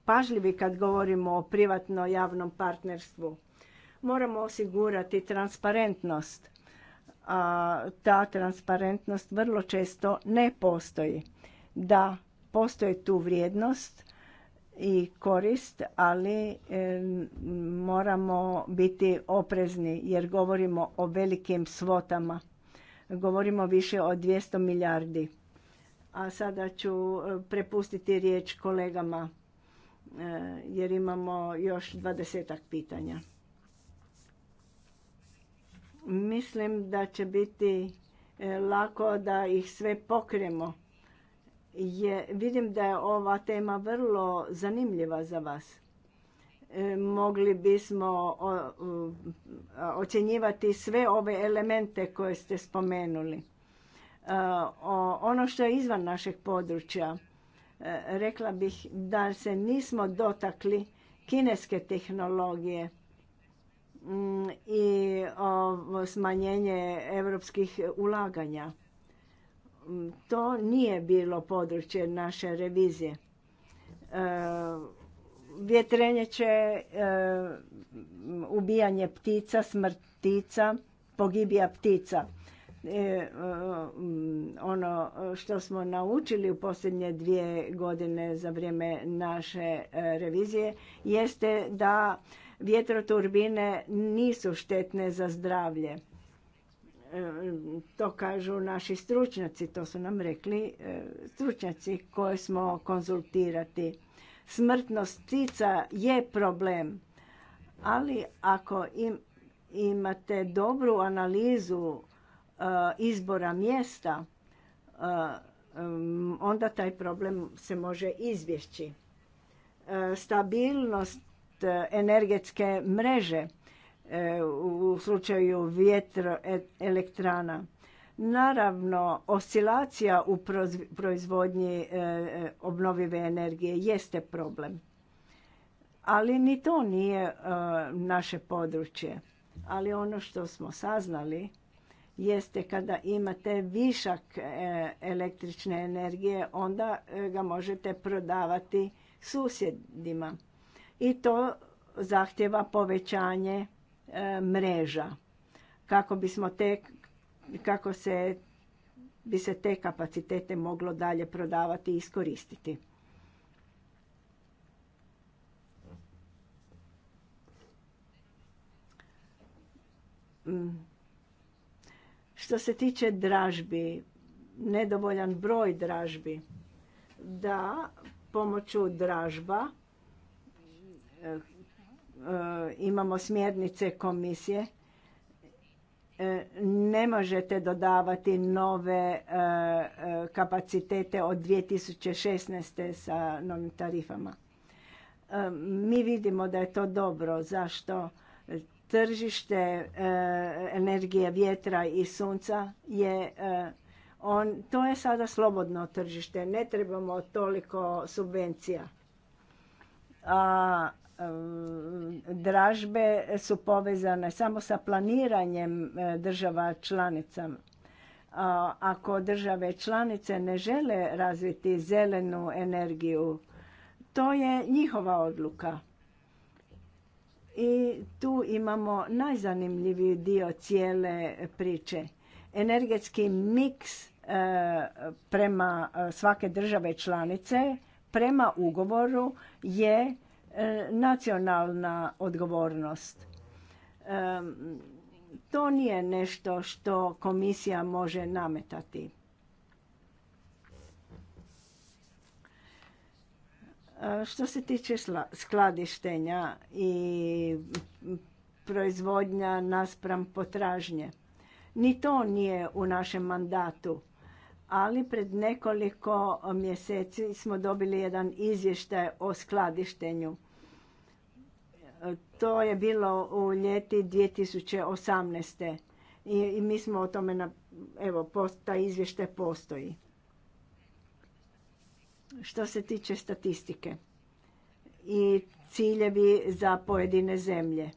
pažljivi kad govorimo o privatno-javnom partnerstvu. Moramo osigurati transparentnost. A ta transparentnost vrlo često ne postoji. Da, postoji tu vrijednost, i korist, ali e, moramo biti oprezni jer govorimo o velikim svotama. Govorimo više od 200 milijardi. A sada ću e, prepustiti riječ kolegama e, jer imamo još dvadesetak pitanja. Mislim da će biti lako da ih sve pokrijemo je, vidim da je ova tema vrlo zanimljiva za vas. E, mogli bismo ocjenjivati sve ove elemente koje ste spomenuli. E, ono što je izvan našeg područja, e, rekla bih da se nismo dotakli kineske tehnologije mm, i smanjenje europskih ulaganja to nije bilo područje naše revizije. E, Vjetrenjeće, e, ubijanje ptica, smrt ptica, pogibija ptica. E, ono što smo naučili u posljednje dvije godine za vrijeme naše revizije jeste da vjetroturbine nisu štetne za zdravlje to kažu naši stručnjaci, to su nam rekli e, stručnjaci koje smo konzultirati. Smrtnost ptica je problem, ali ako imate dobru analizu e, izbora mjesta, e, onda taj problem se može izbjeći. Stabilnost energetske mreže E, u slučaju vjetroelektrana. Naravno, oscilacija u proizvodnji e, e, obnovive energije jeste problem. Ali ni to nije naše područje. Ali ono što smo saznali jeste kada imate višak električne energije, onda ga možete prodavati susjedima. I to zahtjeva povećanje E, mreža kako bismo kako se bi se te kapacitete moglo dalje prodavati i iskoristiti. Mm. Što se tiče dražbi, nedovoljan broj dražbi, da pomoću dražba E, imamo smjernice komisije e, ne možete dodavati nove e, kapacitete od 2016. sa novim tarifama. Mi vidimo da je to dobro. Zašto? Tržište energije vjetra i sunca je on, to je sada slobodno tržište. Ne trebamo toliko subvencija. A E, dražbe su povezane samo sa planiranjem e, država članica. Ako države članice ne žele razviti zelenu energiju, to je njihova odluka. I tu imamo najzanimljiviji dio cijele priče. Energetski miks e, prema svake države članice prema ugovoru je E, nacionalna odgovornost. E, to nije nešto što komisija može nametati. E, što se tiče skladištenja i proizvodnja naspram potražnje, ni to nije u našem mandatu ali pred nekoliko mjeseci smo dobili jedan izvještaj o skladištenju. To je bilo u ljeti 2018. I, i mi smo o tome, na, evo, post, izvještaj postoji. Što se tiče statistike i ciljevi za pojedine zemlje.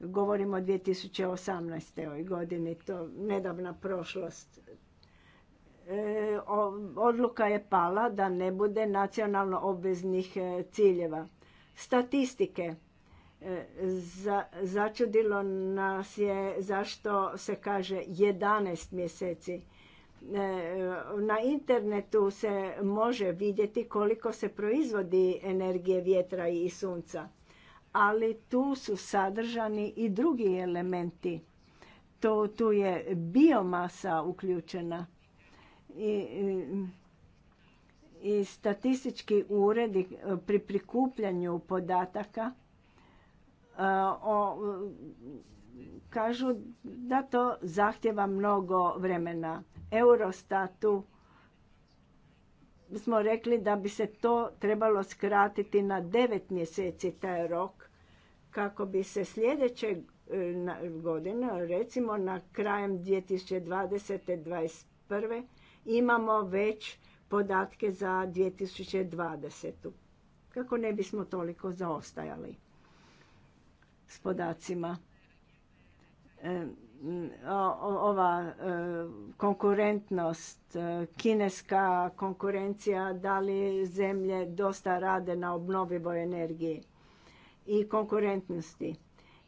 Govorimo o 2018. godini, to nedavna prošlost E, odluka je pala da ne bude nacionalno obveznih e, ciljeva. Statistike. E, začudilo nas je zašto se kaže 11 mjeseci. Na internetu se može vidjeti koliko se proizvodi energije vjetra i sunca. Ali tu su sadržani i drugi elementi. To, tu je biomasa uključena i, i statistički uredi e, pri prikupljanju podataka e, kažu da to zahtjeva mnogo vremena. Eurostatu smo rekli da bi se to trebalo skratiti na devet mjeseci taj rok kako bi se sljedeće e, godine, recimo na krajem 2020. 2021 imamo već podatke za 2020. Kako ne bismo toliko zaostajali s podacima. E, ova e, konkurentnost, e, kineska konkurencija, da li zemlje dosta rade na obnovivoj energiji i konkurentnosti.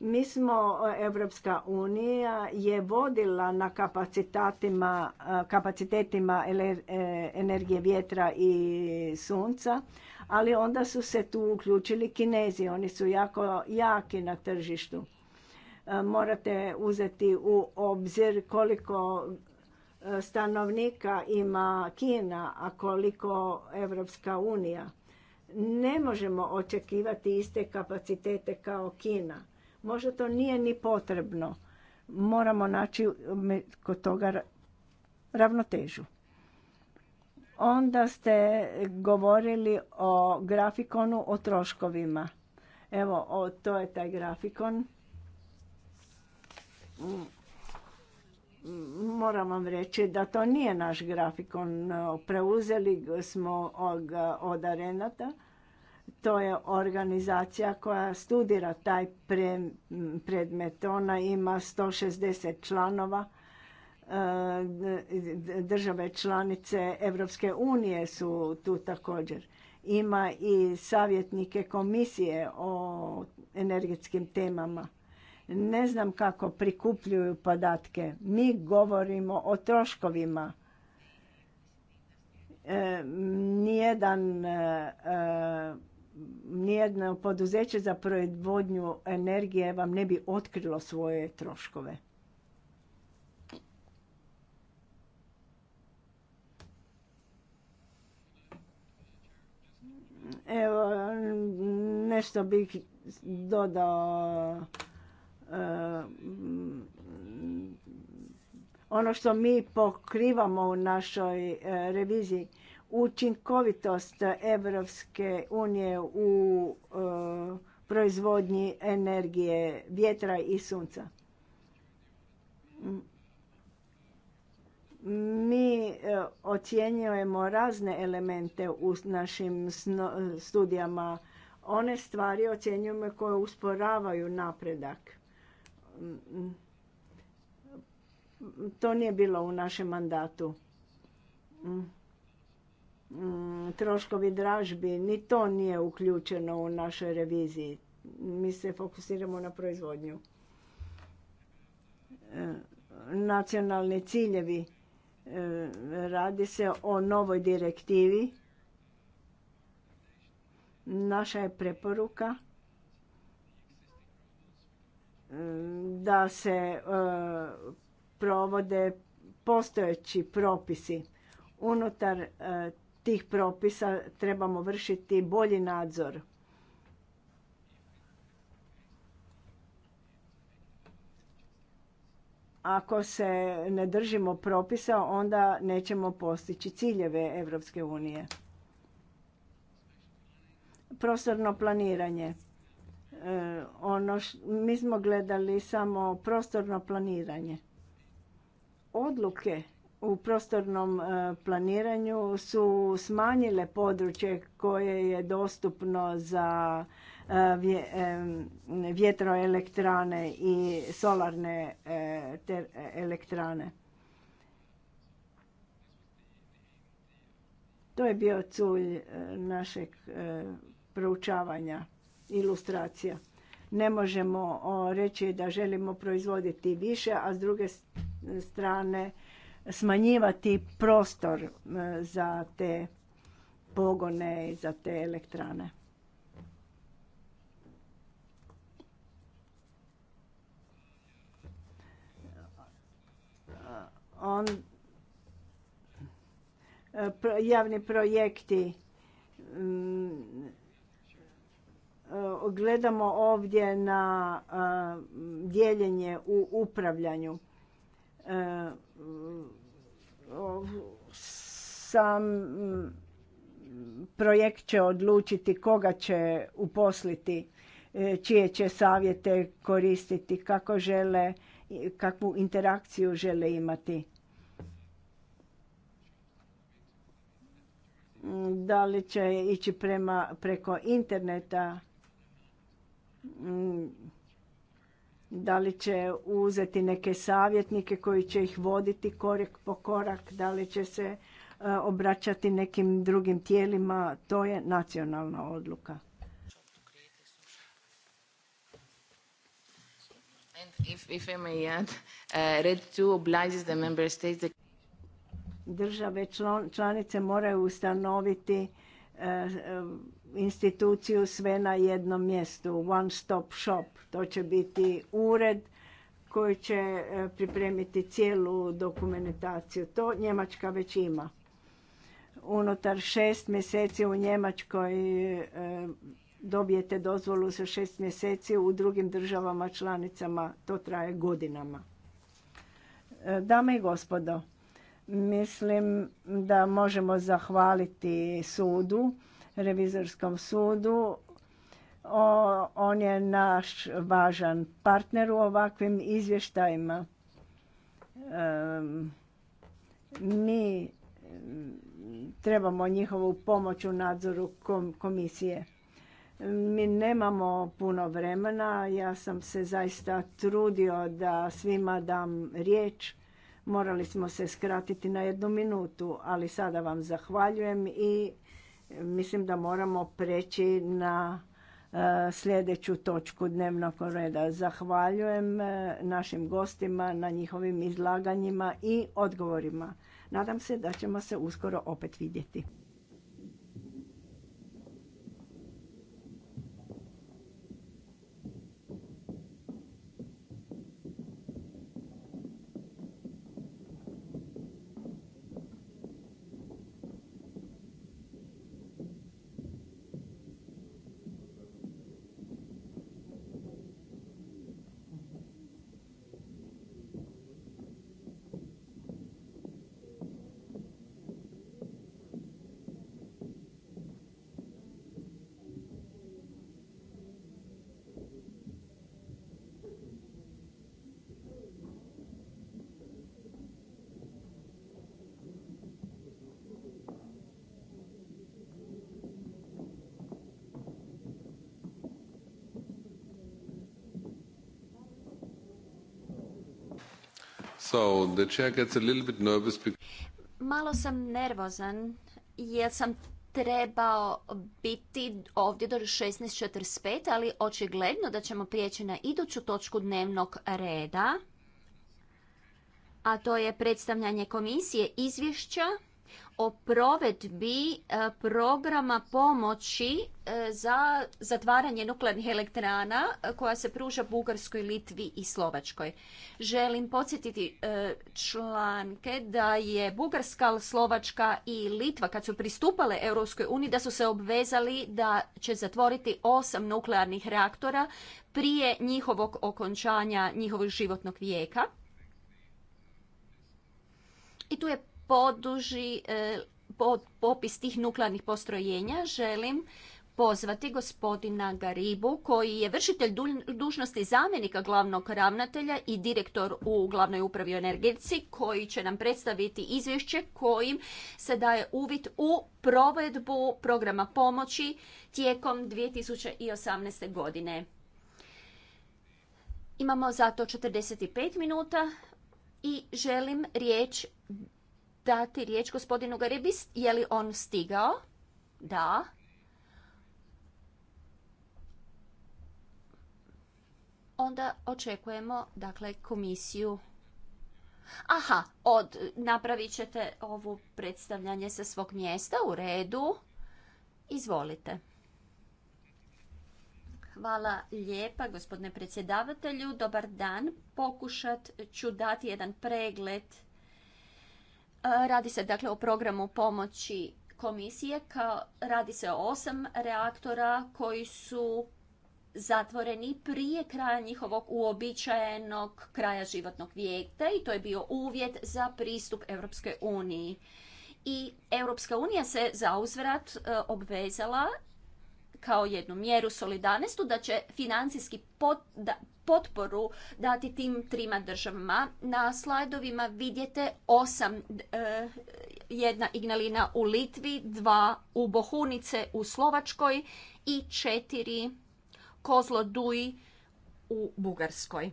Mi smo, e, Evropska unija je vodila na e, kapacitetima kapacitetima e, energije vjetra i sunca, ali onda su se tu uključili Kinezi. Oni su jako jaki na tržištu. Morate uzeti u obzir koliko stanovnika ima Kina, a koliko Evropska unija. Ne možemo očekivati iste kapacitete kao Kina Možda to nije ni potrebno. Moramo naći kod toga ravnotežu. Onda ste govorili o grafikonu o troškovima. Evo, o, to je taj grafikon. Moram vam reći da to nije naš grafikon. Preuzeli smo od Arenata. To je organizacija koja studira taj predmet. Ona ima 160 članova. E, države članice Evropske unije su tu također. Ima i savjetnike komisije o energetskim temama. Ne znam kako prikupljuju podatke. Mi govorimo o troškovima. E, nijedan e, nijedno poduzeće za proizvodnju energije vam ne bi otkrilo svoje troškove. Evo, nešto bih dodao e, ono što mi pokrivamo u našoj e, reviziji učinkovitost Evropske unije u e, proizvodnji energije vjetra i sunca. Mi e, ocjenjujemo razne elemente u našim studijama. One stvari ocjenjujemo koje usporavaju napredak. To nije bilo u našem mandatu. Mm, troškovi dražbi, ni to nije uključeno u našoj reviziji. Mi se fokusiramo na proizvodnju. E, nacionalni ciljevi, e, radi se o novoj direktivi. Naša je preporuka e, da se provode postojeći propisi unutar tih propisa trebamo vršiti bolji nadzor. Ako se ne držimo propisa, onda nećemo postići ciljeve Europske unije. Prostorno planiranje. E, ono mi smo gledali samo prostorno planiranje. Odluke u prostornom e, planiranju su smanjile područje koje je dostupno za e, e, vjetroelektrane i solarne elektrane. To je bio culj našeg proučavanja, ilustracija. Ne možemo reći da želimo proizvoditi više, a s druge strane smanjivati prostor e, za te pogone i za te elektrane. On, e, javni projekti mm, e, gledamo ovdje na dijeljenje u upravljanju sam projekt će odlučiti koga će uposliti, e, čije će savjete koristiti, kako žele, kakvu interakciju žele imati. Da li će ići prema, preko interneta, da li će uzeti neke savjetnike koji će ih voditi korak po korak, da li će se e, obraćati nekim drugim tijelima, to je nacionalna odluka. Uh, Države članice moraju ustanoviti Eh, instituciju sve na jednom mjestu, one stop shop. To će biti ured koji će eh, pripremiti cijelu dokumentaciju. To Njemačka već ima. Unutar šest mjeseci u Njemačkoj eh, dobijete dozvolu za šest mjeseci, u drugim državama članicama to traje godinama. Dame i gospodo, Mislim da možemo zahvaliti sudu, revizorskom sudu. O, on je naš važan partner u ovakvim izvještajima. mi mm, trebamo njihovu pomoć u nadzoru komisije. Mi nemamo puno vremena, ja sam se zaista trudio da svima dam riječ Morali smo se skratiti na jednu minutu, ali sada vam zahvaljujem i e, mislim da moramo preći na e, sljedeću točku dnevnog reda. Zahvaljujem e, našim gostima na njihovim izlaganjima i odgovorima. Nadam se da ćemo se uskoro opet vidjeti. Malo sam nervozan jer sam trebao biti ovdje do 16.45, ali očigledno da ćemo prijeći na iduću točku dnevnog reda, a to je predstavljanje komisije izvješća o provedbi e, programa pomoći e, za zatvaranje nuklearnih elektrana e, koja se pruža Bugarskoj, Litvi i Slovačkoj. Želim podsjetiti članke da je Bugarska, Slovačka i Litva kad su pristupale Europskoj uniji da su se obvezali da će zatvoriti osam nuklearnih reaktora prije njihovog okončanja njihovog životnog vijeka. I tu je poduži e, popis tih nuklearnih postrojenja, želim pozvati gospodina Garibu, koji je vršitelj dužnosti zamjenika glavnog ravnatelja i direktor u glavnoj upravi o energetici, koji će nam predstaviti izvješće kojim se daje uvid u provedbu programa pomoći tijekom 2018. godine. Imamo zato 45 minuta i želim riječ dati riječ gospodinu Garibis. Je li on stigao? Da. Onda očekujemo dakle komisiju. Aha, od, napravit ćete ovo predstavljanje sa svog mjesta u redu. Izvolite. Hvala lijepa gospodine predsjedavatelju. Dobar dan. Pokušat ću dati jedan pregled E, radi se dakle o programu pomoći komisije, kao, radi se o osam reaktora koji su zatvoreni prije kraja njihovog uobičajenog kraja životnog vijeka i to je bio uvjet za pristup Europske uniji. I Europska unija se uzvrat e, obvezala kao jednu mjeru solidarnosti da će financijski pot, potporu dati tim trima državama. Na slajdovima vidjete osam, e, jedna Ignalina u Litvi, dva u Bohunice u Slovačkoj i četiri Kozloduj u Bugarskoj.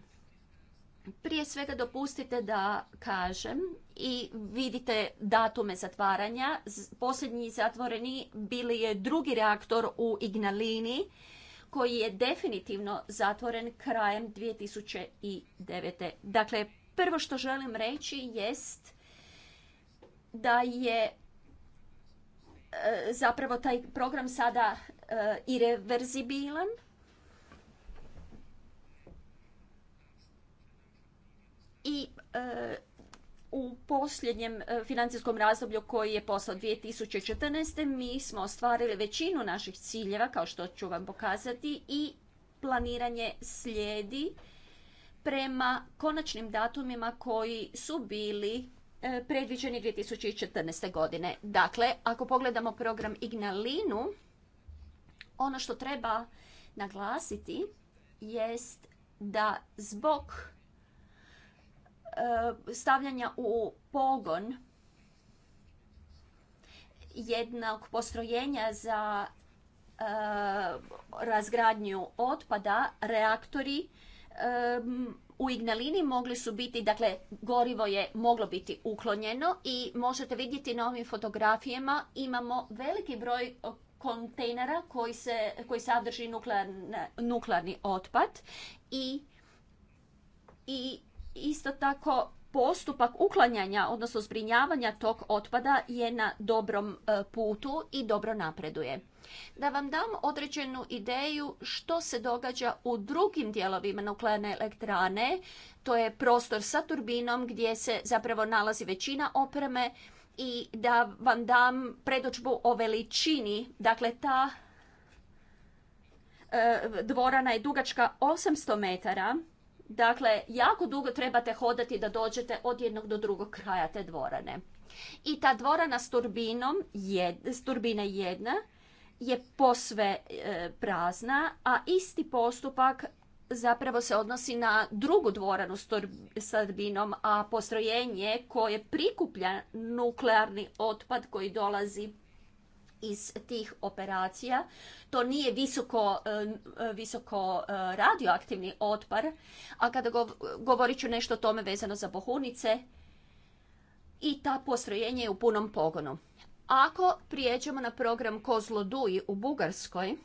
Prije svega dopustite da kažem i vidite datume zatvaranja. Posljednji zatvoreni bili je drugi reaktor u Ignalini koji je definitivno zatvoren krajem 2009. Dakle, prvo što želim reći jest da je e, zapravo taj program sada e, irreverzibilan I e, u posljednjem e, financijskom razdoblju koji je poslao 2014. mi smo ostvarili većinu naših ciljeva, kao što ću vam pokazati, i planiranje slijedi prema konačnim datumima koji su bili e, predviđeni 2014. godine. Dakle, ako pogledamo program Ignalinu, ono što treba naglasiti jest da zbog E, stavljanja u pogon jednog postrojenja za e, razgradnju otpada, reaktori e, u Ignalini mogli su biti, dakle, gorivo je moglo biti uklonjeno i možete vidjeti na ovim fotografijama imamo veliki broj kontejnera koji, sadrži nuklearni, otpad i, i Isto tako postupak uklanjanja, odnosno zbrinjavanja tog otpada je na dobrom e, putu i dobro napreduje. Da vam dam određenu ideju što se događa u drugim dijelovima nuklearne elektrane, to je prostor sa turbinom gdje se zapravo nalazi većina opreme i da vam dam predočbu o veličini, dakle ta e, dvorana je dugačka 800 metara, Dakle, jako dugo trebate hodati da dođete od jednog do drugog kraja te dvorane. I ta dvorana s turbinom, s turbine jedna, je posve e, prazna, a isti postupak zapravo se odnosi na drugu dvoranu s turbinom, a postrojenje koje prikuplja nuklearni otpad koji dolazi iz tih operacija. To nije visoko, e, e, visoko e, radioaktivni otpar, a kada govorit ću nešto o tome vezano za bohunice, i ta postrojenje je u punom pogonu. Ako prijeđemo na program Kozloduj u Bugarskoj,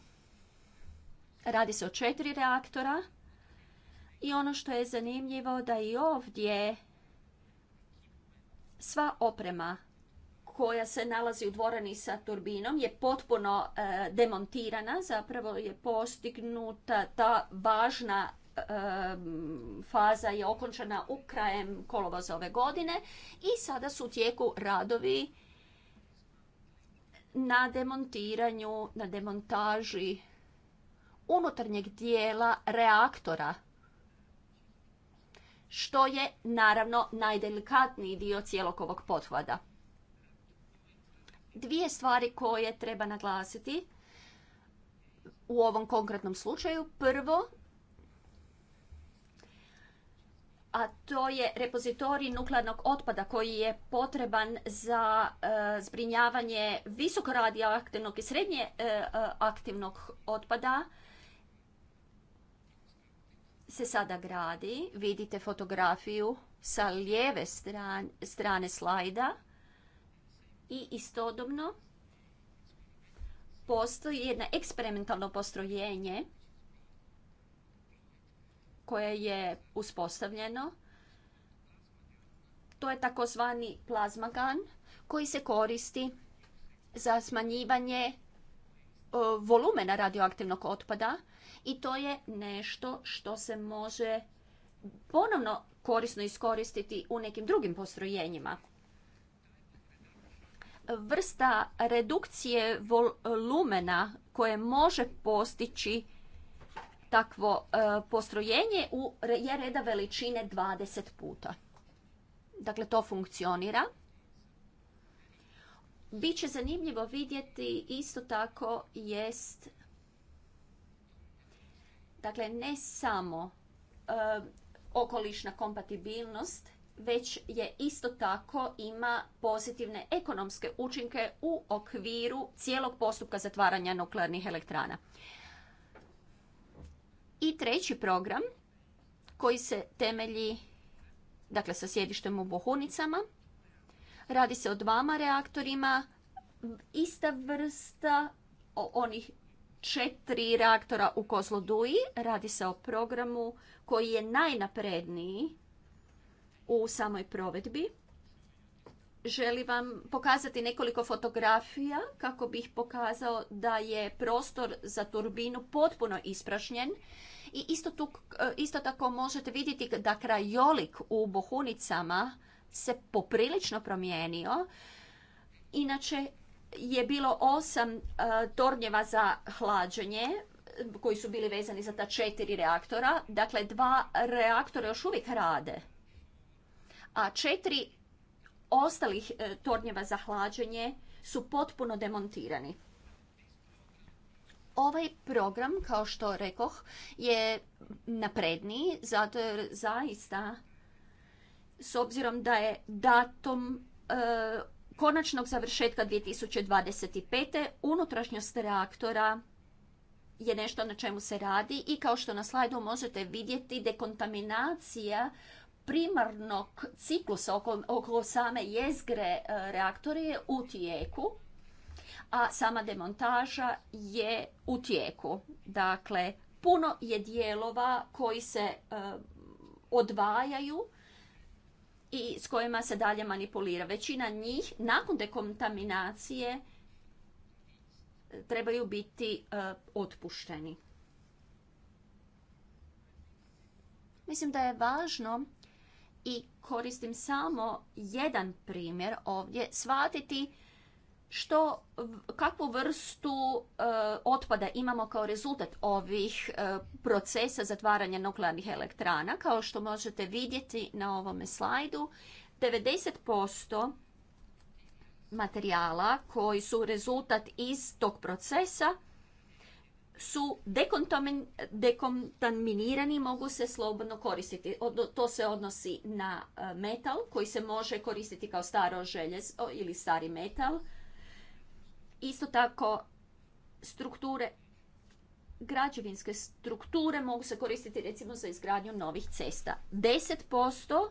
radi se o četiri reaktora i ono što je zanimljivo da i ovdje sva oprema koja se nalazi u dvorani sa turbinom je potpuno e, demontirana, zapravo je postignuta ta važna e, faza je okončana u krajem kolovoza ove godine i sada su u tijeku radovi na demontiranju, na demontaži unutarnjeg dijela reaktora što je naravno najdelikatniji dio cijelog ovog pothvada dvije stvari koje treba naglasiti u ovom konkretnom slučaju. Prvo, a to je repozitorij nuklearnog otpada koji je potreban za e, zbrinjavanje visoko radioaktivnog i srednje e, e, aktivnog otpada se sada gradi. Vidite fotografiju sa lijeve strane slajda i istodobno postoji jedno eksperimentalno postrojenje koje je uspostavljeno. To je takozvani plazmagan koji se koristi za smanjivanje e, volumena radioaktivnog otpada i to je nešto što se može ponovno korisno iskoristiti u nekim drugim postrojenjima vrsta redukcije volumena koje može postići takvo e, postrojenje je reda veličine 20 puta. Dakle, to funkcionira. Biće zanimljivo vidjeti isto tako jest dakle ne samo e, okolišna kompatibilnost već je isto tako ima pozitivne ekonomske učinke u okviru cijelog postupka zatvaranja nuklearnih elektrana. I treći program koji se temelji dakle sa sjedištem u Bohunicama. Radi se o dvama reaktorima, ista vrsta onih četiri reaktora u Kozloduji. Radi se o programu koji je najnapredniji u samoj provedbi. Želim vam pokazati nekoliko fotografija kako bih pokazao da je prostor za turbinu potpuno isprašnjen. I isto, e, isto tako možete vidjeti da krajolik u Bohunicama se poprilično promijenio. Inače je bilo osam e, tornjeva za hlađenje koji su bili vezani za ta četiri reaktora. Dakle, dva reaktora još uvijek rade a četiri ostalih e, tornjeva za hlađenje su potpuno demontirani. Ovaj program, kao što rekoh, je napredniji, zato jer zaista, s obzirom da je datum e, konačnog završetka 2025. unutrašnjost reaktora je nešto na čemu se radi i kao što na slajdu možete vidjeti dekontaminacija primarnog ciklusa oko, same jezgre e, reaktora je u tijeku, a sama demontaža je u tijeku. Dakle, puno je dijelova koji se e, odvajaju i s kojima se dalje manipulira. Većina njih nakon dekontaminacije e, trebaju biti otpušteni. Mislim da je važno i koristim samo jedan primjer ovdje, shvatiti što, kakvu vrstu e, otpada imamo kao rezultat ovih e, procesa zatvaranja nuklearnih elektrana. Kao što možete vidjeti na ovome slajdu, 90% materijala koji su rezultat iz tog procesa su dekontaminirani i mogu se slobodno koristiti. To se odnosi na e, metal koji se može koristiti kao staro željezo ili stari metal. Isto tako strukture, građevinske strukture mogu se koristiti recimo za izgradnju novih cesta. 10%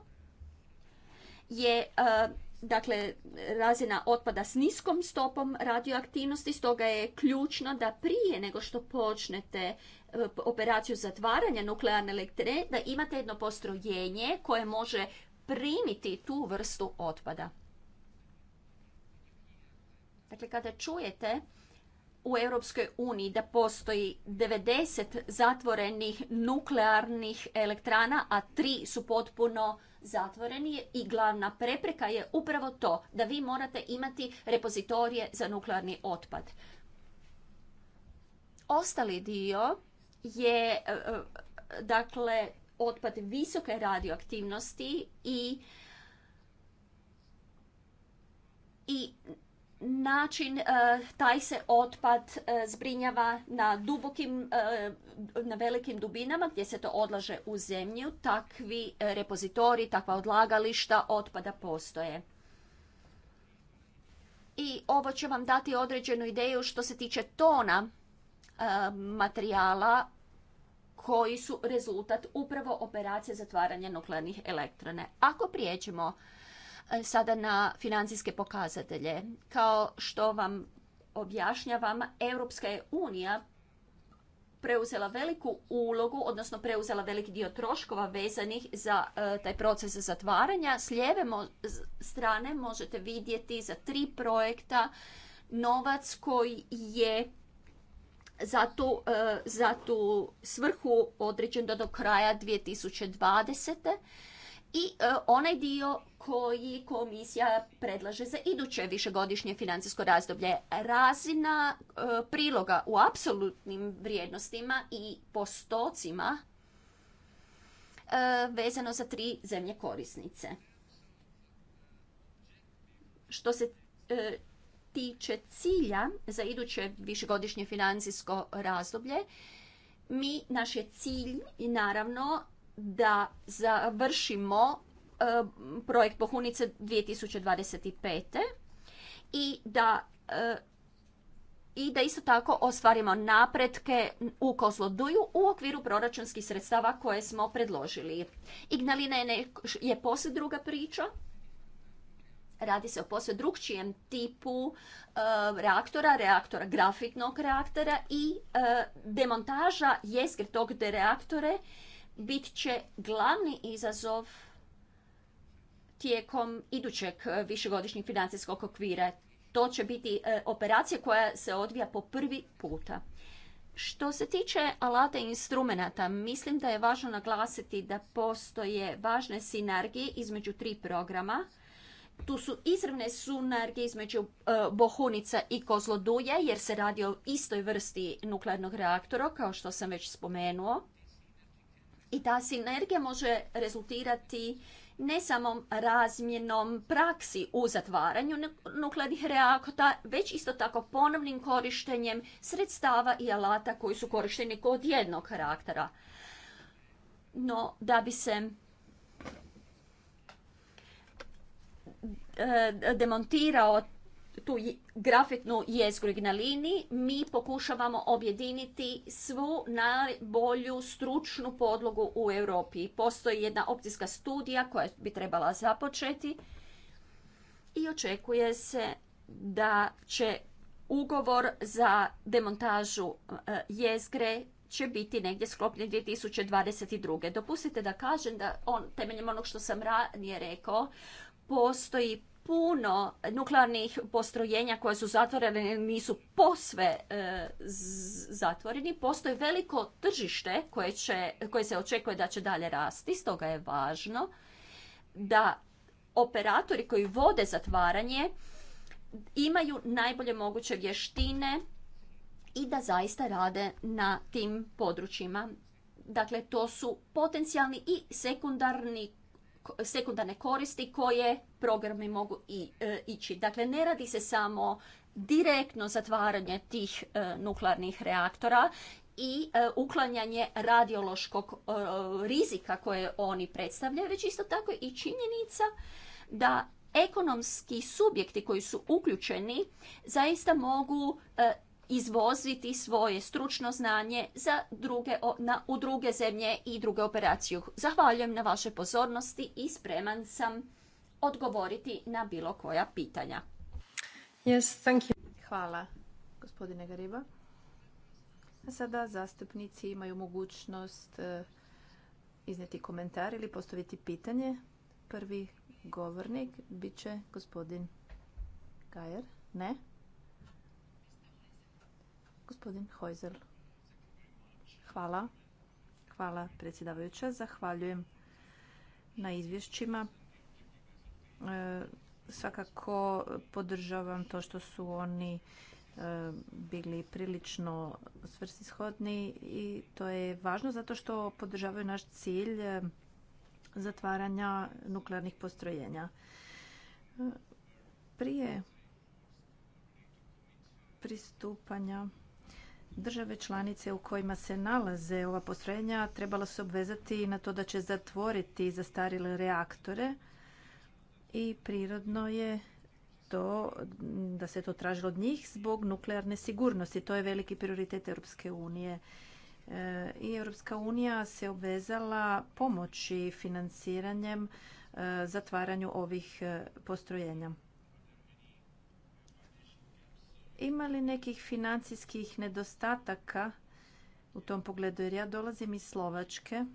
je e, dakle, razina otpada s niskom stopom radioaktivnosti, stoga je ključno da prije nego što počnete e, operaciju zatvaranja nuklearne elektre, da imate jedno postrojenje koje može primiti tu vrstu otpada. Dakle, kada čujete u Europskoj uniji da postoji 90 zatvorenih nuklearnih elektrana, a tri su potpuno zatvoreni i glavna prepreka je upravo to da vi morate imati repozitorije za nuklearni otpad. Ostali dio je e, e, dakle otpad visoke radioaktivnosti i i način eh, taj se otpad eh, zbrinjava na dubokim, eh, na velikim dubinama gdje se to odlaže u zemlju. Takvi repozitori, takva odlagališta otpada postoje. I ovo će vam dati određenu ideju što se tiče tona materijala koji su rezultat upravo operacije zatvaranja nuklearnih elektrone. Ako prijeđemo E, sada na financijske pokazatelje. Kao što vam objašnjavam, Europska je unija preuzela veliku ulogu, odnosno preuzela veliki dio troškova vezanih za e, taj proces zatvaranja. S lijeve strane možete vidjeti za tri projekta novac koji je za tu, e, svrhu određen do, do kraja 2020. I onaj dio koji komisija predlaže za iduće višegodišnje financijsko razdoblje. Razina e, priloga u apsolutnim vrijednostima i postocima e, vezano za tri zemlje korisnice. Što se e, tiče cilja za iduće višegodišnje financijsko razdoblje, mi, naš je cilj i naravno da završimo E, projekt Bohunice 2025. I da e, i da isto tako ostvarimo napretke u Kozloduju u okviru proračunskih sredstava koje smo predložili. Ignalina je, je posve druga priča. Radi se o posve drugčijem tipu e, reaktora, reaktora grafitnog reaktora i demontaža jezgre tog reaktore bit će glavni izazov tijekom idućeg e, višegodišnjeg financijskog okvira. To će biti e, operacija koja se odvija po prvi puta. Što se tiče alata i instrumenata, mislim da je važno naglasiti da postoje važne sinergije između tri programa. Tu su izravne sinergije između e, Bohunica i Kozloduje, jer se radi o istoj vrsti nuklearnog reaktora, kao što sam već spomenuo. I ta sinergija može rezultirati ne samo razmjenom praksi u zatvaranju nuklearnih reakota, već isto tako ponovnim korištenjem sredstava i alata koji su korišteni kod jednog karaktera. No, da bi se e, demontirao tu grafitnu jezgru Ignalini, mi pokušavamo objediniti svu najbolju stručnu podlogu u Europi. Postoji jedna opcijska studija koja bi trebala započeti i očekuje se da će ugovor za demontažu e, jezgre će biti negdje sklopljen 2022. Dopustite da kažem da on, temeljem onog što sam ranije rekao, postoji puno nuklearnih postrojenja koje su zatvorene nisu posve e, zatvoreni. Postoji veliko tržište koje, će, koje se očekuje da će dalje rasti, stoga je važno da operatori koji vode zatvaranje imaju najbolje moguće vještine i da zaista rade na tim područjima. Dakle, to su potencijalni i sekundarni sekundarne koristi koje programi mogu i, e, ići. Dakle, ne radi se samo direktno zatvaranje tih e, nuklearnih reaktora i e, uklanjanje radiološkog e, rizika koje oni predstavljaju, već isto tako i činjenica da ekonomski subjekti koji su uključeni zaista mogu izvoziti svoje stručno znanje u druge zemlje i druge operacije. Zahvaljujem na vaše pozornosti i spreman sam odgovoriti na bilo koja pitanja. Hvala, gospodine Gariba. A sada zastupnici imaju mogućnost e, izneti komentar ili postaviti pitanje. Prvi govornik bit će gospodin Gajer. Ne? Gospodin Hojzel. Hvala. Hvala predsjedavajuća. Zahvaljujem na izvješćima. E, svakako podržavam to što su oni e, bili prilično svrsishodni i to je važno zato što podržavaju naš cilj e, zatvaranja nuklearnih postrojenja. Prije pristupanja Države članice u kojima se nalaze ova postrojenja trebale su obvezati na to da će zatvoriti zastarile reaktore i prirodno je to da se to tražilo od njih zbog nuklearne sigurnosti. To je veliki prioritet Europske unije. E, I Europska unija se obvezala pomoći financiranjem e, zatvaranju ovih e, postrojenja. Ima li nekih financijskih nedostataka u tom pogledu? Jer ja dolazim iz Slovačke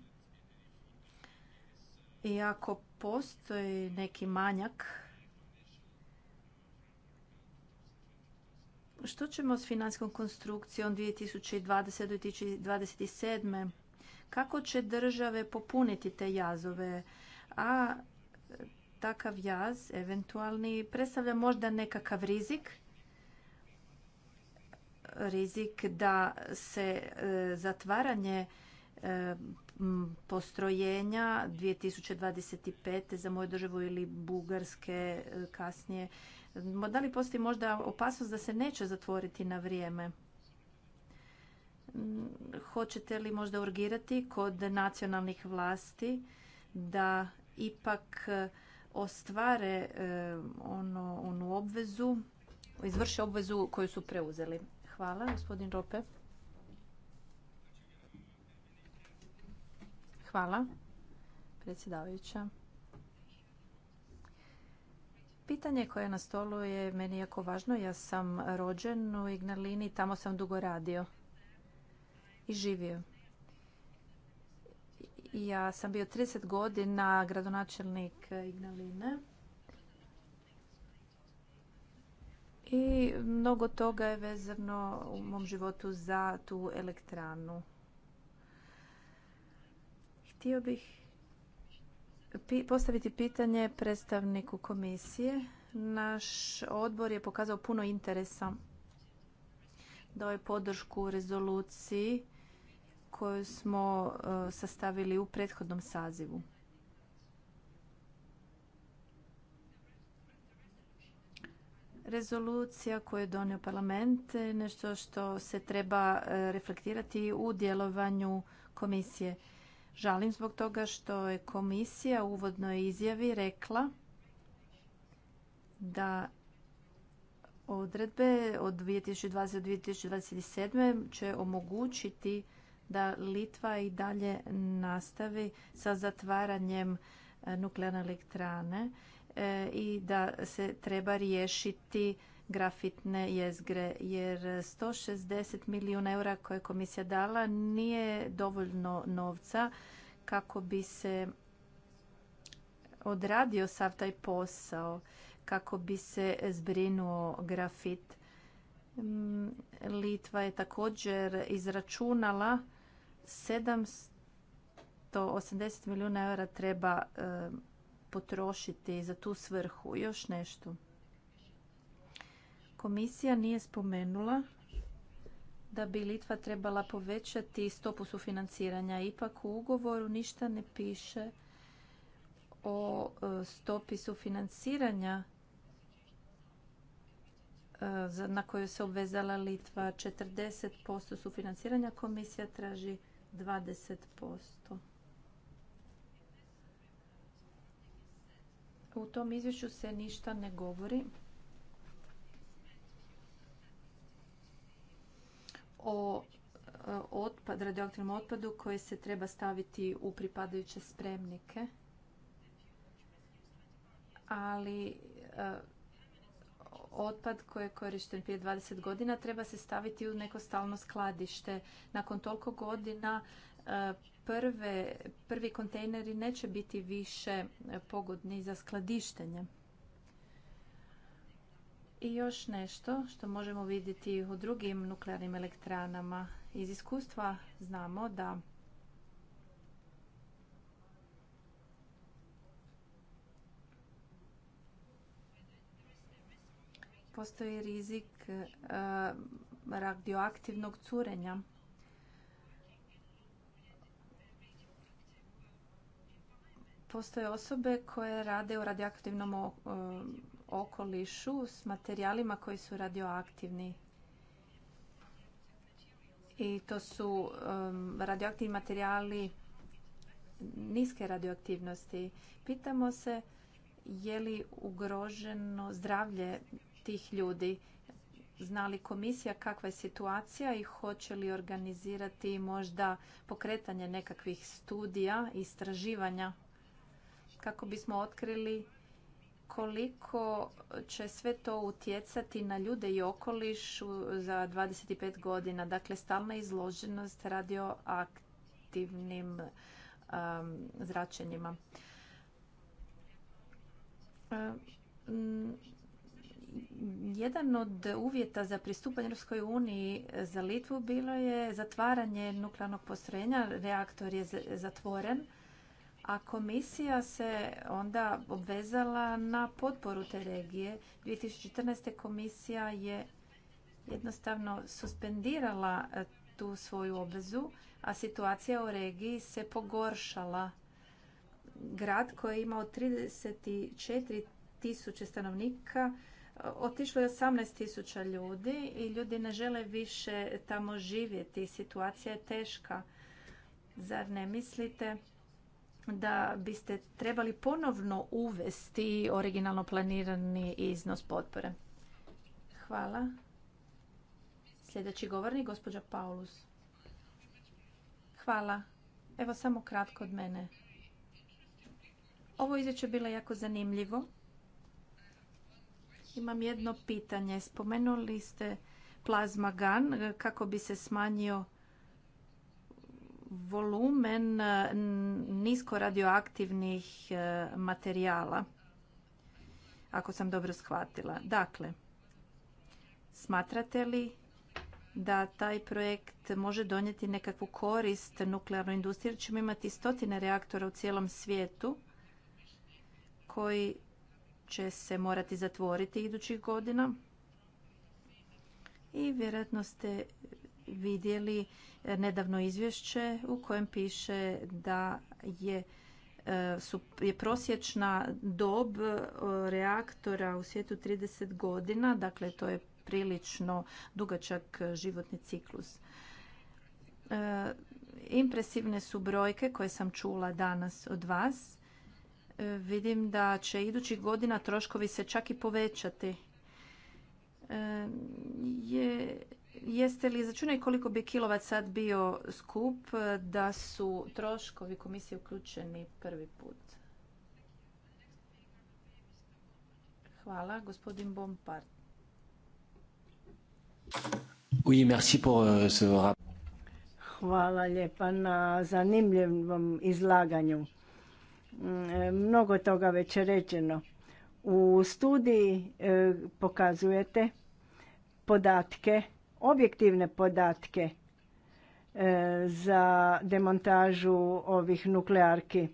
i ako postoji neki manjak, što ćemo s financijskom konstrukcijom 2020. 2027. Kako će države popuniti te jazove? A e, takav jaz, eventualni, predstavlja možda nekakav rizik rizik da se e, zatvaranje e, postrojenja 2025. za moju državu ili Bugarske e, kasnije. Da li postoji možda opasnost da se neće zatvoriti na vrijeme? Hoćete li možda urgirati kod nacionalnih vlasti da ipak ostvare onu, onu obvezu, izvrše obvezu koju su preuzeli? Hvala, gospodin Rope. Hvala, predsjedavajuća. Pitanje koje je na stolu je meni jako važno. Ja sam rođen u Ignalini, tamo sam dugo radio i živio. Ja sam bio 30 godina gradonačelnik Ignaline i mnogo toga je vezano u mom životu za tu elektranu. Htio bih postaviti pitanje predstavniku komisije. Naš odbor je pokazao puno interesa dao je podršku rezoluciji koju smo e, sastavili u prethodnom sazivu. Rezolucija koju je donio parlament e, nešto što se treba e, reflektirati u djelovanju komisije. Žalim zbog toga što je komisija u uvodnoj izjavi rekla da odredbe od 2020. do 2027. će omogućiti da Litva i dalje nastavi sa zatvaranjem e, nuklearne elektrane E, i da se treba riješiti grafitne jezgre jer 160 milijuna eura koje je komisija dala nije dovoljno novca kako bi se odradio sav taj posao, kako bi se zbrinuo grafit. Mm, Litva je također izračunala 780 milijuna eura treba e, potrošiti za tu svrhu. Još nešto. Komisija nije spomenula da bi Litva trebala povećati stopu sufinanciranja. Ipak u ugovoru ništa ne piše o e, stopi sufinanciranja e, na koju se obvezala Litva. 40% sufinanciranja komisija traži 20%. U tom izvješću se ništa ne govori o e, otpad, radioaktivnom otpadu koji se treba staviti u pripadajuće spremnike. Ali e, otpad koji je korišten prije 20 godina treba se staviti u neko stalno skladište. Nakon toliko godina e, prve, prvi kontejneri neće biti više e, pogodni za skladištenje. I još nešto što možemo vidjeti u drugim nuklearnim elektranama. Iz iskustva znamo da postoji rizik e, radioaktivnog curenja Postoje osobe koje rade u radioaktivnom okolišu s materijalima koji su radioaktivni. I to su radioaktivni materijali niske radioaktivnosti. Pitamo se je li ugroženo zdravlje tih ljudi. Zna li komisija kakva je situacija i hoće li organizirati možda pokretanje nekakvih studija, istraživanja kako bismo otkrili koliko će sve to utjecati na ljude i okoliš za 25 godina. Dakle, stalna izloženost radioaktivnim um, zračenjima. Um, jedan od uvjeta za pristupanje Europskoj uniji za Litvu bilo je zatvaranje nuklearnog postrojenja. Reaktor je zatvoren a komisija se onda obvezala na potporu te regije. 2014. komisija je jednostavno suspendirala e, tu svoju obvezu, a situacija u regiji se pogoršala. Grad koji je imao 34 tisuće stanovnika e, otišlo je 18 tisuća ljudi i ljudi ne žele više tamo živjeti. Situacija je teška. Zar ne mislite da biste trebali ponovno uvesti originalno planirani iznos potpore. Hvala. Sljedeći govornik, gospođa Paulus. Hvala. Evo samo kratko od mene. Ovo izvješće je bilo jako zanimljivo. Imam jedno pitanje. Spomenuli ste plazma GAN kako bi se smanjio volumen e, nisko radioaktivnih e, materijala. Ako sam dobro shvatila. Dakle, smatrate li da taj projekt može donijeti nekakvu korist nuklearnoj industriji jer ćemo imati stotine reaktora u cijelom svijetu koji će se morati zatvoriti idućih godina. I vjerojatno ste vidjeli e, nedavno izvješće u kojem piše da je e, su, je prosječna dob e, reaktora u svijetu 30 godina, dakle to je prilično dugačak životni ciklus. impresivne su brojke koje sam čula danas od vas. vidim da će idućih godina troškovi se čak i povećati. je Jeste li začunaj koliko bi kilovat sad bio skup e, da su troškovi komisije uključeni prvi put? Hvala. Gospodin Bompard. Euh, Hvala lijepa na zanimljivom izlaganju. Mm, e, mnogo toga već rečeno. U studiji e, pokazujete podatke objektivne podatke e, za demontažu ovih nuklearki.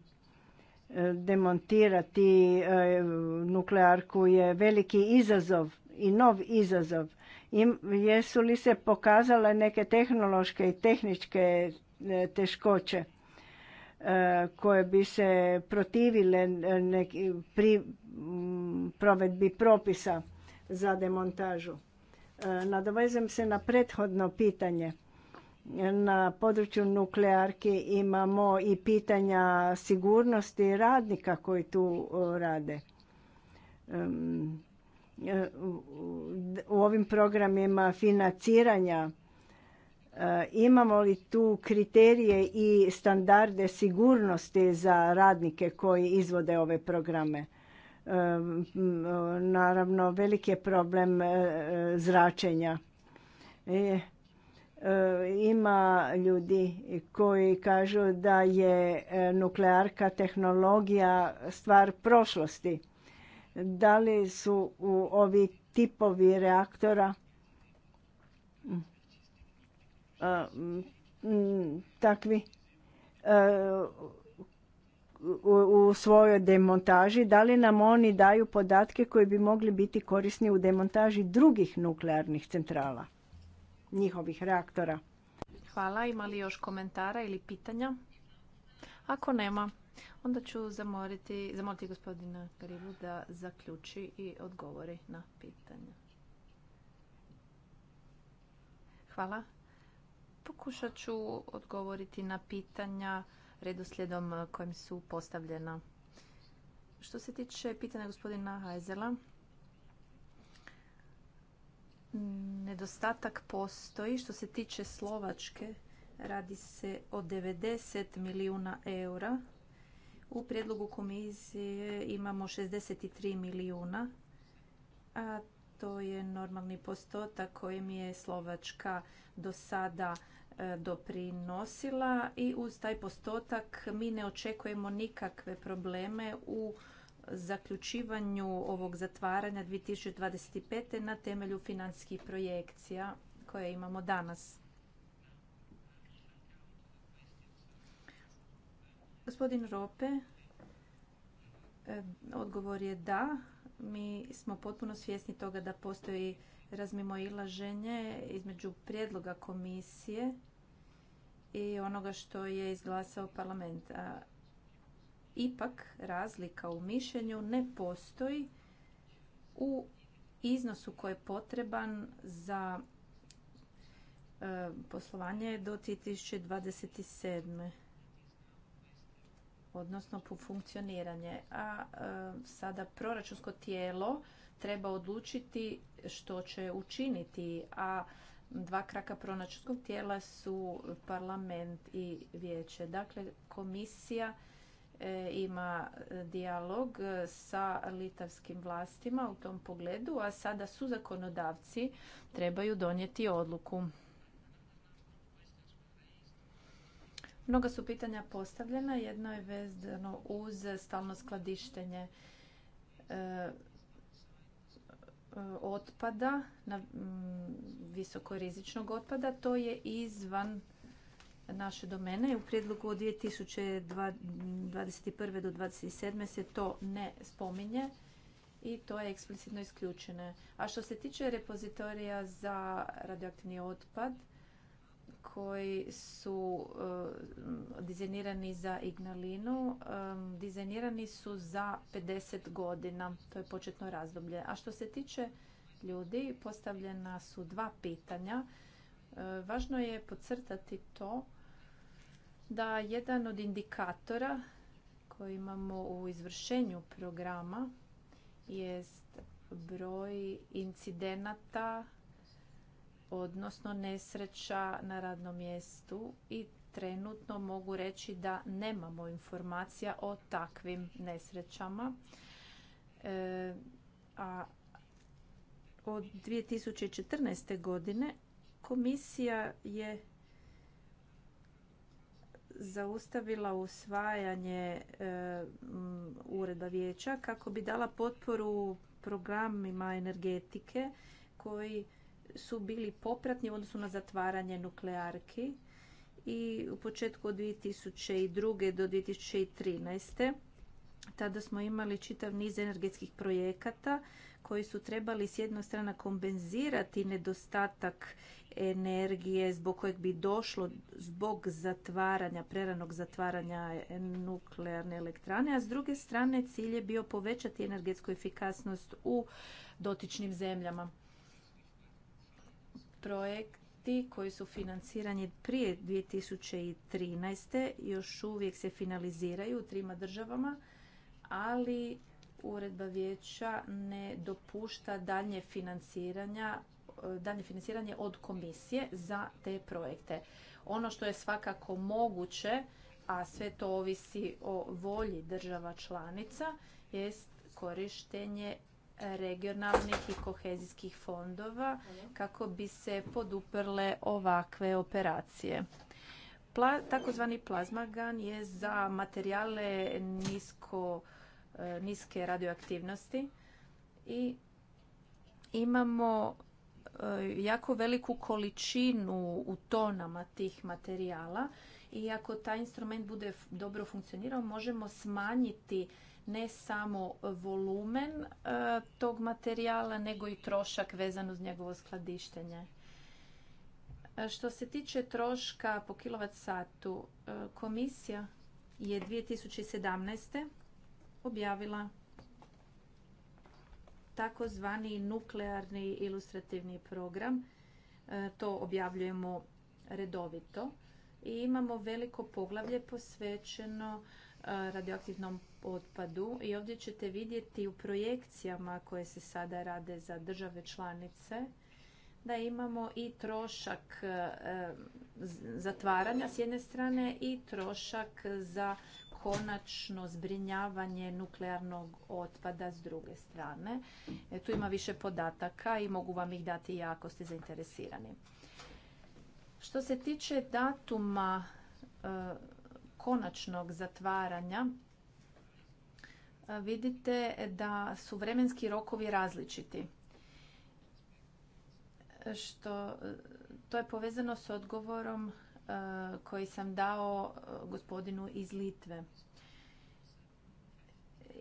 E, demontirati e, nuklearku je veliki izazov i nov izazov. Jesu li se pokazale neke tehnološke i tehničke teškoće koje bi se protivile pri provedbi propisa za demontažu? E, Nadovezam se na prethodno pitanje. Na području nuklearki imamo i pitanja sigurnosti radnika koji tu e, rade. E, u ovim programima financiranja imamo li tu kriterije i standarde sigurnosti za radnike koji izvode ove programe? Naravno, veliki je problem e, zračenja. E, e, ima ljudi koji kažu da je nuklearka tehnologija stvar prošlosti. Da li su u ovi tipovi reaktora takvi u svojoj demontaži, da li nam oni daju podatke koji bi mogli biti korisni u demontaži drugih nuklearnih centrala, njihovih reaktora. Hvala. Ima li još komentara ili pitanja? Ako nema, onda ću zamoriti, zamoliti gospodina Grivu da zaključi i odgovori na pitanja. Hvala. Pokušat ću odgovoriti na pitanja redoslijedom eh, kojim su postavljena. Što se tiče pitanja gospodina Hajzela, nedostatak postoji. Što se tiče Slovačke, radi se o 90 milijuna eura. U prijedlogu komisije imamo 63 milijuna, a to je normalni postotak kojim je Slovačka do sada E, doprinosila i uz taj postotak mi ne očekujemo nikakve probleme u zaključivanju ovog zatvaranja 2025. na temelju financijskih projekcija koje imamo danas. Gospodin Rope, e, odgovor je da. Mi smo potpuno svjesni toga da postoji razmimo ilaženje između prijedloga komisije i onoga što je izglasao parlament. ipak razlika u mišljenju ne postoji u iznosu koji je potreban za e, poslovanje do 2027 odnosno po funkcioniranje. A e, sada proračunsko tijelo treba odlučiti što će učiniti, a dva kraka pronačskog tijela su parlament i vijeće. Dakle, komisija e, ima dijalog sa litavskim vlastima u tom pogledu, a sada su zakonodavci trebaju donijeti odluku. Mnoga su pitanja postavljena, jedno je vezano uz stalno skladištenje e, E, otpada, na mm, visokorizičnog otpada, to je izvan naše domene. U prijedlogu od 2021. do 2027. se to ne spominje i to je eksplicitno isključeno. A što se tiče repozitorija za radioaktivni otpad, koji su eh, dizajnirani za Ignalinu, dizajnirani su za 50 godina, to je početno razdoblje. A što se tiče ljudi, postavljena su dva pitanja. Eh, važno je podcrtati to da jedan od indikatora koji imamo u izvršenju programa jest broj incidenata odnosno nesreća na radnom mjestu i trenutno mogu reći da nemamo informacija o takvim nesrećama. E, a od 2014. godine komisija je zaustavila usvajanje e, ureda vijeća kako bi dala potporu programima energetike koji su bili popratni u odnosu na zatvaranje nuklearki i u početku od 2002. do 2013. Tada smo imali čitav niz energetskih projekata koji su trebali s jedne strane kompenzirati nedostatak energije zbog kojeg bi došlo zbog zatvaranja, preranog zatvaranja nuklearne elektrane, a s druge strane cilj je bio povećati energetsku efikasnost u dotičnim zemljama projekti koji su financirani prije 2013. još uvijek se finaliziraju u trima državama, ali uredba vijeća ne dopušta dalje financiranje od komisije za te projekte. Ono što je svakako moguće, a sve to ovisi o volji država članica, jest korištenje regionalnih i kohezijskih fondova kako bi se poduprle ovakve operacije. takozvani plazmagan je za materijale e, niske radioaktivnosti i imamo e, jako veliku količinu u tonama tih materijala i ako taj instrument bude dobro funkcionirao možemo smanjiti ne samo volumen e, tog materijala, nego i trošak vezan uz njegovo skladištenje. E, što se tiče troška po kilovat e, komisija je 2017. objavila takozvani nuklearni ilustrativni program. To objavljujemo redovito. I imamo veliko poglavlje posvećeno E, radioaktivnom otpadu i ovdje ćete vidjeti u projekcijama koje se sada rade za države članice da imamo i trošak e, zatvaranja s jedne strane i trošak za konačno zbrinjavanje nuklearnog otpada s druge strane. E, tu ima više podataka i mogu vam ih dati ja ako ste zainteresirani. Što se tiče datuma konačnog zatvaranja vidite da su vremenski rokovi različiti. Što, to je povezano s odgovorom e, koji sam dao e, gospodinu iz Litve.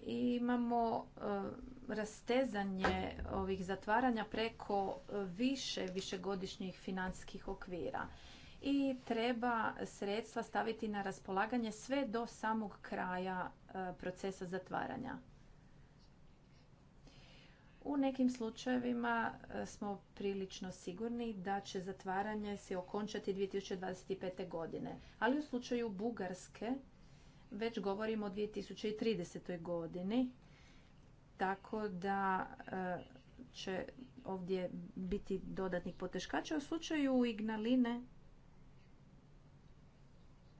Imamo e, rastezanje ovih zatvaranja preko više višegodišnjih financijskih okvira i treba sredstva staviti na raspolaganje sve do samog kraja e, procesa zatvaranja. U nekim slučajevima e, smo prilično sigurni da će zatvaranje se okončati 2025. godine, ali u slučaju Bugarske već govorimo o 2030. godini, tako da e, će ovdje biti dodatnih poteškača. U slučaju Ignaline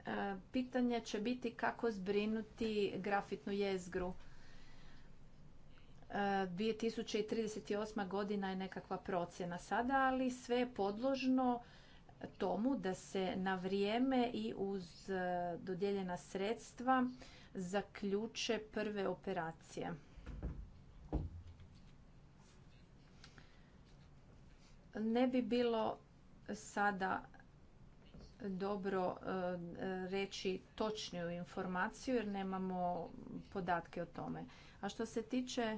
E, pitanje će biti kako zbrinuti grafitnu jezgru. 2038. E, godina je nekakva procjena sada, ali sve je podložno tomu da se na vrijeme i uz e, dodijeljena sredstva zaključe prve operacije. Ne bi bilo sada dobro e, reći točniju informaciju jer nemamo podatke o tome. A što se tiče e,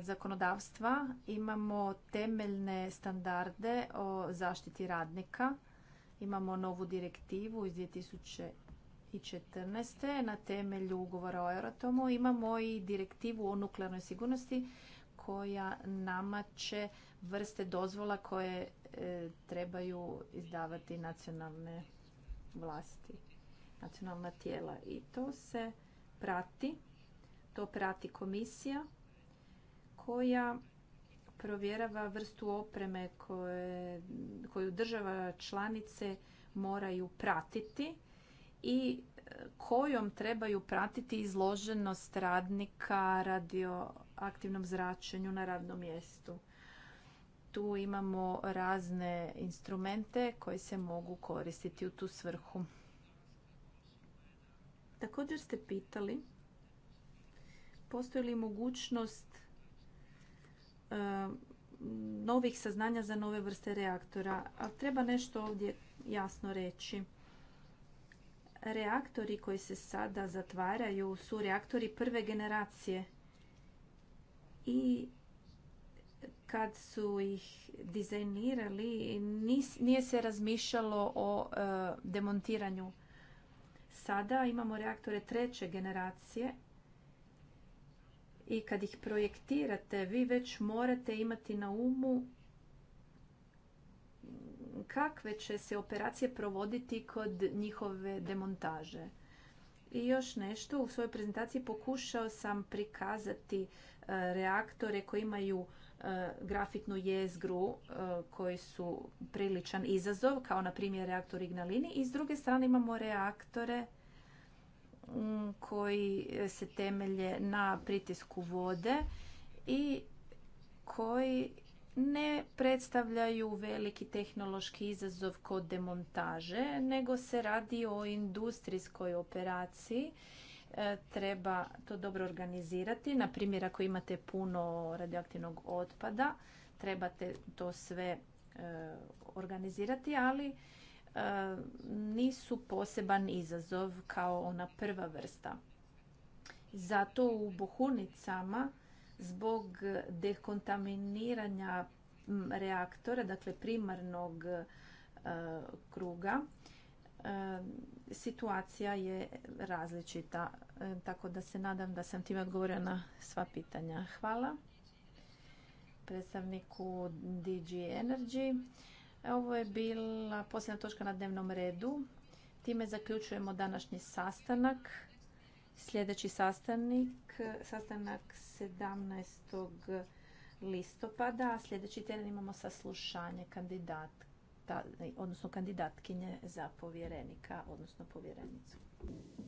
zakonodavstva, imamo temeljne standarde o zaštiti radnika. Imamo novu direktivu iz 2014. na temelju ugovora o Euratomu. Imamo i direktivu o nuklearnoj sigurnosti koja namače vrste dozvola koje E, trebaju izdavati nacionalne vlasti, nacionalna tijela. I to se prati, to prati komisija koja provjerava vrstu opreme koju država članice moraju pratiti i e, kojom trebaju pratiti izloženost radnika radioaktivnom zračenju na radnom mjestu tu imamo razne instrumente koji se mogu koristiti u tu svrhu. Također ste pitali postoji li mogućnost e, novih saznanja za nove vrste reaktora. Ali treba nešto ovdje jasno reći. Reaktori koji se sada zatvaraju su reaktori prve generacije i kad su ih dizajnirali nije se razmišljalo o e, demontiranju. Sada imamo reaktore treće generacije i kad ih projektirate vi već morate imati na umu kakve će se operacije provoditi kod njihove demontaže. I još nešto, u svojoj prezentaciji pokušao sam prikazati e, reaktore koji imaju E, grafitnu jezgru e, koji su priličan izazov, kao na primjer reaktor Ignalini. I s druge strane imamo reaktore koji se temelje na pritisku vode i koji ne predstavljaju veliki tehnološki izazov kod demontaže, nego se radi o industrijskoj operaciji E, treba to dobro organizirati. Na primjer, ako imate puno radioaktivnog otpada, trebate to sve e, organizirati, ali e, nisu poseban izazov kao ona prva vrsta. Zato u Bohunicama zbog dekontaminiranja reaktora, dakle primarnog kruga, situacija je različita, tako da se nadam da sam time odgovorila na sva pitanja. Hvala predstavniku DG Energy. Ovo je bila posljedna točka na dnevnom redu. Time zaključujemo današnji sastanak. Sljedeći sastanak, sastanak 17. listopada, sljedeći tjedan imamo saslušanje kandidata odnosno kandidatkinje za povjerenika, odnosno povjerenicu.